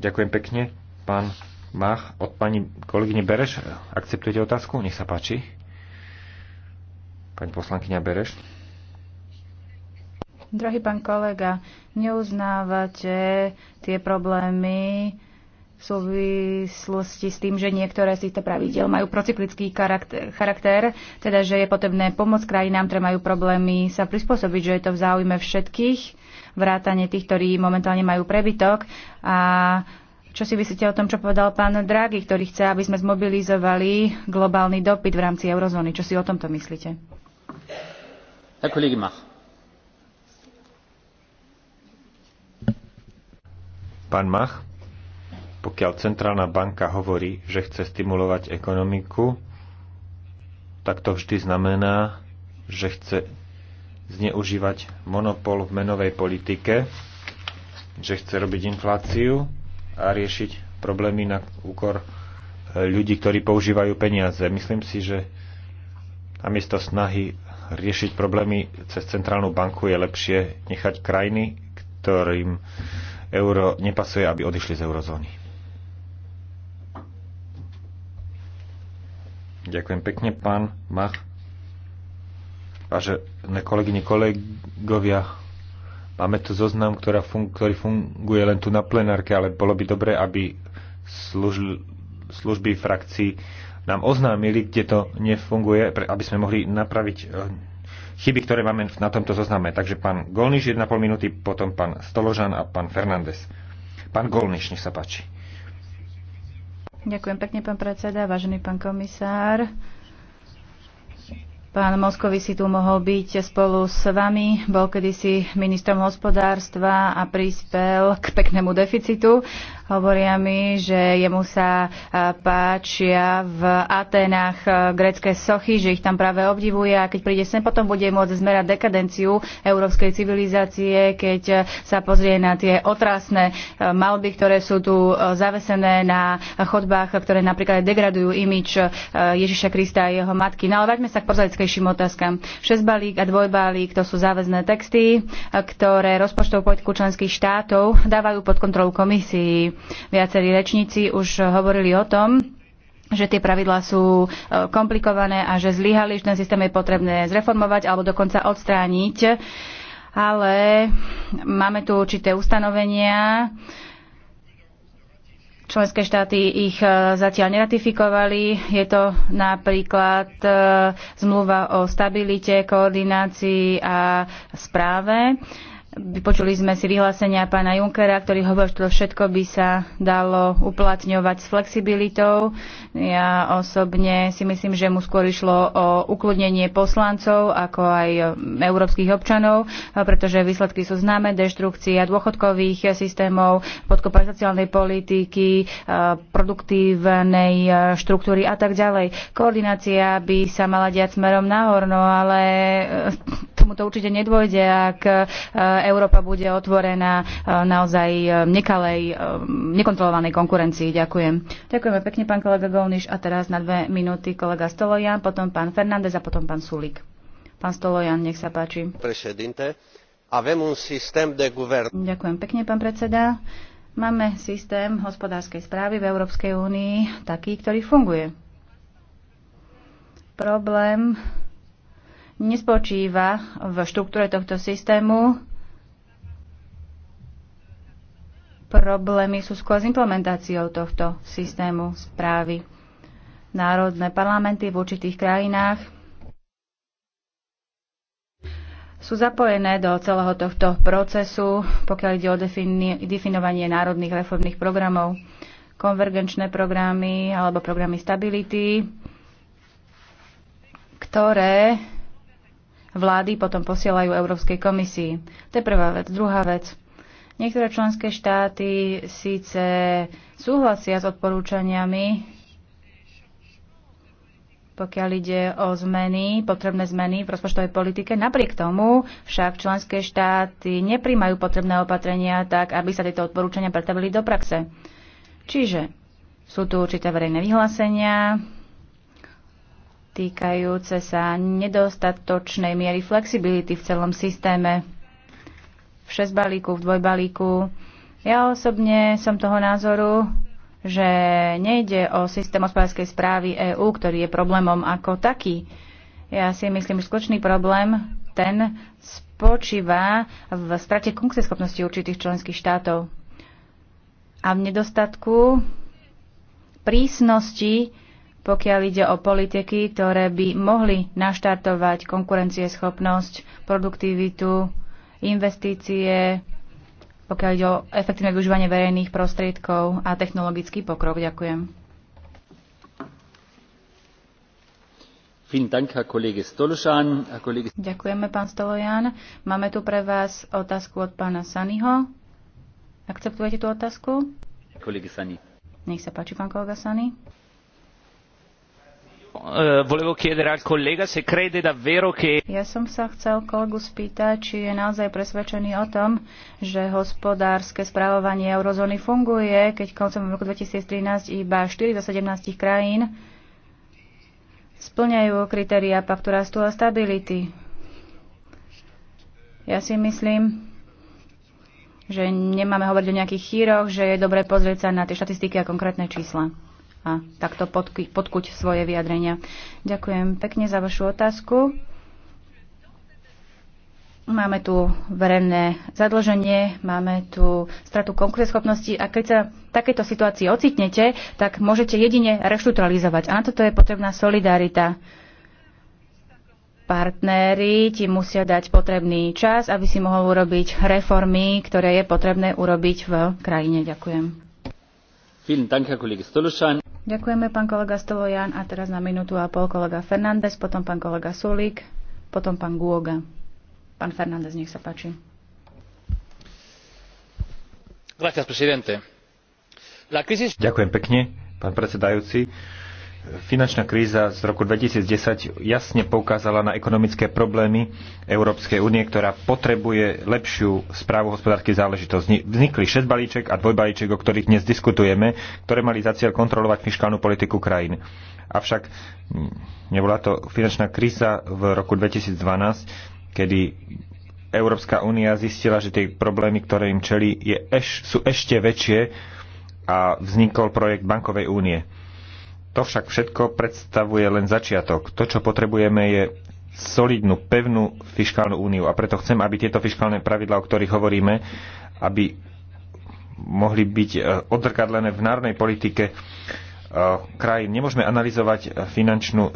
Ďakujem pekne. Pán Mach od pani kolegyne Bereš. Akceptujete otázku? Nech sa páči. Pani poslankyňa Bereš. Drahý pán kolega, neuznávate tie problémy, v súvislosti s tým, že niektoré z týchto pravidel majú procyklický charakter, charakter, teda že je potrebné pomôcť krajinám, ktoré majú problémy sa prispôsobiť, že je to v záujme všetkých, vrátane tých, ktorí momentálne majú prebytok. A čo si myslíte o tom, čo povedal pán Draghi, ktorý chce, aby sme zmobilizovali globálny dopyt v rámci eurozóny? Čo si o tomto myslíte? Herr Kollege Mach. Pán Mach. Pokiaľ centrálna banka hovorí, že chce stimulovať ekonomiku, tak to vždy znamená, že chce zneužívať monopol v menovej politike, že chce robiť infláciu a riešiť problémy na úkor e, ľudí, ktorí používajú peniaze. Myslím si, že namiesto snahy riešiť problémy cez centrálnu banku je lepšie nechať krajiny, ktorým euro nepasuje, aby odišli z eurozóny. Ďakujem pekne, pán Mach. Vážené kolegyne, kolegovia, máme tu zoznam, ktorá fun- ktorý funguje len tu na plenárke, ale bolo by dobré, aby služ- služby frakcií nám oznámili, kde to nefunguje, aby sme mohli napraviť eh, chyby, ktoré máme na tomto zozname. Takže pán Golniš 1,5 minúty, potom pán Stoložan a pán Fernández. Pán Golniš, nech sa páči. Ďakujem pekne, pán predseda, vážený pán komisár. Pán Moskovi si tu mohol byť spolu s vami, bol kedysi ministrom hospodárstva a prispel k peknému deficitu, Hovoria mi, že jemu sa páčia v Atenách grecké sochy, že ich tam práve obdivuje a keď príde sem, potom bude môcť zmerať dekadenciu európskej civilizácie, keď sa pozrie na tie otrasné malby, ktoré sú tu zavesené na chodbách, ktoré napríklad degradujú imič Ježiša Krista a jeho matky. No ale vaďme sa k prozaickejším otázkam. Šesbalík a dvojbalík to sú záväzné texty, ktoré rozpočtov politiku členských štátov dávajú pod kontrolu komisii viacerí rečníci, už hovorili o tom, že tie pravidlá sú e, komplikované a že zlyhali, že ten systém je potrebné zreformovať alebo dokonca odstrániť. Ale máme tu určité ustanovenia, Členské štáty ich e, zatiaľ neratifikovali. Je to napríklad e, zmluva o stabilite, koordinácii a správe. Vypočuli sme si vyhlásenia pána Junckera, ktorý hovoril, že to všetko by sa dalo uplatňovať s flexibilitou. Ja osobne si myslím, že mu skôr išlo o ukludnenie poslancov, ako aj európskych občanov, pretože výsledky sú známe, deštrukcia dôchodkových systémov, podkopa sociálnej politiky, produktívnej štruktúry a tak ďalej. Koordinácia by sa mala diať smerom nahor, no ale tomuto určite nedôjde, ak Európa bude otvorená e, naozaj e, nekalej, e, nekontrolovanej konkurencii. Ďakujem. Ďakujeme pekne, pán kolega Golniš. A teraz na dve minúty kolega Stolojan, potom pán Fernández a potom pán Sulík. Pán Stolojan, nech sa páči. Ďakujem pekne, pán predseda. Máme systém hospodárskej správy v Európskej únii taký, ktorý funguje. Problém nespočíva v štruktúre tohto systému, Problémy sú skôr s implementáciou tohto systému správy. Národné parlamenty v určitých krajinách sú zapojené do celého tohto procesu, pokiaľ ide o definovanie národných reformných programov, konvergenčné programy alebo programy stability, ktoré vlády potom posielajú Európskej komisii. To je prvá vec. Druhá vec. Niektoré členské štáty síce súhlasia s odporúčaniami, pokiaľ ide o zmeny, potrebné zmeny v rozpočtovej politike. Napriek tomu však členské štáty neprimajú potrebné opatrenia tak, aby sa tieto odporúčania pretavili do praxe. Čiže sú tu určité verejné vyhlásenia týkajúce sa nedostatočnej miery flexibility v celom systéme v šesťbalíku, v dvojbalíku. Ja osobne som toho názoru, že nejde o systém hospodárskej správy EÚ, ktorý je problémom ako taký. Ja si myslím, že skutočný problém ten spočíva v strate konkurenceschopnosti určitých členských štátov a v nedostatku prísnosti, pokiaľ ide o politiky, ktoré by mohli naštartovať konkurencieschopnosť, produktivitu, investície, pokiaľ ide o efektívne využívanie verejných prostriedkov a technologický pokrok. Ďakujem. Ďakujeme, pán Stolojan. Máme tu pre vás otázku od pána Saniho. Akceptujete tú otázku? Nech sa páči, pán kolega Sani. Eh, ja som sa chcel kolegu spýtať, či je naozaj presvedčený o tom, že hospodárske správovanie eurozóny funguje, keď koncom roku 2013 iba 4 zo 17 krajín splňajú kritéria paktu rastu a stability. Ja si myslím, že nemáme hovoriť o nejakých chýroch, že je dobre pozrieť sa na tie štatistiky a konkrétne čísla a takto podkuť, svoje vyjadrenia. Ďakujem pekne za vašu otázku. Máme tu verejné zadlženie, máme tu stratu konkurenceschopnosti a keď sa v takejto situácii ocitnete, tak môžete jedine reštrukturalizovať. A na toto je potrebná solidarita. Partnery ti musia dať potrebný čas, aby si mohol urobiť reformy, ktoré je potrebné urobiť v krajine. Ďakujem. Vielen Dank, Herr Kollege Stološan. Ďakujeme, pán kolega Stolojan. A teraz na minútu a pol kolega Fernández, potom pán kolega Sulík, potom pán Guoga. Pán Fernández, nech sa páči. Ďakujem pekne, pán predsedajúci. Finančná kríza z roku 2010 jasne poukázala na ekonomické problémy Európskej únie, ktorá potrebuje lepšiu správu hospodárky záležitosti. Vznikli 6 balíček a dvojbalíček, o ktorých dnes diskutujeme, ktoré mali za cieľ kontrolovať fiskálnu politiku krajín. Avšak hm, nebola to finančná kríza v roku 2012, kedy Európska únia zistila, že tie problémy, ktoré im čeli, je eš, sú ešte väčšie a vznikol projekt Bankovej únie to však všetko predstavuje len začiatok. To, čo potrebujeme, je solidnú, pevnú fiskálnu úniu. A preto chcem, aby tieto fiskálne pravidlá, o ktorých hovoríme, aby mohli byť e, odrkadlené v národnej politike e, krajín. Nemôžeme analyzovať finančnú e,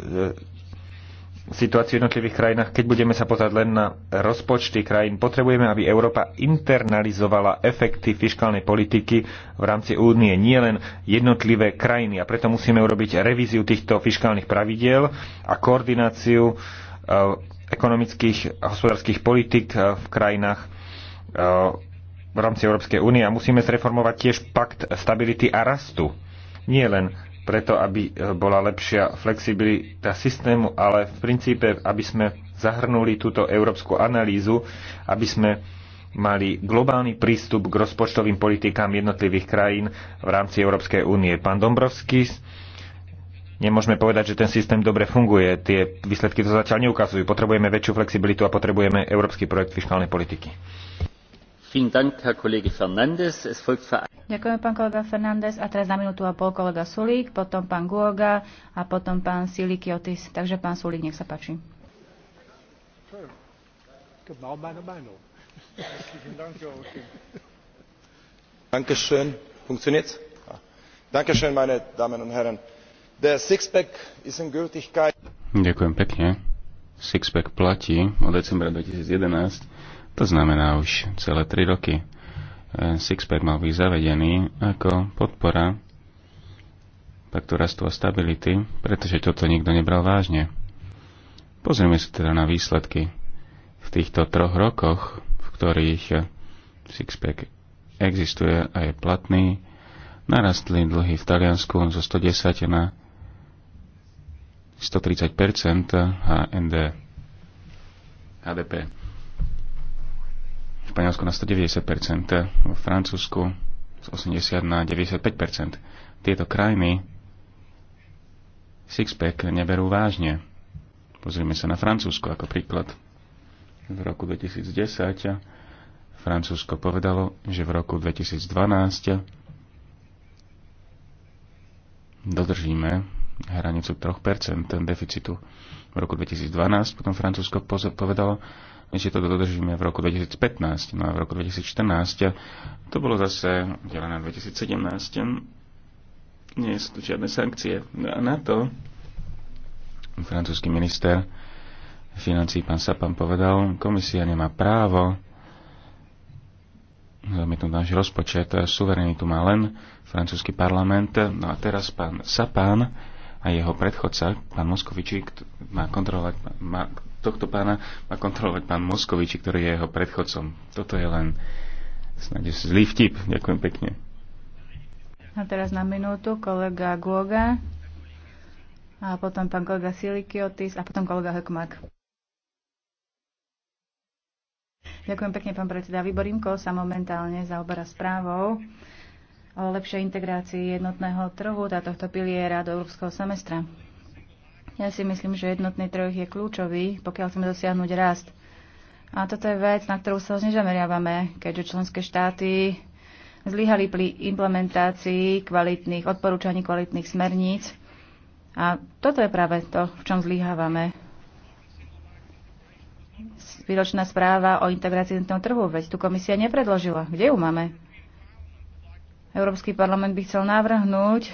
situáciu v jednotlivých krajinách, keď budeme sa pozerať len na rozpočty krajín. Potrebujeme, aby Európa internalizovala efekty fiskálnej politiky v rámci únie, nielen jednotlivé krajiny. A preto musíme urobiť revíziu týchto fiskálnych pravidiel a koordináciu e, ekonomických a hospodárskych politik e, v krajinách e, v rámci Európskej únie a musíme zreformovať tiež pakt stability a rastu. Nie len preto, aby e, bola lepšia flexibilita systému, ale v princípe, aby sme zahrnuli túto európsku analýzu, aby sme mali globálny prístup k rozpočtovým politikám jednotlivých krajín v rámci Európskej únie. Pán Dombrovský, nemôžeme povedať, že ten systém dobre funguje. Tie výsledky to zatiaľ neukazujú. Potrebujeme väčšiu flexibilitu a potrebujeme európsky projekt fiskálnej politiky. Ďakujem, pán kolega Fernández. A teraz na minútu a pol kolega Sulík, potom pán Guoga a potom pán Silikiotis. Takže pán Sulík, nech sa páči. Dankeschön. Funktioniert's? Ah. Dankeschön, meine Damen und Herren. Der Sixpack ist in Gültigkeit. Ďakujem pekne. Sixpack platí od decembra 2011 to znamená už celé 3 roky. E, Sixpack mal byť zavedený ako podpora takto rastu a stability, pretože toto nikto nebral vážne. Pozrieme sa teda na výsledky. V týchto troch rokoch, v ktorých Sixpack existuje a je platný, narastli dlhy v Taliansku zo 110 na 130 HND HDP. Španielsku na 190%, vo Francúzsku z 80 na 95%. Tieto krajiny Sixpack neberú vážne. Pozrime sa na Francúzsko ako príklad. V roku 2010 Francúzsko povedalo, že v roku 2012 dodržíme hranicu 3% deficitu. V roku 2012 potom Francúzsko povedalo, my si to dodržíme v roku 2015. No a v roku 2014 to bolo zase delené 2017. Nie sú tu žiadne sankcie. No a na to francúzsky minister financí pán Sapan povedal, komisia nemá právo zamietnúť náš rozpočet, suverenitu má len francúzsky parlament. No a teraz pán Sapán a jeho predchodca, pán Moskovičík, má kontrolovať, má tohto pána má kontrolovať pán Moskovič, ktorý je jeho predchodcom. Toto je len snáď zlý vtip. Ďakujem pekne. A teraz na minútu kolega Goga a potom pán kolega Silikiotis a potom kolega Hekmak. Ďakujem pekne, pán predseda. Výbor Imko sa momentálne zaoberá správou o lepšej integrácii jednotného trhu a tohto piliera do európskeho semestra. Ja si myslím, že jednotný trh je kľúčový, pokiaľ chceme dosiahnuť rast. A toto je vec, na ktorú sa nezameriavame, keďže členské štáty zlyhali pri implementácii kvalitných odporúčaní, kvalitných smerníc. A toto je práve to, v čom zlyhávame. Výročná správa o integrácii jednotného trhu, veď tu komisia nepredložila. Kde ju máme? Európsky parlament by chcel navrhnúť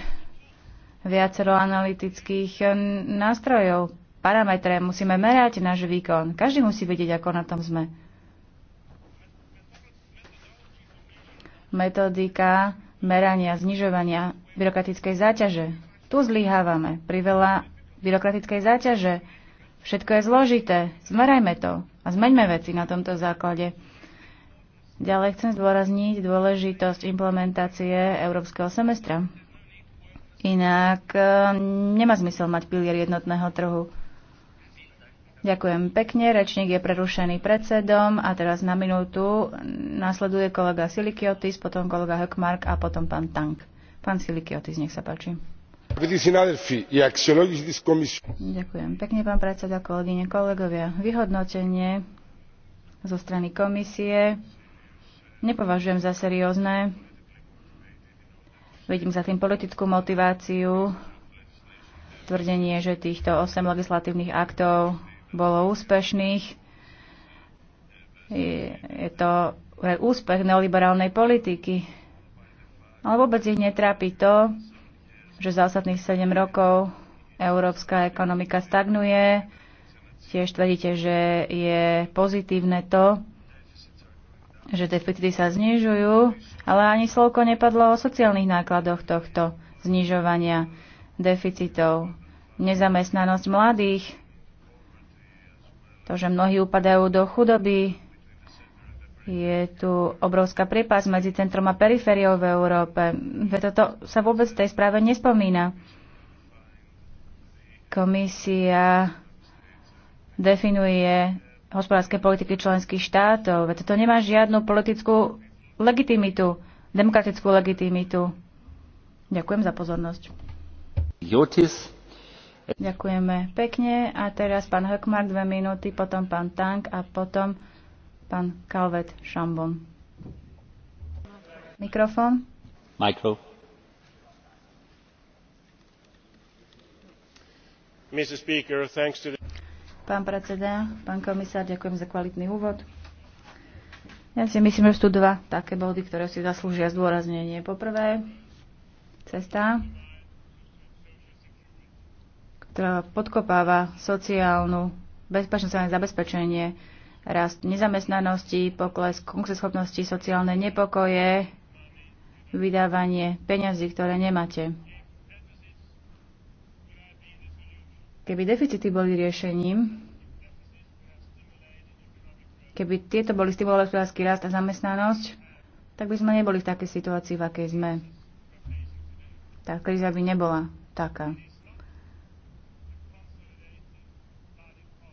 viacero analytických eh, nástrojov, parametre, musíme merať náš výkon. Každý musí vedieť, ako na tom sme. Metodika merania, znižovania byrokratickej záťaže. Tu zlyhávame. Pri veľa byrokratickej záťaže všetko je zložité. Zmerajme to a zmeňme veci na tomto základe. Ďalej chcem zdôrazniť dôležitosť implementácie európskeho semestra. Inak eh, nemá zmysel mať pilier jednotného trhu. Ďakujem pekne. Rečník je prerušený predsedom a teraz na minútu nasleduje kolega Silikiotis, potom kolega Hökmark a potom pán Tank. Pán Silikiotis, nech sa páči. Ďakujem pekne, pán predseda, kolegyne, kolegovia. Vyhodnotenie zo strany komisie nepovažujem za seriózne. Vidím za tým politickú motiváciu, tvrdenie, že týchto 8 legislatívnych aktov bolo úspešných. Je, to úspech neoliberálnej politiky. Ale vôbec ich netrápi to, že za ostatných 7 rokov európska ekonomika stagnuje. Tiež tvrdíte, že je pozitívne to, že deficity sa znižujú, ale ani slovko nepadlo o sociálnych nákladoch tohto znižovania deficitov. Nezamestnanosť mladých, to, že mnohí upadajú do chudoby, je tu obrovská prípas medzi centrom a perifériou v Európe. Toto sa vôbec v tej správe nespomína. Komisia definuje hospodárskej politiky členských štátov. Veď to nemá žiadnu politickú legitimitu, demokratickú legitimitu. Ďakujem za pozornosť. Jotis. Ďakujeme pekne. A teraz pán Hökmar dve minúty, potom pán Tank a potom pán Kalvet Šambon. Mikrofón. Mikro. Mr. Speaker, thanks to the... Pán predseda, pán komisár, ďakujem za kvalitný úvod. Ja si myslím, že sú dva také body, ktoré si zaslúžia zdôraznenie. Poprvé, cesta, ktorá podkopáva sociálnu bezpečnosť a zabezpečenie, rast nezamestnanosti, pokles konkurenceschopnosti, sociálne nepokoje, vydávanie peňazí, ktoré nemáte. Keby deficity boli riešením, keby tieto boli stimulovali hospodársky rast a zamestnanosť, tak by sme neboli v takej situácii, v akej sme. Tá kríza by nebola taká.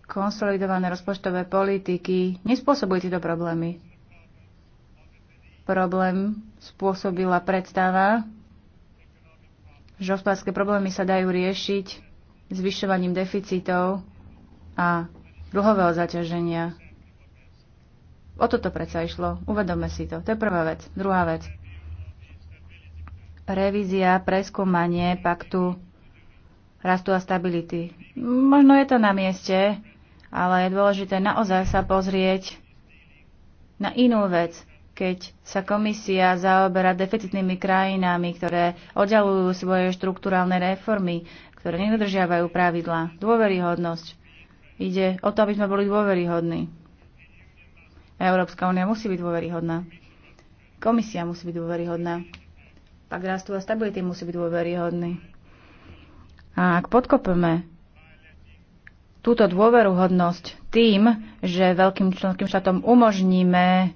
Konsolidované rozpočtové politiky nespôsobujú tieto problémy. Problém spôsobila predstava, že hospodárske problémy sa dajú riešiť zvyšovaním deficitov a dlhového zaťaženia. O toto predsa išlo. Uvedome si to. To je prvá vec. Druhá vec. Revízia, preskúmanie paktu rastu a stability. Možno je to na mieste, ale je dôležité naozaj sa pozrieť na inú vec, keď sa komisia zaoberá deficitnými krajinami, ktoré oddalujú svoje štruktúralne reformy, ktoré nedodržiavajú pravidla, dôveryhodnosť. Ide o to, aby sme boli dôveryhodní. Európska únia musí byť dôveryhodná. Komisia musí byť dôveryhodná. Pak rastu a stability musí byť dôveryhodný. A ak podkopeme túto dôveruhodnosť tým, že veľkým členským štátom umožníme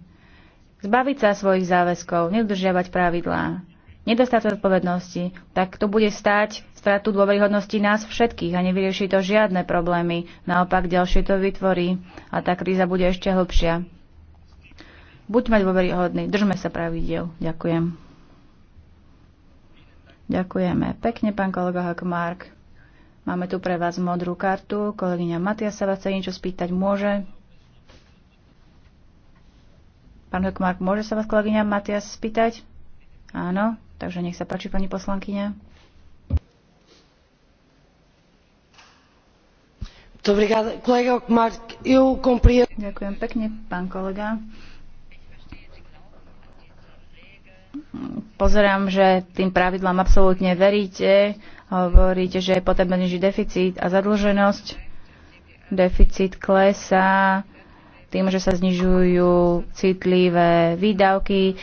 zbaviť sa svojich záväzkov, nedržiavať pravidlá, nedostatok odpovednosti, tak to bude stáť stratu dôveryhodnosti nás všetkých a nevyrieši to žiadne problémy. Naopak ďalšie to vytvorí a tá kríza bude ešte hlbšia. Buďme dôveryhodní, držme sa pravidel. Ďakujem. Ďakujeme pekne, pán kolega Hakmark. Máme tu pre vás modrú kartu. Kolegyňa Matia sa vás chce niečo spýtať. Môže? Pán Hakmark, môže sa vás kolegyňa Matias spýtať? Áno. Takže nech sa páči, pani poslankyňa. Ďakujem pekne, pán kolega. Pozerám, že tým pravidlám absolútne veríte. Hovoríte, že je potrebný deficit a zadlženosť. Deficit klesá tým, že sa znižujú citlivé výdavky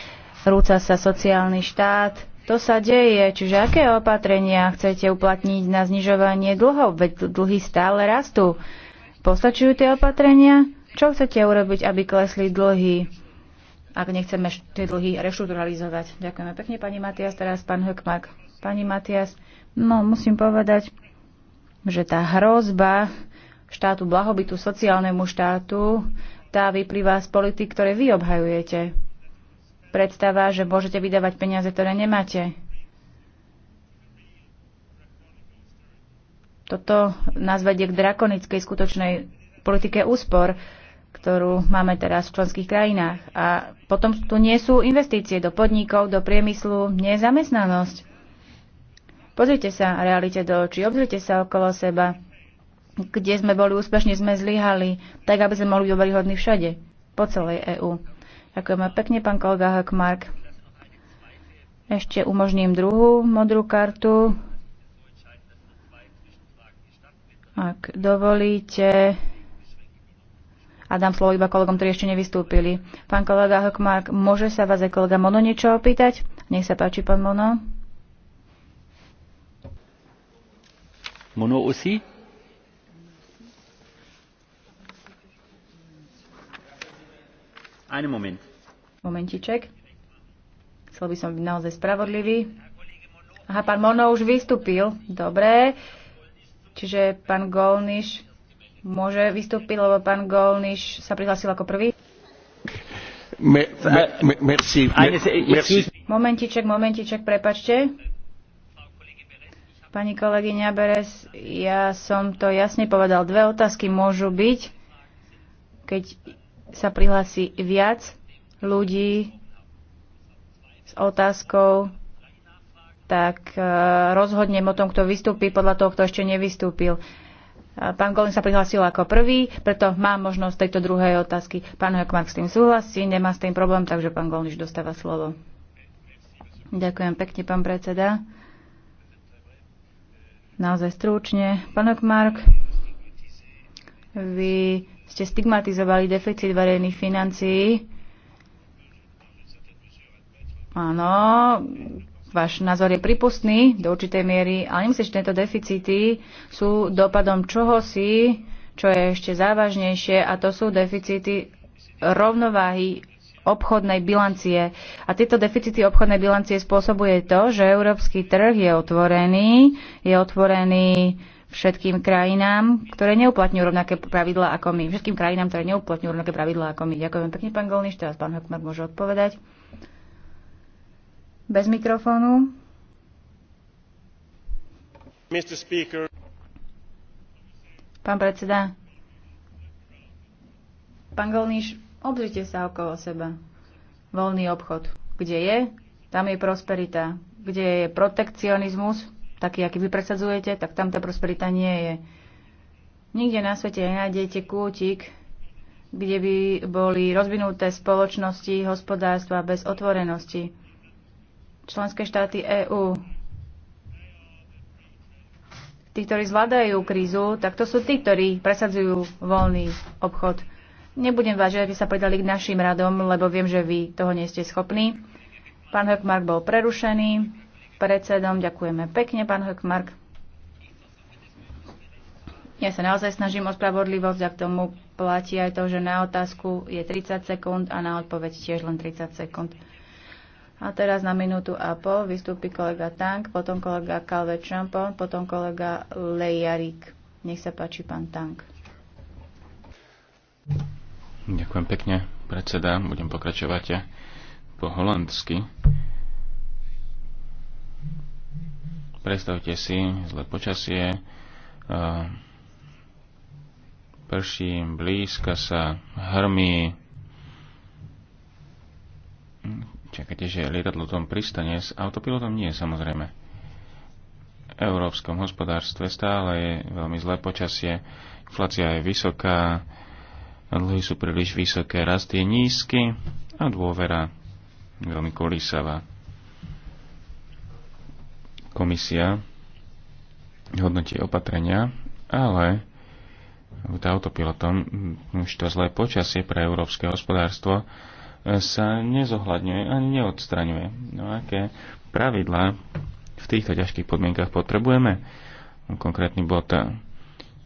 rúca sa sociálny štát. To sa deje, čiže aké opatrenia chcete uplatniť na znižovanie dlhov, veď dlhy stále rastú. Postačujú tie opatrenia? Čo chcete urobiť, aby klesli dlhy, ak nechceme tie dlhy reštrukturalizovať? Ďakujeme pekne, pani Matias. Teraz pán Hökmak. Pani Matias, no musím povedať, že tá hrozba štátu blahobytu, sociálnemu štátu, tá vyplýva z politik, ktoré vy obhajujete predstava, že môžete vydávať peniaze, ktoré nemáte. Toto nás vedie k drakonickej skutočnej politike úspor, ktorú máme teraz v členských krajinách. A potom tu nie sú investície do podnikov, do priemyslu, nie je zamestnanosť. Pozrite sa realite do očí, obzrite sa okolo seba. Kde sme boli úspešní, sme zlyhali, tak aby sme mohli byť všade, po celej EÚ. Ďakujeme pekne, pán kolega Hökmark. Ešte umožním druhú modrú kartu. Ak dovolíte, a dám slovo iba kolegom, ktorí ešte nevystúpili. Pán kolega Hökmark, môže sa vás aj kolega Mono niečo opýtať? Nech sa páči, pán Mono. Mono aussi? Einen Moment. Momentiček. Chcel by som byť naozaj spravodlivý. Aha, pán Mono už vystúpil. Dobre. Čiže pán Golniš môže vystúpiť, lebo pán Golniš sa prihlásil ako prvý. Me, me, merci, merci. Momentiček, momentiček, prepačte. Pani kolegyňa Beres, ja som to jasne povedal. Dve otázky môžu byť, keď sa prihlási viac ľudí s otázkou, tak e, rozhodnem o tom, kto vystúpi podľa toho, kto ešte nevystúpil. Pán Golin sa prihlásil ako prvý, preto má možnosť tejto druhej otázky. Pán Hekmark s tým súhlasí, nemá s tým problém, takže pán Golniš dostáva slovo. Ďakujem pekne, pán predseda. Naozaj stručne. Pán Hekmark, vy ste stigmatizovali deficit verejných financií. Áno, váš názor je pripustný do určitej miery, ale nemyslíte, že tieto deficity sú dopadom čohosi, čo je ešte závažnejšie, a to sú deficity rovnováhy obchodnej bilancie. A tieto deficity obchodnej bilancie spôsobuje to, že európsky trh je otvorený, je otvorený všetkým krajinám, ktoré neuplatňujú rovnaké pravidla ako my. Všetkým krajinám, ktoré neuplatňujú rovnaké pravidla ako my. Ďakujem pekne, pán Golniš. Teraz pán Hokmar môže odpovedať. Bez mikrofónu. Pán predseda, pán Golniš, obzrite sa okolo seba. Voľný obchod. Kde je, tam je prosperita. Kde je protekcionizmus, taký, aký vy presadzujete, tak tam tá prosperita nie je. Nikde na svete nenájdete kútik, kde by boli rozvinuté spoločnosti, hospodárstva bez otvorenosti. Členské štáty EÚ. Tí, ktorí zvládajú krízu, tak to sú tí, ktorí presadzujú voľný obchod. Nebudem vážiť, že sa predali k našim radom, lebo viem, že vy toho nie ste schopní. Pán Hökmark bol prerušený predsedom. Ďakujeme pekne, pán Hökmark. Ja sa naozaj snažím o spravodlivosť a k tomu platí aj to, že na otázku je 30 sekúnd a na odpoveď tiež len 30 sekúnd. A teraz na minútu a pol vystúpi kolega Tank, potom kolega Calvet Champon, potom kolega Lejarik. Nech sa páči, pán Tank. Ďakujem pekne, predseda. Budem pokračovať po holandsky. Predstavte si zlé počasie, prší, blízka sa, hrmí. Čakáte, že lietadlo tom pristane, s autopilotom nie, samozrejme. V európskom hospodárstve stále je veľmi zlé počasie, inflácia je vysoká, dlhy sú príliš vysoké, rast je nízky a dôvera veľmi kolísavá komisia hodnotí opatrenia, ale v autopilotom už to zlé počasie pre európske hospodárstvo sa nezohľadňuje ani neodstraňuje. No aké pravidlá v týchto ťažkých podmienkach potrebujeme? No, konkrétny bod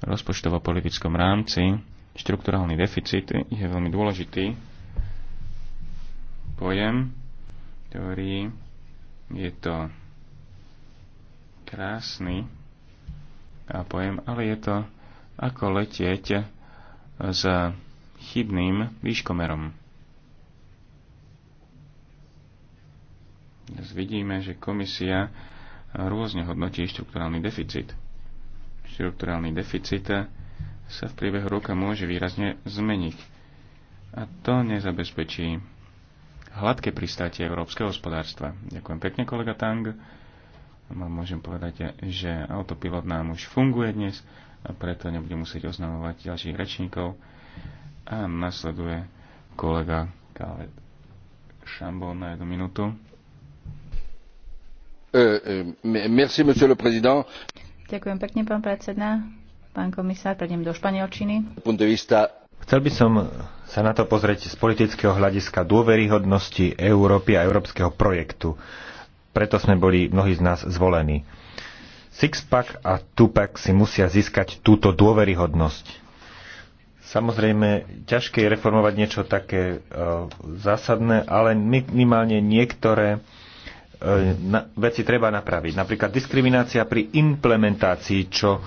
rozpočtovo-politickom rámci štrukturálny deficit je veľmi dôležitý pojem, ktorý je to krásny pojem, ale je to ako letieť s chybným výškomerom. Dnes vidíme, že komisia rôzne hodnotí štruktúrálny deficit. Štruktúrálny deficit sa v priebehu roka môže výrazne zmeniť. A to nezabezpečí hladké pristátie európskeho hospodárstva. Ďakujem pekne, kolega Tang môžem povedať, že autopilot nám už funguje dnes, a preto nebudem musieť oznamovať ďalších rečníkov. A nasleduje kolega Kalet Šambon na jednu minútu. E, e, Ďakujem pekne, pán predseda. Pán komisár, prejdem do Španielčiny. Chcel by som sa na to pozrieť z politického hľadiska dôveryhodnosti Európy a európskeho projektu preto sme boli mnohí z nás zvolení. Sixpack a Tupac si musia získať túto dôveryhodnosť. Samozrejme, ťažké je reformovať niečo také e, zásadné, ale minimálne niektoré e, na, veci treba napraviť. Napríklad diskriminácia pri implementácii, čo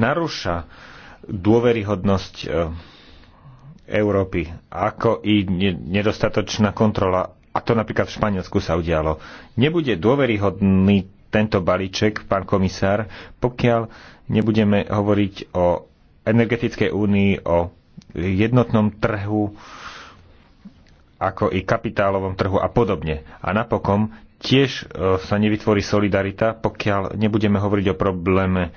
narúša dôveryhodnosť e, Európy, ako i nedostatočná kontrola a to napríklad v Španielsku sa udialo. Nebude dôveryhodný tento balíček, pán komisár, pokiaľ nebudeme hovoriť o energetickej únii, o jednotnom trhu, ako i kapitálovom trhu a podobne. A napokon tiež e, sa nevytvorí solidarita, pokiaľ nebudeme hovoriť o probléme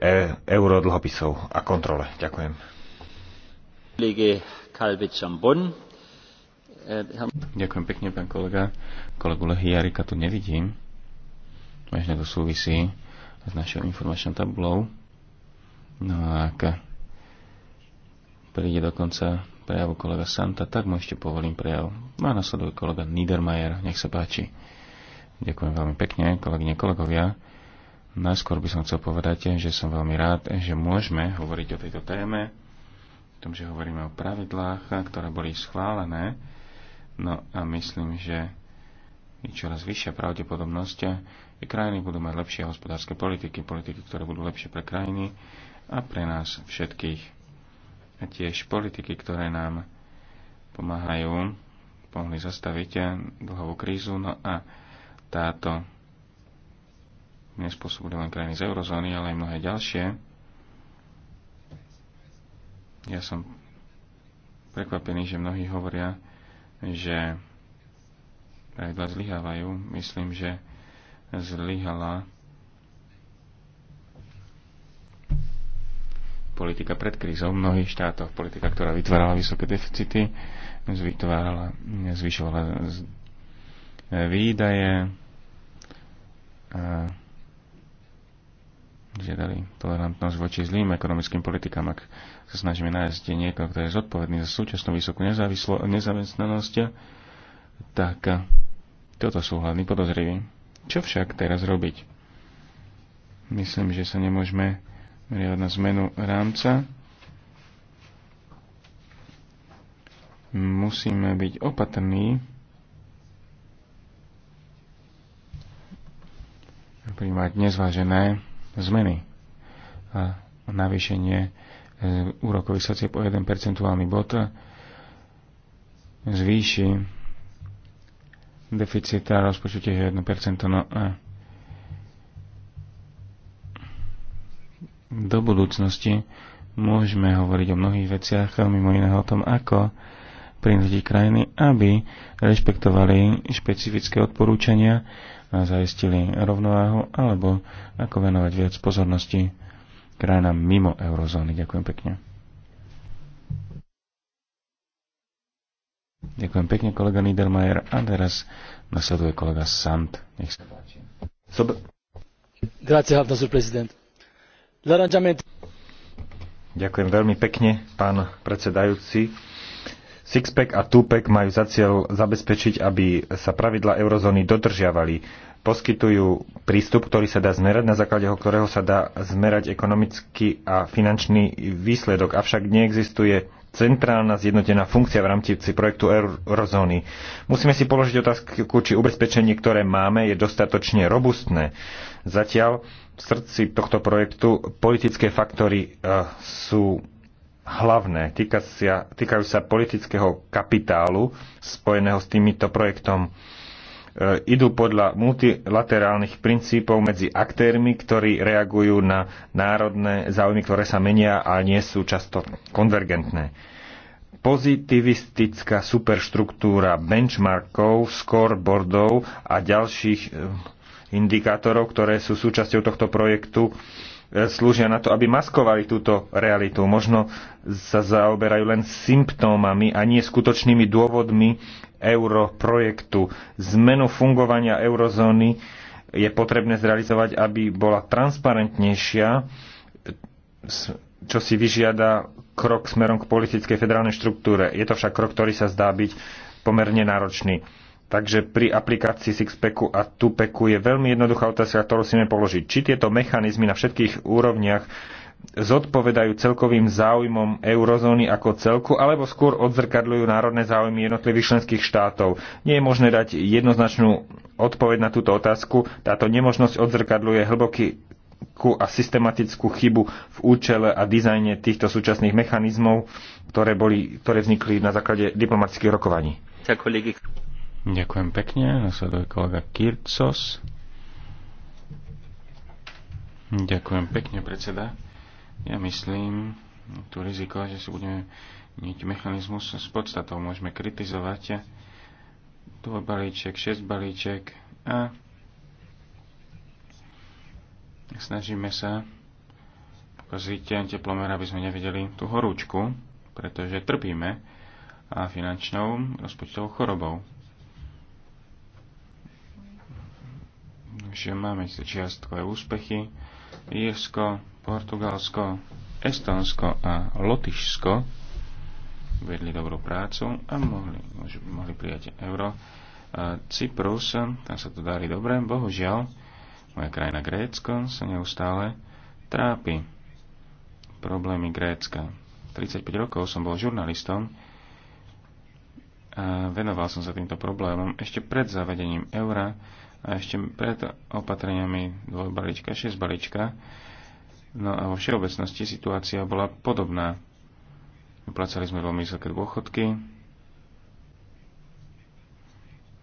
e- eurodlhopisov a kontrole. Ďakujem. Ďakujem pekne, pán kolega. Kolegu Lehiarika tu nevidím. Možno to súvisí s našou informačnou tablou. No a ak príde dokonca prejavu kolega Santa, tak mu ešte povolím prejav. No a nasleduje kolega Niedermayer, nech sa páči. Ďakujem veľmi pekne, kolegyne, kolegovia. Najskôr by som chcel povedať, že som veľmi rád, že môžeme hovoriť o tejto téme, o tom, že hovoríme o pravidlách, ktoré boli schválené No a myslím, že je čoraz vyššia pravdepodobnosť, že krajiny budú mať lepšie hospodárske politiky, politiky, ktoré budú lepšie pre krajiny a pre nás všetkých. A tiež politiky, ktoré nám pomáhajú, pomohli zastaviť dlhovú krízu, no a táto nespôsobuje len krajiny z eurozóny, ale aj mnohé ďalšie. Ja som prekvapený, že mnohí hovoria, že pravidla zlyhávajú. Myslím, že zlyhala politika pred krízou v mnohých štátoch. Politika, ktorá vytvárala vysoké deficity, zvytvárala, zvyšovala výdaje, a žiadali tolerantnosť voči zlým ekonomickým politikám, ak sa snažíme nájsť niekoho, kto je zodpovedný za súčasnú vysokú nezamestnanosť, tak eh, toto sú hlavní podozriví. Čo však teraz robiť? Myslím, že sa nemôžeme meriavať na zmenu rámca. Musíme byť opatrní príjmať nezvážené zmeny. A navýšenie e, úrokových sadzieb o 1 percentuálny bod zvýši deficit a rozpočtu je 1%. No a do budúcnosti môžeme hovoriť o mnohých veciach, mimo iného o tom, ako prinútiť krajiny, aby rešpektovali špecifické odporúčania zaistili rovnováhu alebo ako venovať viac pozornosti krajinám mimo eurozóny. Ďakujem pekne. Ďakujem pekne, kolega Niedermayer. A teraz nasleduje kolega Sant. Nech sa páči. Sob... Grazie, Havnasur, prezident. Ďakujem veľmi pekne, pán predsedajúci Sixpack a Tupac majú za cieľ zabezpečiť, aby sa pravidla eurozóny dodržiavali. Poskytujú prístup, ktorý sa dá zmerať, na základe ktorého sa dá zmerať ekonomický a finančný výsledok. Avšak neexistuje centrálna zjednotená funkcia v rámci projektu eurozóny. Musíme si položiť otázku, či ubezpečenie, ktoré máme, je dostatočne robustné. Zatiaľ v srdci tohto projektu politické faktory uh, sú hlavné. Týka sa, týkajú sa politického kapitálu spojeného s týmito projektom. E, idú podľa multilaterálnych princípov medzi aktérmi, ktorí reagujú na národné záujmy, ktoré sa menia a nie sú často konvergentné. Pozitivistická superštruktúra benchmarkov, scoreboardov a ďalších e, indikátorov, ktoré sú súčasťou tohto projektu, slúžia na to, aby maskovali túto realitu. Možno sa zaoberajú len symptómami a nie skutočnými dôvodmi europrojektu. Zmenu fungovania eurozóny je potrebné zrealizovať, aby bola transparentnejšia, čo si vyžiada krok smerom k politickej federálnej štruktúre. Je to však krok, ktorý sa zdá byť pomerne náročný. Takže pri aplikácii Sixpacku a Tupacku je veľmi jednoduchá otázka, ktorú si položiť. Či tieto mechanizmy na všetkých úrovniach zodpovedajú celkovým záujmom eurozóny ako celku, alebo skôr odzrkadľujú národné záujmy jednotlivých členských štátov. Nie je možné dať jednoznačnú odpoveď na túto otázku. Táto nemožnosť odzrkadľuje hlboký a systematickú chybu v účele a dizajne týchto súčasných mechanizmov, ktoré, boli, ktoré vznikli na základe diplomatických rokovaní. Ďakujem pekne. Nasleduje kolega Kircos. Ďakujem pekne, predseda. Ja myslím, tu riziko, že si budeme niť mechanizmus s podstatou. Môžeme kritizovať Tu balíček, šesť balíček a snažíme sa pokaziť teplomer, aby sme nevideli tú horúčku, pretože trpíme a finančnou rozpočtovou chorobou. že máme čiastkové úspechy. Írsko, Portugalsko, Estonsko a Lotyšsko vedli dobrú prácu a mohli, mohli prijať euro. A Cyprus, tam sa to darí dobre, bohužiaľ, moja krajina Grécko sa neustále trápi problémy Grécka. 35 rokov som bol žurnalistom, a venoval som sa týmto problémom ešte pred zavedením eura a ešte pred opatreniami dvojbalíčka, šesťbalíčka. No a vo všeobecnosti situácia bola podobná. Uplácali sme veľmi vysoké dôchodky,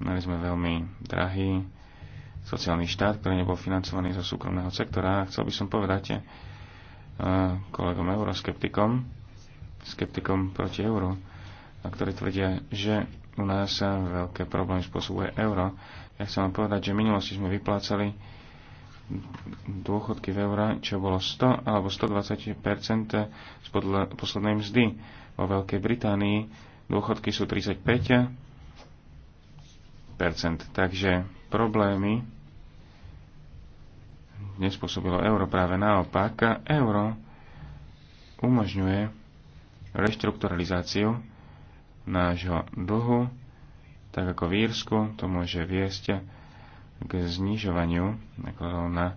mali sme veľmi drahý sociálny štát, ktorý nebol financovaný zo súkromného sektora. A chcel by som povedať eh, kolegom euroskeptikom, skeptikom proti euru, a ktorí tvrdia, že u nás veľké problémy spôsobuje euro. Ja chcem vám povedať, že v minulosti sme vyplácali dôchodky v eurách, čo bolo 100 alebo 120 z poslednej mzdy. Vo Veľkej Británii dôchodky sú 35 Takže problémy nespôsobilo euro práve naopak. Euro umožňuje reštrukturalizáciu nášho dlhu tak ako v Írsku, to môže viesť k znižovaniu nakladov na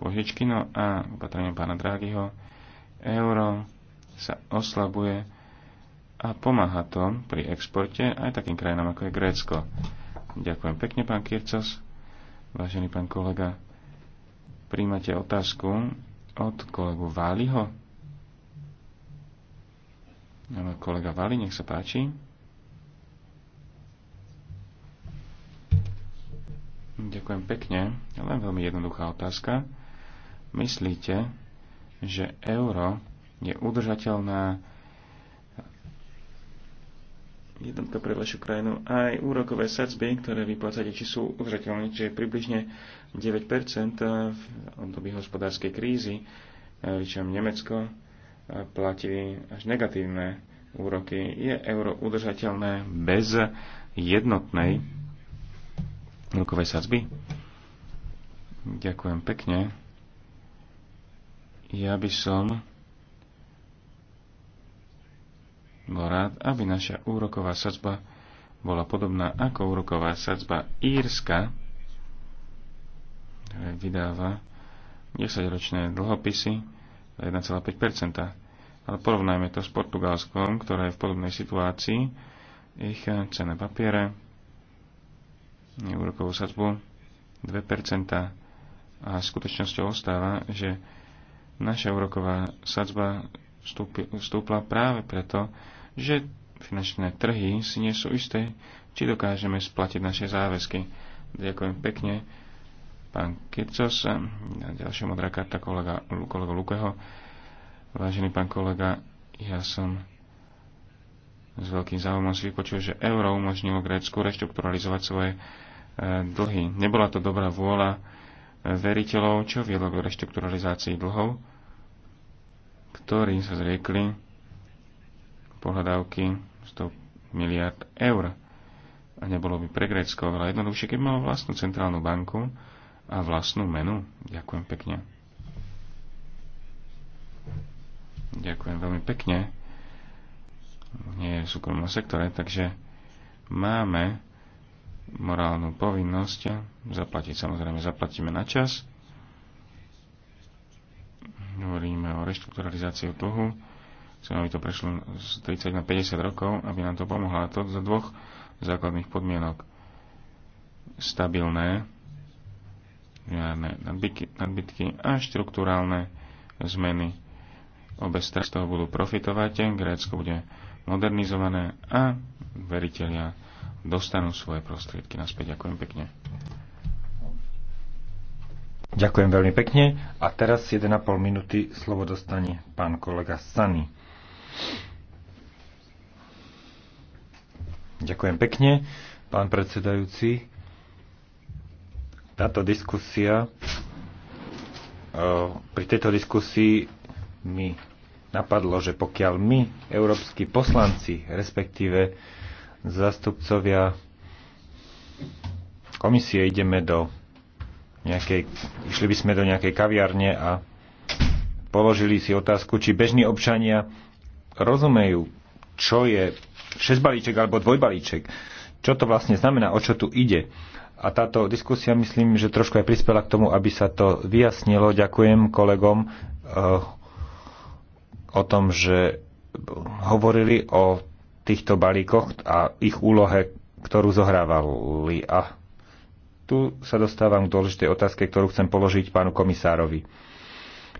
požičky. No a opatrením pána Draghiho euro sa oslabuje a pomáha to pri exporte aj takým krajinám ako je Grécko. Ďakujem pekne, pán Kircos. Vážený pán kolega, príjmate otázku od kolegu Váliho? Kolega Váli, nech sa páči. Ďakujem pekne. Len veľmi jednoduchá otázka. Myslíte, že euro je udržateľná jednotka pre vašu krajinu aj úrokové sadzby, ktoré vyplácate, či sú udržateľné, čiže približne 9% v období hospodárskej krízy, pričom Nemecko platí až negatívne úroky. Je euro udržateľné bez jednotnej úrokovej sadzby. Ďakujem pekne. Ja by som bol rád, aby naša úroková sadzba bola podobná ako úroková sadzba Írska, ktorá vydáva 10-ročné dlhopisy za 1,5%. Ale porovnajme to s Portugalskom, ktoré je v podobnej situácii. Ich cenné papiere úrokovú sadzbu 2% a skutočnosťou ostáva, že naša úroková sadzba vstúpla práve preto, že finančné trhy si nie sú isté, či dokážeme splatiť naše záväzky. Ďakujem pekne. Pán Kircos, a ďalšia modrá karta kolega, kolega Lukeho. Vážený pán kolega, ja som s veľkým záujmom si vypočul, že euro umožnilo Grécku reštrukturalizovať svoje e, dlhy. Nebola to dobrá vôľa e, veriteľov, čo viedlo k reštrukturalizácii dlhov, ktorí sa zriekli pohľadávky 100 miliard eur. A nebolo by pre Grécko oveľa jednoduchšie, keby malo vlastnú centrálnu banku a vlastnú menu. Ďakujem pekne. Ďakujem veľmi pekne nie je v súkromnom sektore, takže máme morálnu povinnosť zaplatiť. Samozrejme, zaplatíme na čas. Hovoríme o reštrukturalizácii dlhu. Chceme, aby to prešlo z 30 na 50 rokov, aby nám to pomohlo. A to za dvoch základných podmienok. Stabilné žiadne nadbytky, nadbytky a štruktúrálne zmeny. Obe strany z toho budú profitovať. Grécko bude modernizované a veriteľia dostanú svoje prostriedky naspäť. Ďakujem pekne. Ďakujem veľmi pekne. A teraz 1,5 minúty slovo dostane pán kolega Sany. Ďakujem pekne, pán predsedajúci. Táto diskusia, e, pri tejto diskusii mi napadlo, že pokiaľ my, európsky poslanci, respektíve zastupcovia komisie, ideme do nejakej, išli by sme do nejakej kaviarne a položili si otázku, či bežní občania rozumejú, čo je šesťbalíček alebo dvojbalíček, čo to vlastne znamená, o čo tu ide. A táto diskusia, myslím, že trošku aj prispela k tomu, aby sa to vyjasnilo. Ďakujem kolegom. Eh, o tom, že hovorili o týchto balíkoch a ich úlohe, ktorú zohrávali. A tu sa dostávam k dôležitej otázke, ktorú chcem položiť pánu komisárovi.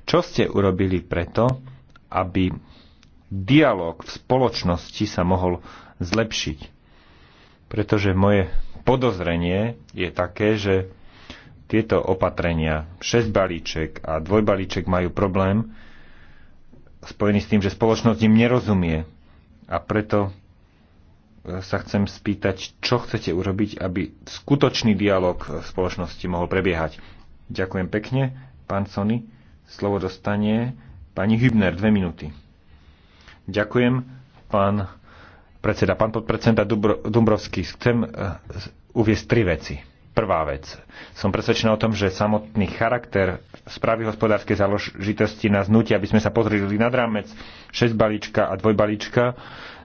Čo ste urobili preto, aby dialog v spoločnosti sa mohol zlepšiť? Pretože moje podozrenie je také, že tieto opatrenia, 6 balíček a dvojbalíček majú problém, spojený s tým, že spoločnosť im nerozumie. A preto e, sa chcem spýtať, čo chcete urobiť, aby skutočný dialog v spoločnosti mohol prebiehať. Ďakujem pekne, pán Sony. Slovo dostane pani Hübner, dve minúty. Ďakujem, pán predseda, pán podpredseda Dubrovský. Chcem e, uviesť tri veci Prvá vec. Som presvedčený o tom, že samotný charakter správy hospodárskej záležitosti nás nutí, aby sme sa pozreli nad rámec 6 balíčka a 2 balíčka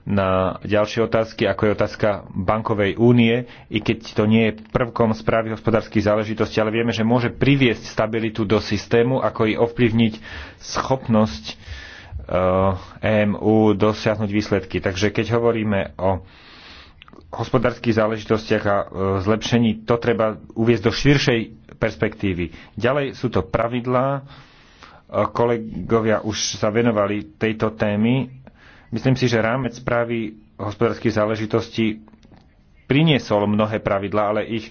na ďalšie otázky, ako je otázka bankovej únie, i keď to nie je prvkom správy hospodárskych záležitostí, ale vieme, že môže priviesť stabilitu do systému, ako i ovplyvniť schopnosť uh, eh, EMU dosiahnuť výsledky. Takže keď hovoríme o hospodárskych záležitostiach a e, zlepšení, to treba uviezť do širšej perspektívy. Ďalej sú to pravidlá, e, kolegovia už sa venovali tejto témy. Myslím si, že rámec správy hospodárskych záležitostí priniesol mnohé pravidlá, ale ich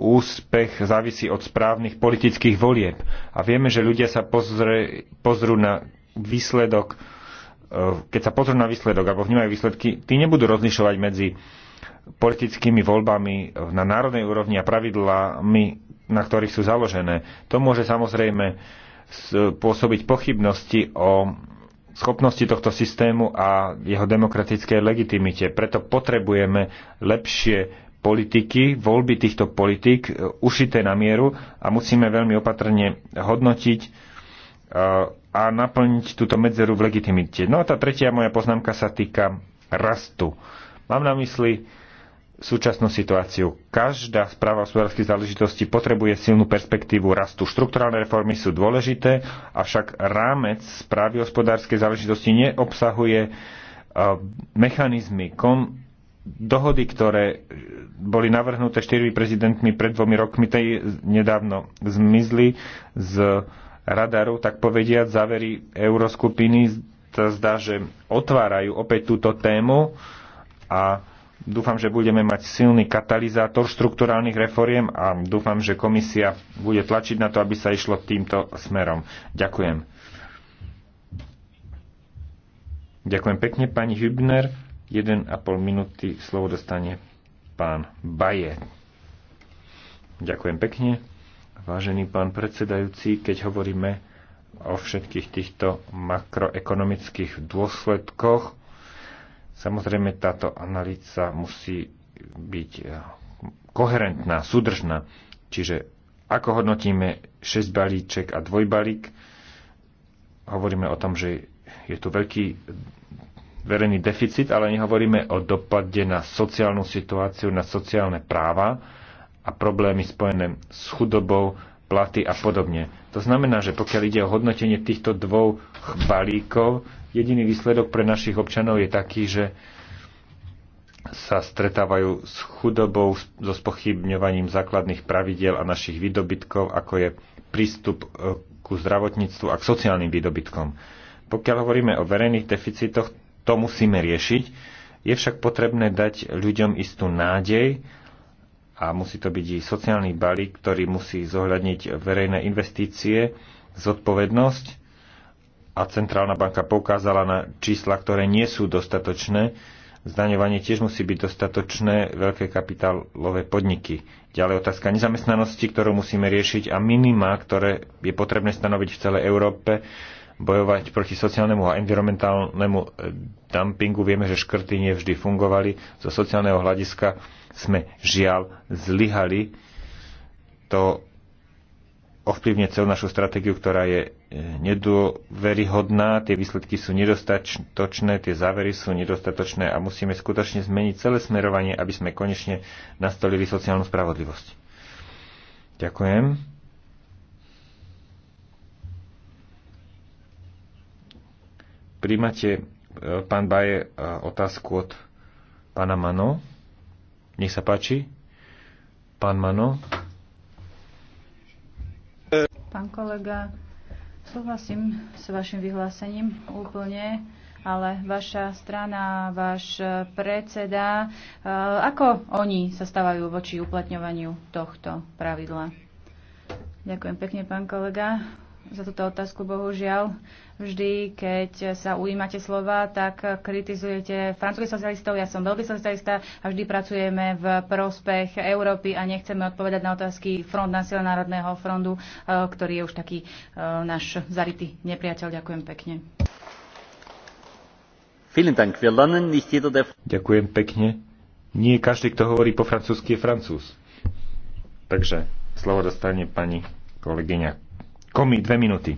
úspech závisí od správnych politických volieb. A vieme, že ľudia sa pozre, pozrú na výsledok, e, keď sa pozrú na výsledok alebo vnímajú výsledky, tí nebudú rozlišovať medzi politickými voľbami na národnej úrovni a pravidlami, na ktorých sú založené. To môže samozrejme pôsobiť pochybnosti o schopnosti tohto systému a jeho demokratickej legitimite. Preto potrebujeme lepšie politiky, voľby týchto politik e, ušité na mieru a musíme veľmi opatrne hodnotiť e, a naplniť túto medzeru v legitimite. No a tá tretia moja poznámka sa týka rastu. Mám na mysli súčasnú situáciu. Každá správa hospodárskych záležitostí potrebuje silnú perspektívu rastu. Štrukturálne reformy sú dôležité, avšak rámec správy hospodárskej záležitosti neobsahuje e, mechanizmy, kon- dohody, ktoré boli navrhnuté štyrmi prezidentmi pred dvomi rokmi, tej nedávno zmizli z radaru, tak povediať, závery euroskupiny zdá, že otvárajú opäť túto tému a Dúfam, že budeme mať silný katalizátor štrukturálnych reforiem a dúfam, že komisia bude tlačiť na to, aby sa išlo týmto smerom. Ďakujem. Ďakujem pekne, pani Hübner. 1,5 minúty slovo dostane pán Baje. Ďakujem pekne. Vážený pán predsedajúci, keď hovoríme o všetkých týchto makroekonomických dôsledkoch, Samozrejme, táto analýza musí byť eh, koherentná, súdržná. Čiže ako hodnotíme 6 balíček a dvojbalík, hovoríme o tom, že je tu veľký verejný deficit, ale nehovoríme o dopade na sociálnu situáciu, na sociálne práva a problémy spojené s chudobou, platy a podobne. To znamená, že pokiaľ ide o hodnotenie týchto dvoch balíkov, Jediný výsledok pre našich občanov je taký, že sa stretávajú s chudobou, so spochybňovaním základných pravidiel a našich výdobytkov, ako je prístup e, ku zdravotníctvu a k sociálnym výdobytkom. Pokiaľ hovoríme o verejných deficitoch, to musíme riešiť. Je však potrebné dať ľuďom istú nádej a musí to byť i sociálny balík, ktorý musí zohľadniť verejné investície, zodpovednosť a Centrálna banka poukázala na čísla, ktoré nie sú dostatočné. Zdaňovanie tiež musí byť dostatočné veľké kapitálové podniky. Ďalej otázka nezamestnanosti, ktorú musíme riešiť a minima, ktoré je potrebné stanoviť v celej Európe, bojovať proti sociálnemu a environmentálnemu eh, dumpingu. Vieme, že škrty nevždy fungovali. Zo sociálneho hľadiska sme žiaľ zlyhali. To ovplyvne celú našu stratégiu, ktorá je nedôveryhodná, tie výsledky sú nedostatočné, tie závery sú nedostatočné a musíme skutočne zmeniť celé smerovanie, aby sme konečne nastolili sociálnu spravodlivosť. Ďakujem. Príjmate, e, pán Baje, e, otázku od pána Mano. Nech sa páči. Pán Mano. Pán kolega, Súhlasím s vašim vyhlásením úplne, ale vaša strana, váš eh, predseda, eh, ako oni sa stávajú voči uplatňovaniu tohto pravidla? Ďakujem pekne, pán kolega, za túto otázku, bohužiaľ. Vždy, keď sa ujímate slova, tak kritizujete francúzských socialistov, ja som veľký socialista a vždy pracujeme v prospech Európy a nechceme odpovedať na otázky Front Národného frontu, eh, ktorý je už taký eh, náš zarytý nepriateľ. Ďakujem pekne. Ďakujem pekne. Nie každý, kto hovorí po francúzsky, je francúz. Takže slovo dostane pani kolegyňa. Komi, dve minúty.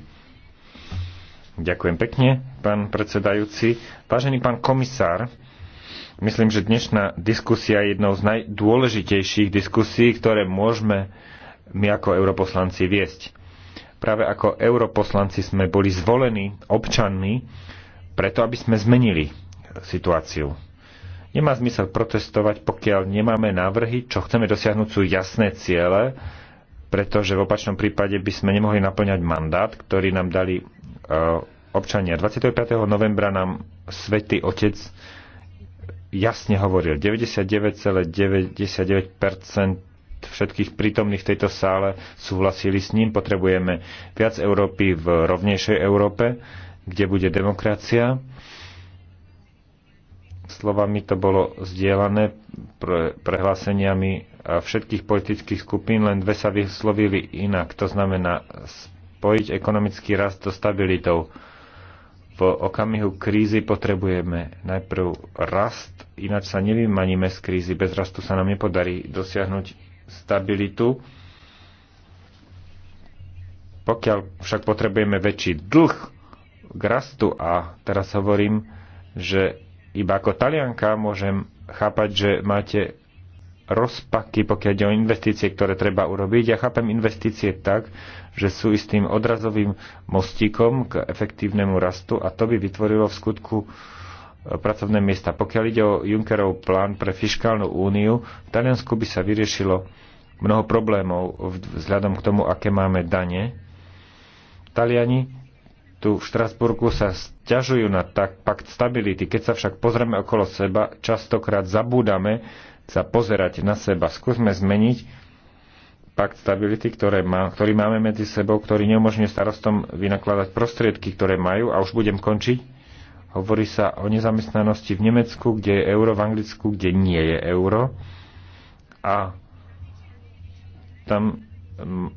Ďakujem pekne, pán predsedajúci. Vážený pán komisár, myslím, že dnešná diskusia je jednou z najdôležitejších diskusí, ktoré môžeme my ako europoslanci viesť. Práve ako europoslanci sme boli zvolení občanmi preto, aby sme zmenili situáciu. Nemá zmysel protestovať, pokiaľ nemáme návrhy, čo chceme dosiahnuť sú jasné ciele, pretože v opačnom prípade by sme nemohli naplňať mandát, ktorý nám dali Eh, občania. 25. novembra nám Svetý Otec jasne hovoril, 99,99% všetkých prítomných v tejto sále súhlasili s ním. Potrebujeme viac Európy v rovnejšej Európe, kde bude demokracia. Slovami to bolo zdieľané pre, prehláseniami eh, všetkých politických skupín, len dve sa vyslovili inak. To znamená spojiť ekonomický rast so stabilitou. Po okamihu krízy potrebujeme najprv rast, ináč sa nevymaníme z krízy. Bez rastu sa nám nepodarí dosiahnuť stabilitu. Pokiaľ však potrebujeme väčší dlh k rastu a teraz hovorím, že iba ako talianka môžem chápať, že máte rozpaky, pokiaľ ide o investície, ktoré treba urobiť. Ja chápem investície tak, že sú istým odrazovým mostíkom k efektívnemu rastu a to by vytvorilo v skutku e, pracovné miesta. Pokiaľ ide o Junckerov plán pre fiskálnu úniu, v Taliansku by sa vyriešilo mnoho problémov vzhľadom k tomu, aké máme dane. Taliani tu v Štrasburgu sa sťažujú na tak pakt stability. Keď sa však pozrieme okolo seba, častokrát zabúdame sa pozerať na seba. Skúsme zmeniť pakt stability, ktoré má, ktorý máme medzi sebou, ktorý neumožňuje starostom vynakladať prostriedky, ktoré majú, a už budem končiť. Hovorí sa o nezamestnanosti v Nemecku, kde je euro, v Anglicku, kde nie je euro. A tam mm,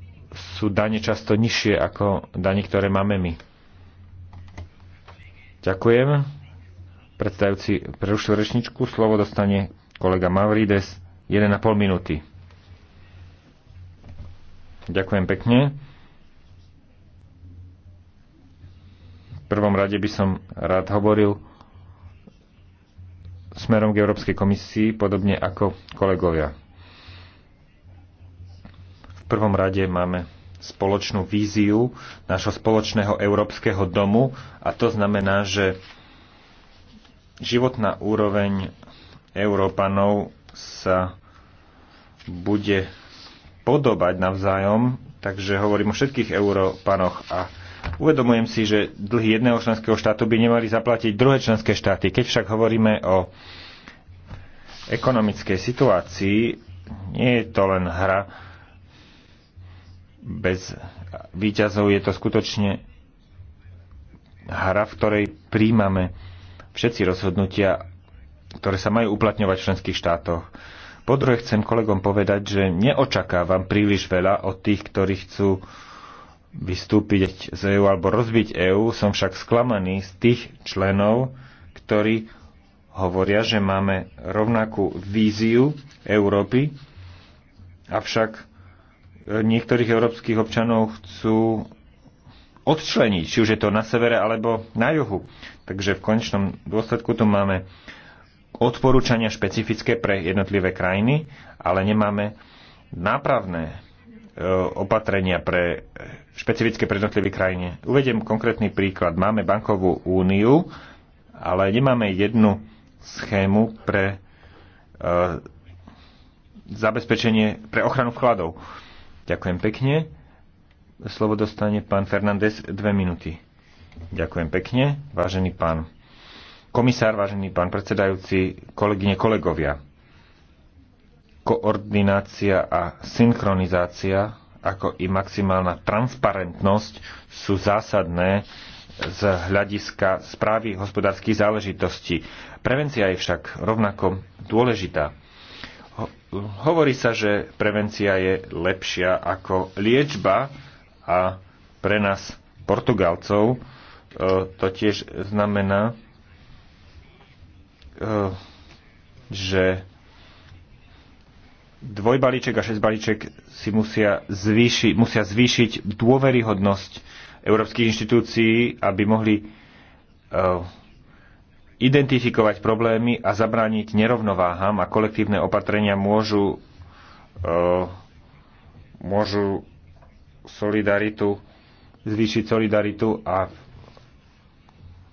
sú dane často nižšie ako dane, ktoré máme my. Ďakujem. Predstavujúci prerušil rečničku. Slovo dostane kolega Mavrides. 1,5 minúty. Ďakujem pekne. V prvom rade by som rád hovoril smerom k Európskej komisii, podobne ako kolegovia. V prvom rade máme spoločnú víziu nášho spoločného európskeho domu a to znamená, že životná úroveň Európanov sa bude podobať navzájom, takže hovorím o všetkých europanoch a uvedomujem si, že dlhy jedného členského štátu by nemali zaplatiť druhé členské štáty. Keď však hovoríme o ekonomickej situácii, nie je to len hra bez výťazov, je to skutočne hra, v ktorej príjmame všetci rozhodnutia, ktoré sa majú uplatňovať v členských štátoch po druhé chcem kolegom povedať, že neočakávam príliš veľa od tých, ktorí chcú vystúpiť z EÚ alebo rozbiť EÚ. Som však sklamaný z tých členov, ktorí hovoria, že máme rovnakú víziu Európy, avšak e, niektorých európskych občanov chcú odčleniť, či už je to na severe alebo na juhu. Takže v konečnom dôsledku tu máme odporúčania špecifické pre jednotlivé krajiny, ale nemáme nápravné e, opatrenia pre e, špecifické pre jednotlivé krajine. Uvediem konkrétny príklad. Máme bankovú úniu, ale nemáme jednu schému pre e, zabezpečenie, pre ochranu vkladov. Ďakujem pekne. Slovo dostane pán Fernández dve minúty. Ďakujem pekne, vážený pán komisár, vážený pán predsedajúci, kolegyne, kolegovia. Koordinácia a synchronizácia, ako i maximálna transparentnosť sú zásadné z hľadiska správy hospodárskych záležitostí. Prevencia je však rovnako dôležitá. Hovorí sa, že prevencia je lepšia ako liečba a pre nás Portugalcov e, to tiež znamená, Eh, že dvojbalíček a šesťbalíček si musia, zvýši, musia zvýšiť dôveryhodnosť európskych inštitúcií, aby mohli eh, identifikovať problémy a zabrániť nerovnováham a kolektívne opatrenia môžu, eh, môžu solidaritu, zvýšiť solidaritu a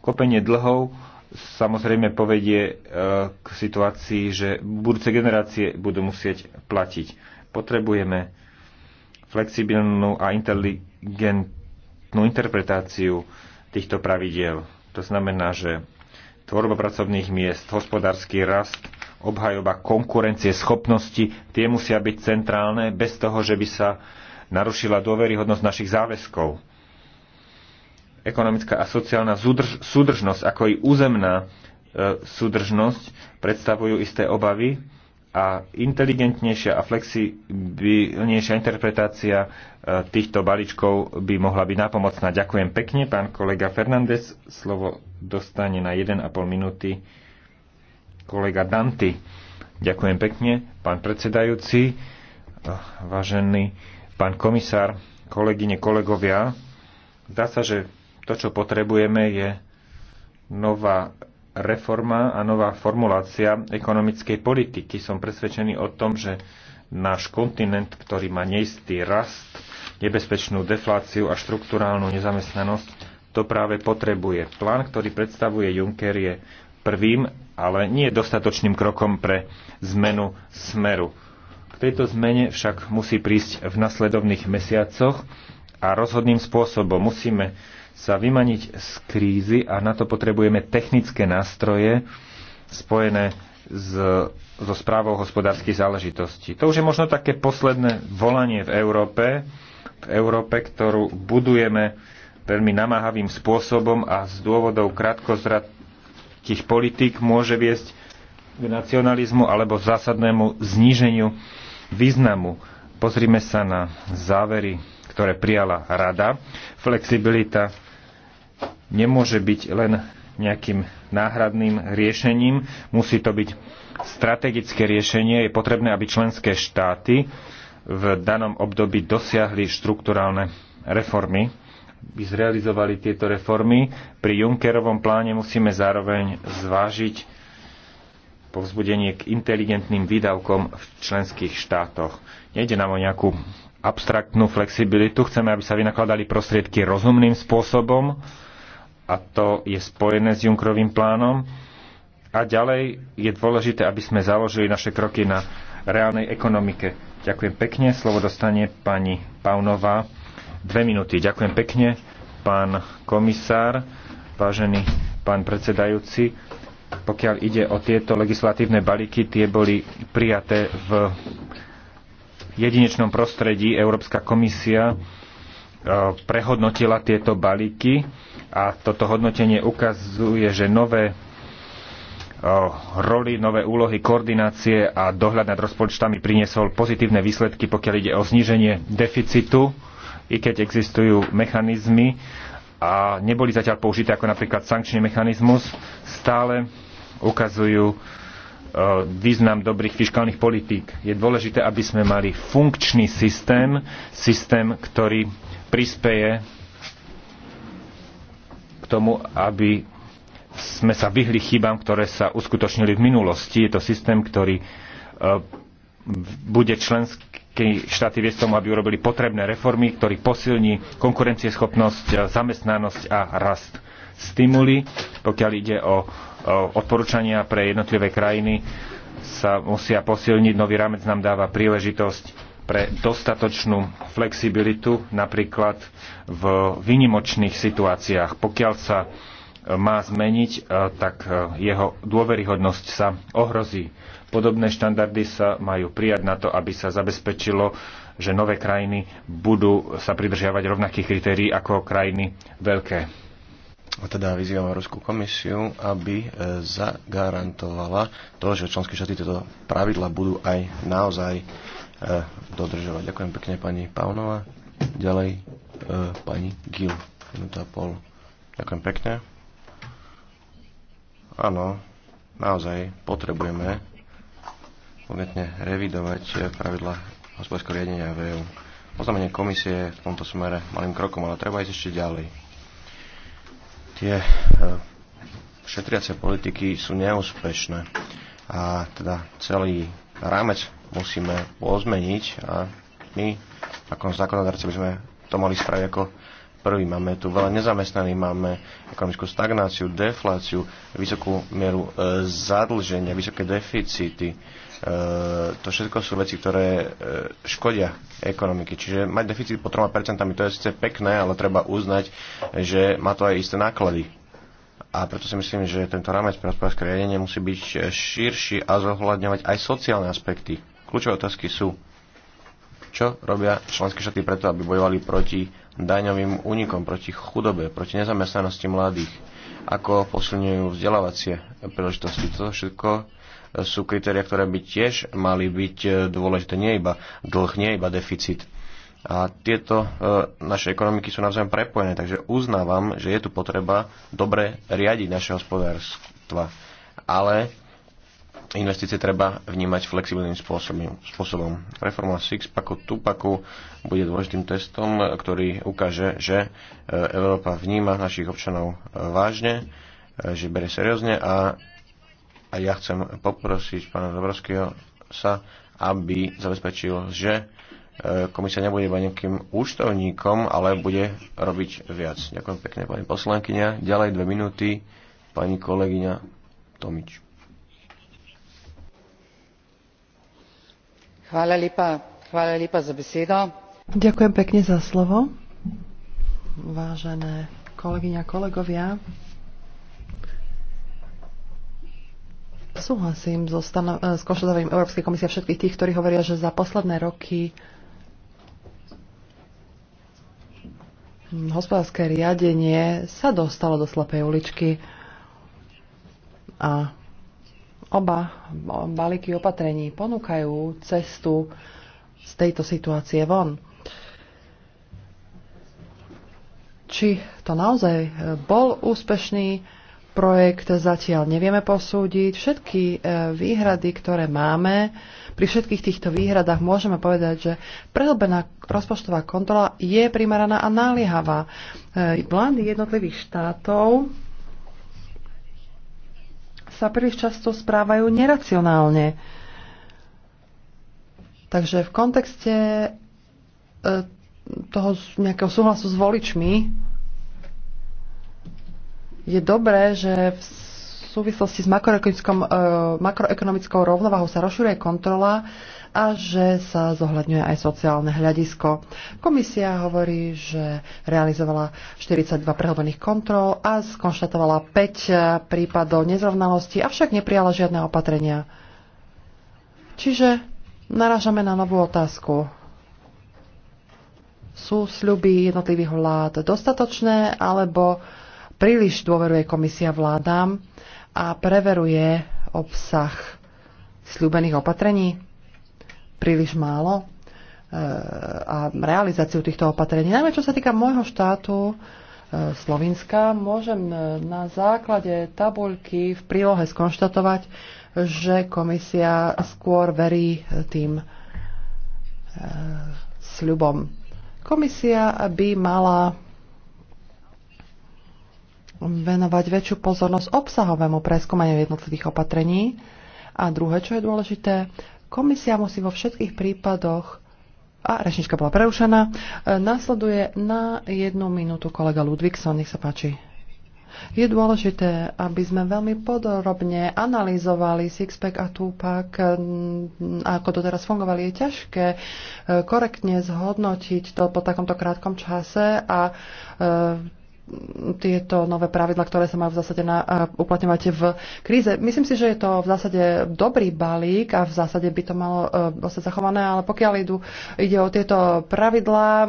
kopenie dlhov samozrejme povedie e, k situácii, že budúce generácie budú musieť platiť. Potrebujeme flexibilnú a inteligentnú interpretáciu týchto pravidiel. To znamená, že tvorba pracovných miest, hospodársky rast, obhajoba konkurencie, schopnosti, tie musia byť centrálne bez toho, že by sa narušila dôveryhodnosť našich záväzkov ekonomická a sociálna súdrž, súdržnosť, ako i územná e, súdržnosť predstavujú isté obavy a inteligentnejšia a flexibilnejšia interpretácia e, týchto balíčkov by mohla byť napomocná. Ďakujem pekne, pán kolega Fernández. Slovo dostane na 1,5 minúty kolega Danty. Ďakujem pekne, pán predsedajúci, e, vážený pán komisár, kolegyne, kolegovia. Zdá sa, že to, čo potrebujeme, je nová reforma a nová formulácia ekonomickej politiky. Som presvedčený o tom, že náš kontinent, ktorý má neistý rast, nebezpečnú defláciu a štruktúrálnu nezamestnanosť, to práve potrebuje. Plán, ktorý predstavuje Juncker, je prvým, ale nie dostatočným krokom pre zmenu smeru. K tejto zmene však musí prísť v nasledovných mesiacoch a rozhodným spôsobom musíme sa vymaniť z krízy a na to potrebujeme technické nástroje spojené s, so správou hospodárskej záležitosti. To už je možno také posledné volanie v Európe, v Európe, ktorú budujeme veľmi namáhavým spôsobom a z dôvodov krátkozratých politik môže viesť k nacionalizmu alebo zásadnému zníženiu významu. Pozrime sa na závery ktoré prijala rada. Flexibilita nemôže byť len nejakým náhradným riešením, musí to byť strategické riešenie. Je potrebné, aby členské štáty v danom období dosiahli štrukturálne reformy, by zrealizovali tieto reformy. Pri Junckerovom pláne musíme zároveň zvážiť povzbudenie k inteligentným výdavkom v členských štátoch. Nejde nám o nejakú abstraktnú flexibilitu, chceme, aby sa vynakladali prostriedky rozumným spôsobom a to je spojené s Junkrovým plánom. A ďalej je dôležité, aby sme založili naše kroky na reálnej ekonomike. Ďakujem pekne. Slovo dostane pani Paunová. Dve minúty. Ďakujem pekne, pán komisár, vážený pán predsedajúci. Pokiaľ ide o tieto legislatívne balíky, tie boli prijaté v jedinečnom prostredí Európska komisia e, prehodnotila tieto balíky a toto hodnotenie ukazuje, že nové e, roli, nové úlohy koordinácie a dohľad nad rozpočtami priniesol pozitívne výsledky, pokiaľ ide o zníženie deficitu, i keď existujú mechanizmy a neboli zatiaľ použité ako napríklad sankčný mechanizmus, stále ukazujú Eh, význam dobrých fiskálnych politík. Je dôležité, aby sme mali funkčný systém, systém, ktorý prispeje k tomu, aby sme sa vyhli chybám, ktoré sa uskutočnili v minulosti. Je to systém, ktorý eh, bude členské štáty viesť tomu, aby urobili potrebné reformy, ktorý posilní konkurencieschopnosť, zamestnanosť a rast stimuly, pokiaľ ide o, o odporúčania pre jednotlivé krajiny, sa musia posilniť. Nový rámec nám dáva príležitosť pre dostatočnú flexibilitu napríklad v vynimočných situáciách. Pokiaľ sa má zmeniť, e, tak e, jeho dôveryhodnosť sa ohrozí. Podobné štandardy sa majú prijať na to, aby sa zabezpečilo, že nové krajiny budú sa pridržiavať rovnakých kritérií ako krajiny veľké. A teda vyzývam Európsku komisiu, aby e, zagarantovala to, že členské štáty tieto pravidla budú aj naozaj e, dodržovať. Ďakujem pekne pani Pavnova. Ďalej e, pani Gil. Minúta pol. Ďakujem pekne. Áno, naozaj potrebujeme podnetne revidovať pravidla hospodárskeho riadenia v EU. Oznámenie komisie v tomto smere malým krokom, ale treba ísť ešte ďalej tie e, šetriace politiky sú neúspešné a teda celý rámec musíme pozmeniť a my ako zákonodarci by sme to mali spraviť ako prvý. Máme tu veľa nezamestnaných, máme ekonomickú stagnáciu, defláciu, vysokú mieru e, zadlženia, vysoké deficity. E, E, to všetko sú veci, ktoré e, škodia ekonomiky. Čiže mať deficit po 3% to je síce pekné, ale treba uznať, že má to aj isté náklady. A preto si myslím, že tento rámec pre hospodárske riadenie musí byť širší a zohľadňovať aj sociálne aspekty. Kľúčové otázky sú, čo robia členské štáty preto, aby bojovali proti daňovým únikom, proti chudobe, proti nezamestnanosti mladých, ako posilňujú vzdelávacie príležitosti. Toto všetko sú kritéria, ktoré by tiež mali byť e, dôležité. Nie iba dlh, nie iba deficit. A tieto e, naše ekonomiky sú navzájom prepojené, takže uznávam, že je tu potreba dobre riadiť naše hospodárstva. Ale investície treba vnímať flexibilným spôsobom. spôsobom. Reforma Sixpacku, Tupaku bude dôležitým testom, e, ktorý ukáže, že e, Európa vníma našich občanov vážne, že berie seriózne a a ja chcem poprosiť pána Dobrovského sa, aby zabezpečil, že e, komisia nebude iba nejakým účtovníkom, ale bude robiť viac. Ďakujem pekne, pani poslankyňa. Ďalej dve minúty, pani kolegyňa Tomič. Hvala lepa, hvala lepa za besedo. Ďakujem pekne za slovo. Vážené kolegyňa, kolegovia, Súhlasím so stano- e, s konštatovaním Európskej komisie všetkých tých, ktorí hovoria, že za posledné roky hospodárske riadenie sa dostalo do slepej uličky a oba balíky opatrení ponúkajú cestu z tejto situácie von. Či to naozaj e, bol úspešný projekt zatiaľ nevieme posúdiť. Všetky e, výhrady, ktoré máme, pri všetkých týchto výhradách môžeme povedať, že prehlbená rozpočtová kontrola je primeraná a náliehavá. E, Vlády jednotlivých štátov sa príliš často správajú neracionálne. Takže v kontexte e, toho nejakého súhlasu s voličmi je dobré, že v súvislosti s makroekonomickou e, rovnovahou sa rozširuje kontrola a že sa zohľadňuje aj sociálne hľadisko. Komisia hovorí, že realizovala 42 prehlbených kontrol a skonštatovala 5 e, prípadov nezrovnalosti, avšak neprijala žiadne opatrenia. Čiže narážame na novú otázku. Sú sľuby jednotlivých vlád dostatočné, alebo uh, príliš dôveruje komisia vládám a preveruje obsah sľúbených opatrení príliš málo e, a realizáciu týchto opatrení. Najmä čo sa týka môjho štátu, e, Slovenska, môžem e, na základe tabuľky v prílohe skonštatovať, že komisia skôr verí tým sľubom. Komisia by mala venovať väčšiu pozornosť obsahovému preskúmaniu jednotlivých opatrení. A druhé, čo je dôležité, komisia musí vo všetkých prípadoch a rečnička bola prerušená. E, nasleduje na jednu minútu kolega Ludvíkson, nech sa páči. Je dôležité, aby sme veľmi podrobne analyzovali Sixpack a Tupac, e, ako to teraz fungovali. Je ťažké e, korektne zhodnotiť to po takomto krátkom čase a tieto nové pravidla, ktoré sa majú v zásade na, uplatňovať v kríze. Myslím si, že je to v zásade dobrý balík a v zásade by to malo e, ostať zachované, ale pokiaľ idú, ide o tieto pravidlá,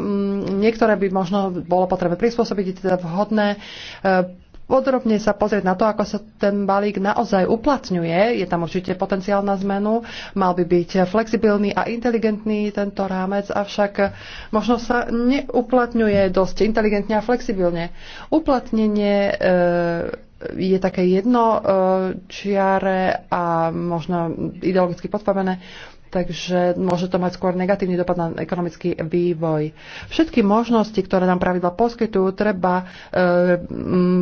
niektoré by možno bolo potrebné prispôsobiť, je teda vhodné e, podrobne sa pozrieť na to, ako sa ten balík naozaj uplatňuje. Je tam určite potenciál na zmenu, mal by byť flexibilný a inteligentný tento rámec, avšak možno sa neuplatňuje dosť inteligentne a flexibilne. Uplatnenie e, je také jednočiare a možno ideologicky podpavené takže môže to mať skôr negatívny dopad na ekonomický vývoj. Všetky možnosti, ktoré nám pravidla poskytujú, treba e,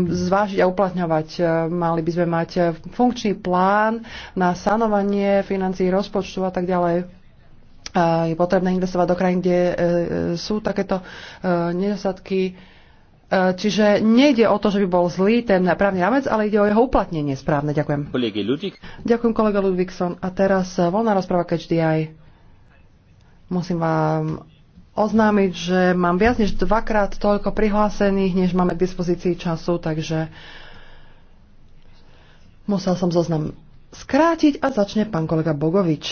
zvážiť a uplatňovať. E, mali by sme mať funkčný plán na sanovanie financií, rozpočtu a tak ďalej. Je potrebné investovať do krajín, kde e, sú takéto nedostatky E, čiže nejde o to, že by bol zlý ten právny rámec, ale ide o jeho uplatnenie správne. Ďakujem. Ďakujem kolega Ludvíkson. A teraz e, voľná rozpráva KHDI. Musím vám oznámiť, že mám viac než dvakrát toľko prihlásených, než máme k dispozícii času, takže musel som zoznam skrátiť a začne pán kolega Bogovič.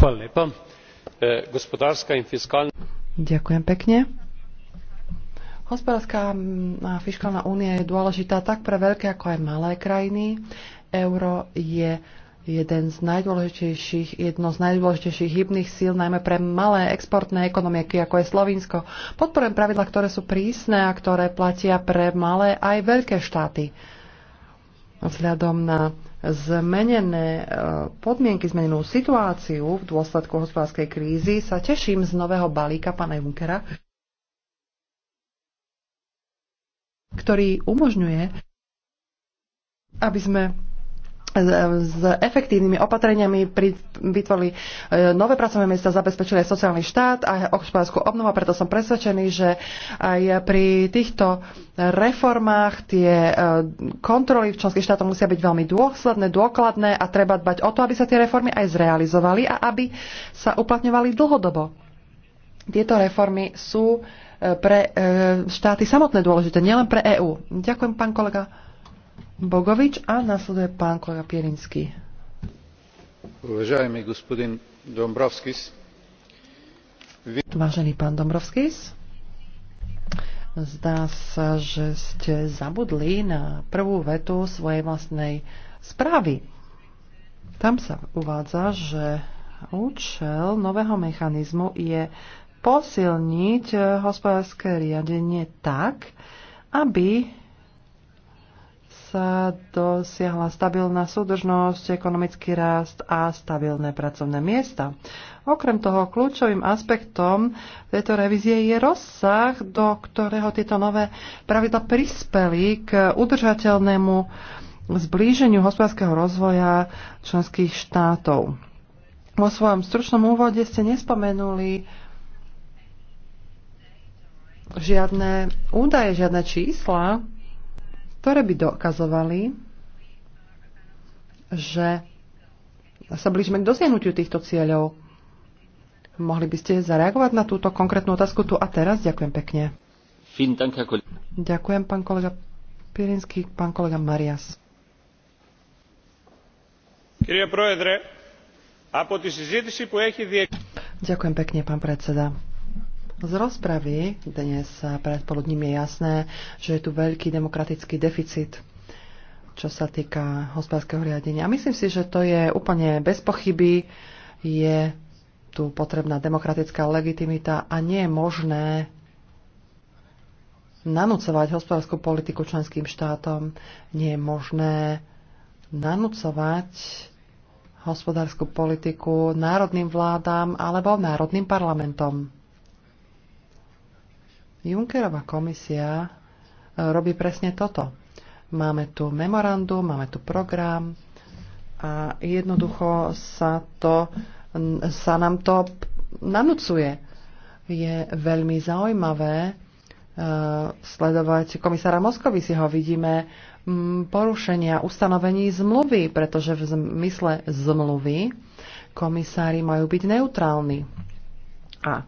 Hvala lepa. E, gospodárska in fiskálna... Ďakujem pekne. Hospodárska a fiskálna únia je dôležitá tak pre veľké ako aj malé krajiny. Euro je jeden z najdôležitejších, jedno z najdôležitejších hybných síl, najmä pre malé exportné ekonomiky, ako je Slovinsko. Podporujem pravidla, ktoré sú prísne a ktoré platia pre malé aj veľké štáty. Vzhľadom na zmenené e, podmienky, zmenenú situáciu v dôsledku hospodárskej krízy sa teším z nového balíka pána Junkera, ktorý umožňuje, aby sme s efektívnymi opatreniami vytvorili e, nové pracovné miesta, zabezpečili aj sociálny štát a hospodárskú obnovu. preto som presvedčený, že aj pri týchto reformách tie e, kontroly v členských štátoch musia byť veľmi dôsledné, dôkladné a treba dbať o to, aby sa tie reformy aj zrealizovali a aby sa uplatňovali dlhodobo. Tieto reformy sú uh, pre e, štáty samotné dôležité, nielen pre EÚ. Ďakujem, pán kolega Bogovič a nasleduje pán kolega Pierinský. Uvažajme, gospodin Dombrovskis. Vy... Vážený pán Dombrovskis, zdá sa, že ste zabudli na prvú vetu svojej vlastnej správy. Tam sa uvádza, že účel nového mechanizmu je posilniť eh, hospodárske riadenie tak, aby sa dosiahla stabilná súdržnosť, ekonomický rast a stabilné pracovné miesta. Okrem toho kľúčovým aspektom tejto revízie je rozsah, do ktorého tieto nové pravidla prispeli k udržateľnému zblíženiu hospodárskeho rozvoja členských štátov. Vo svojom stručnom úvode ste nespomenuli žiadne údaje, žiadne čísla, ktoré by dokazovali, že sa blížime k dosiahnutiu týchto cieľov. Mohli by ste zareagovať na túto konkrétnu otázku tu a teraz? Ďakujem pekne. Ďakujem, pán kolega Pirinský, pán kolega Marias. Ďakujem pekne, pán predseda. Z rozpravy dnes predpoludním je jasné, že je tu veľký demokratický deficit, čo sa týka hospodárskeho riadenia. A myslím si, že to je úplne bez pochyby, je tu potrebná demokratická legitimita a nie je možné nanúcovať hospodárskú politiku členským štátom, nie je možné nanúcovať hospodárskú politiku národným vládám alebo národným parlamentom. Junckerová komisia e, robí presne toto. Máme tu memorandum, máme tu program a jednoducho sa, to, sa nám to nanúcuje. Je veľmi zaujímavé e, sledovať komisára si ho Vidíme porušenia ustanovení zmluvy, pretože v zmysle zmluvy komisári majú byť neutrálni. A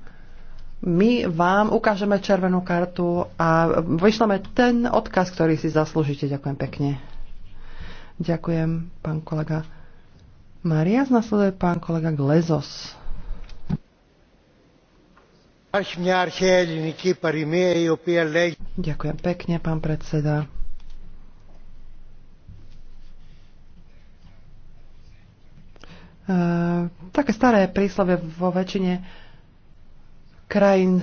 my vám ukážeme červenú kartu a vyšleme ten odkaz, ktorý si zaslúžite. Ďakujem pekne. Ďakujem, pán kolega Maria Nasleduje pán kolega Glezos. Ďakujem pekne, pán predseda. také staré príslove vo väčšine krajín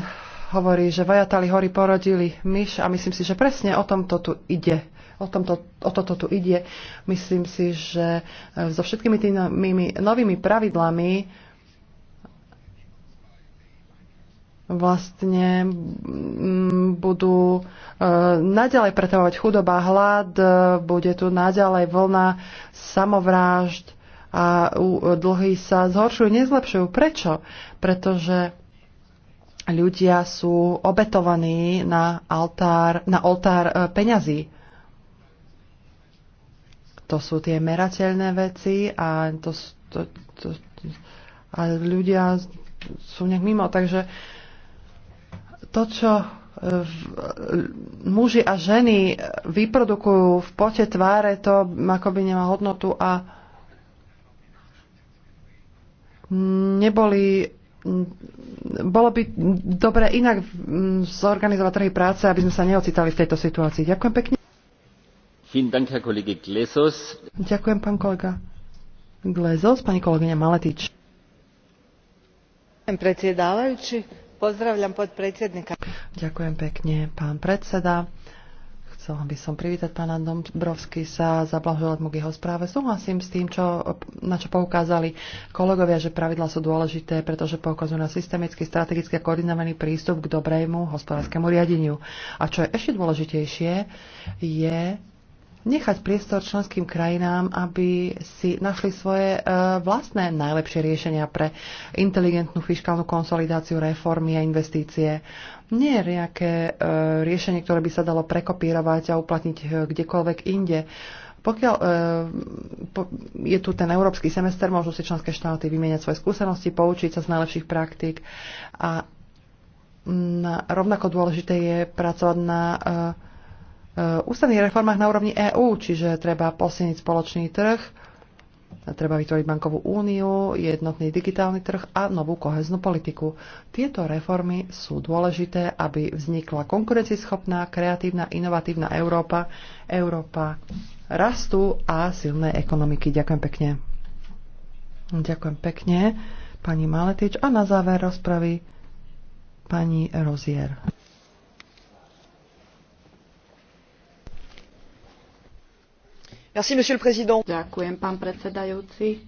hovorí, že Vajatali hory porodili myš a myslím si, že presne o tomto tu ide. O, tomto, o toto tu ide. Myslím si, že e, so všetkými tými novými pravidlami vlastne mm, budú e, naďalej pretavovať chudoba, hlad, e, bude tu naďalej vlna samovrážd a dlhy sa zhoršujú, nezlepšujú. Prečo? Pretože ľudia sú obetovaní na altár, na oltár e, peňazí. To sú tie merateľné veci a, to, to, to, a ľudia sú nejak mimo. Takže to, čo e, e, muži a ženy vyprodukujú v pote tváre, to akoby nemá hodnotu a neboli Mm, bolo by dobre inak mm, zorganizovať trhy práce, aby sme sa neocitali v tejto situácii. Ďakujem pekne. Ďakujem, pán kolega Glezos. Pani kolegyňa Maletič. Ďakujem pekne, pán predseda. Chcela by som privítať pána Dombrovsky sa zablahovať mu k jeho správe. Súhlasím s tým, čo, na čo poukázali kolegovia, že pravidla sú dôležité, pretože poukazujú na systemický, strategický a koordinovaný prístup k dobrému hospodárskému riadeniu. A čo je ešte dôležitejšie, je nechať priestor členským krajinám, aby si našli svoje e, vlastné najlepšie riešenia pre inteligentnú fiskálnu konsolidáciu, reformy a investície. Nie je nejaké e, riešenie, ktoré by sa dalo prekopírovať a uplatniť e, kdekoľvek inde. Pokiaľ je tu ten európsky semester, môžu si členské štáty vymieňať svoje skúsenosti, poučiť sa z najlepších praktík a rovnako dôležité je pracovať na e, E, ústavných reformách na úrovni EÚ, čiže treba posilniť spoločný trh, treba vytvoriť bankovú úniu, jednotný digitálny trh a novú koheznú politiku. Tieto reformy sú dôležité, aby vznikla konkurencieschopná, kreatívna, inovatívna Európa, Európa rastu a silnej ekonomiky. Ďakujem pekne. Ďakujem pekne, pani Maletič. A na záver rozpravy pani Rozier. Merci, monsieur le président. Ďakujem, pán predsedajúci.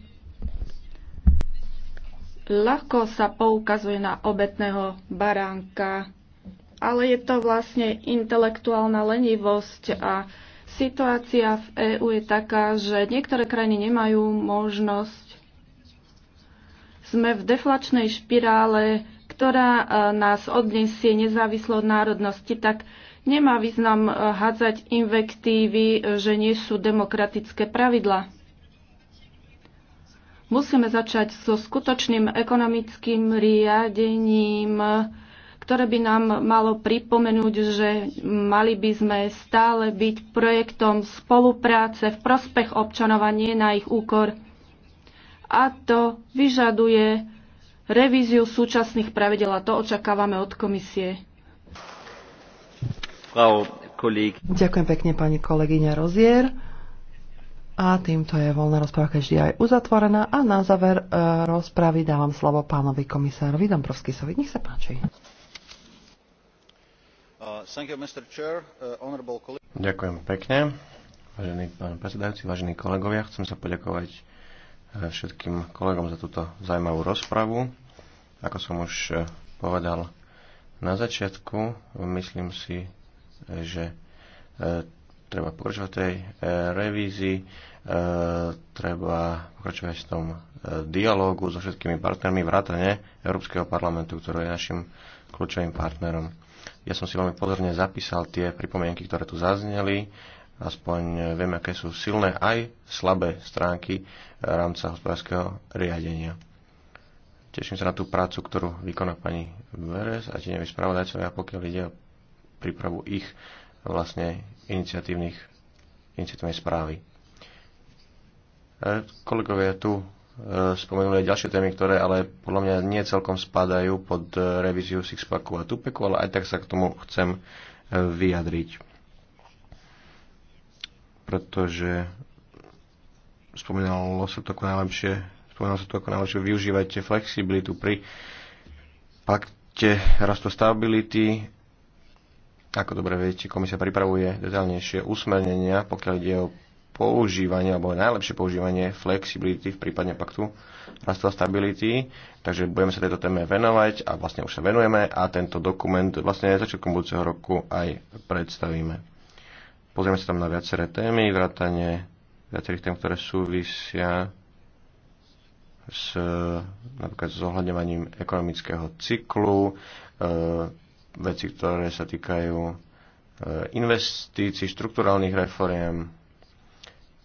Ľahko sa poukazuje na obetného baránka, ale je to vlastne intelektuálna lenivosť a situácia v EÚ je taká, že niektoré krajiny nemajú možnosť. Sme v deflačnej špirále, ktorá e, nás odniesie nezávislo od národnosti, tak Nemá význam e, hádzať invektívy, e, že nie sú demokratické pravidla. Musíme začať so skutočným ekonomickým riadením, ktoré by nám malo pripomenúť, že mali by sme stále byť projektom spolupráce v prospech občanov a nie na ich úkor. A to vyžaduje revíziu súčasných pravidel a to očakávame od komisie. Frau Kolleg. Ďakujem pekne pani kolegyňa Rozier. A týmto je voľná rozpráva každý aj uzatvorená. A na záver e, rozpravy dávam slovo pánovi komisárovi Dombrovskisovi. Nech sa páči. Uh, you, Chair, uh, Ďakujem pekne. Vážený pán predsedajúci, vážení kolegovia, chcem sa poďakovať e, všetkým kolegom za túto zaujímavú rozpravu. Ako som už e, povedal na začiatku, myslím si, že e, treba pokračovať tej e, revízii, e, treba pokračovať v tom dialógu so všetkými partnermi vrátane Európskeho parlamentu, ktorý je našim kľúčovým partnerom. Ja som si veľmi pozorne zapísal tie pripomienky, ktoré tu zazneli. Aspoň viem, aké sú silné aj slabé stránky rámca hospodárskeho riadenia. Teším sa na tú prácu, ktorú vykoná pani Veres a tie nevy spravodajcovia, pokiaľ ide o prípravu ich vlastne iniciatívnych, iniciatívnej správy. E, kolegovia tu e, spomenuli aj ďalšie témy, ktoré ale podľa mňa nie celkom spadajú pod e, revíziu Sixpacku a Tupeku, ale aj tak sa k tomu chcem vyjadriť. Pretože spomínalo sa to ako najlepšie, spomínalo sa to ako najlepšie využívajte flexibilitu pri pakte rastu stability ako dobre viete, komisia pripravuje detaľnejšie usmernenia, pokiaľ ide o používanie alebo najlepšie používanie flexibility v prípadne paktu rastu a stability. Takže budeme sa tejto téme venovať a vlastne už sa venujeme a tento dokument vlastne začiatkom budúceho roku aj predstavíme. Pozrieme sa tam na viaceré témy, vrátanie viacerých tém, ktoré súvisia s napríklad s ohľadňovaním ekonomického cyklu, e, veci, ktoré sa týkajú e, investícií, štrukturálnych reforiem,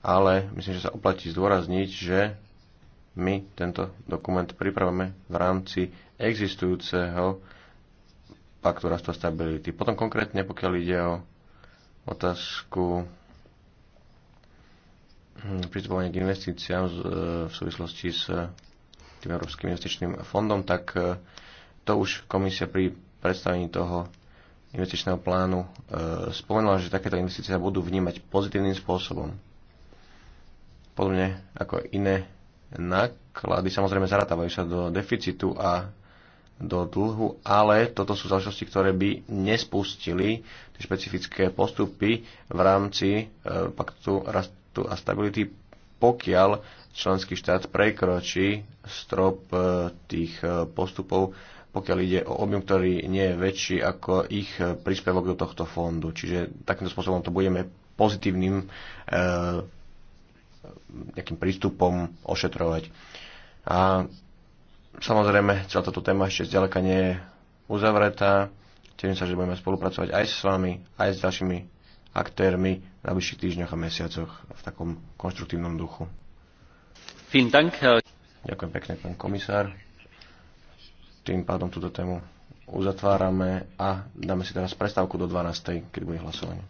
ale myslím, že sa oplatí zdôrazniť, že my tento dokument pripravíme v rámci existujúceho paktu rastu a stability. Potom konkrétne, pokiaľ ide o otázku hm, pristupovania k investíciám e, v súvislosti s tým Európskym investičným fondom, tak e, to už komisia pri predstavení toho investičného plánu e, spomenula, že takéto investície sa budú vnímať pozitívnym spôsobom. Podobne ako iné náklady, samozrejme zaratávajú sa do deficitu a do dlhu, ale toto sú záležitosti, ktoré by nespustili tie špecifické postupy v rámci e, paktu rastu a stability, pokiaľ členský štát prekročí strop e, tých e, postupov pokiaľ ide o objem, ktorý nie je väčší ako ich príspevok do tohto fondu. Čiže takýmto spôsobom to budeme pozitívnym e, nejakým prístupom ošetrovať. A samozrejme, celá táto téma ešte zďaleka nie je uzavretá. Teším sa, že budeme spolupracovať aj s vami, aj s ďalšími aktérmi na bližších týždňoch a mesiacoch v takom konštruktívnom duchu. Ďakujem pekne, pán komisár. Tým pádom túto tému uzatvárame a dáme si teraz prestávku do 12. keď bude hlasovanie.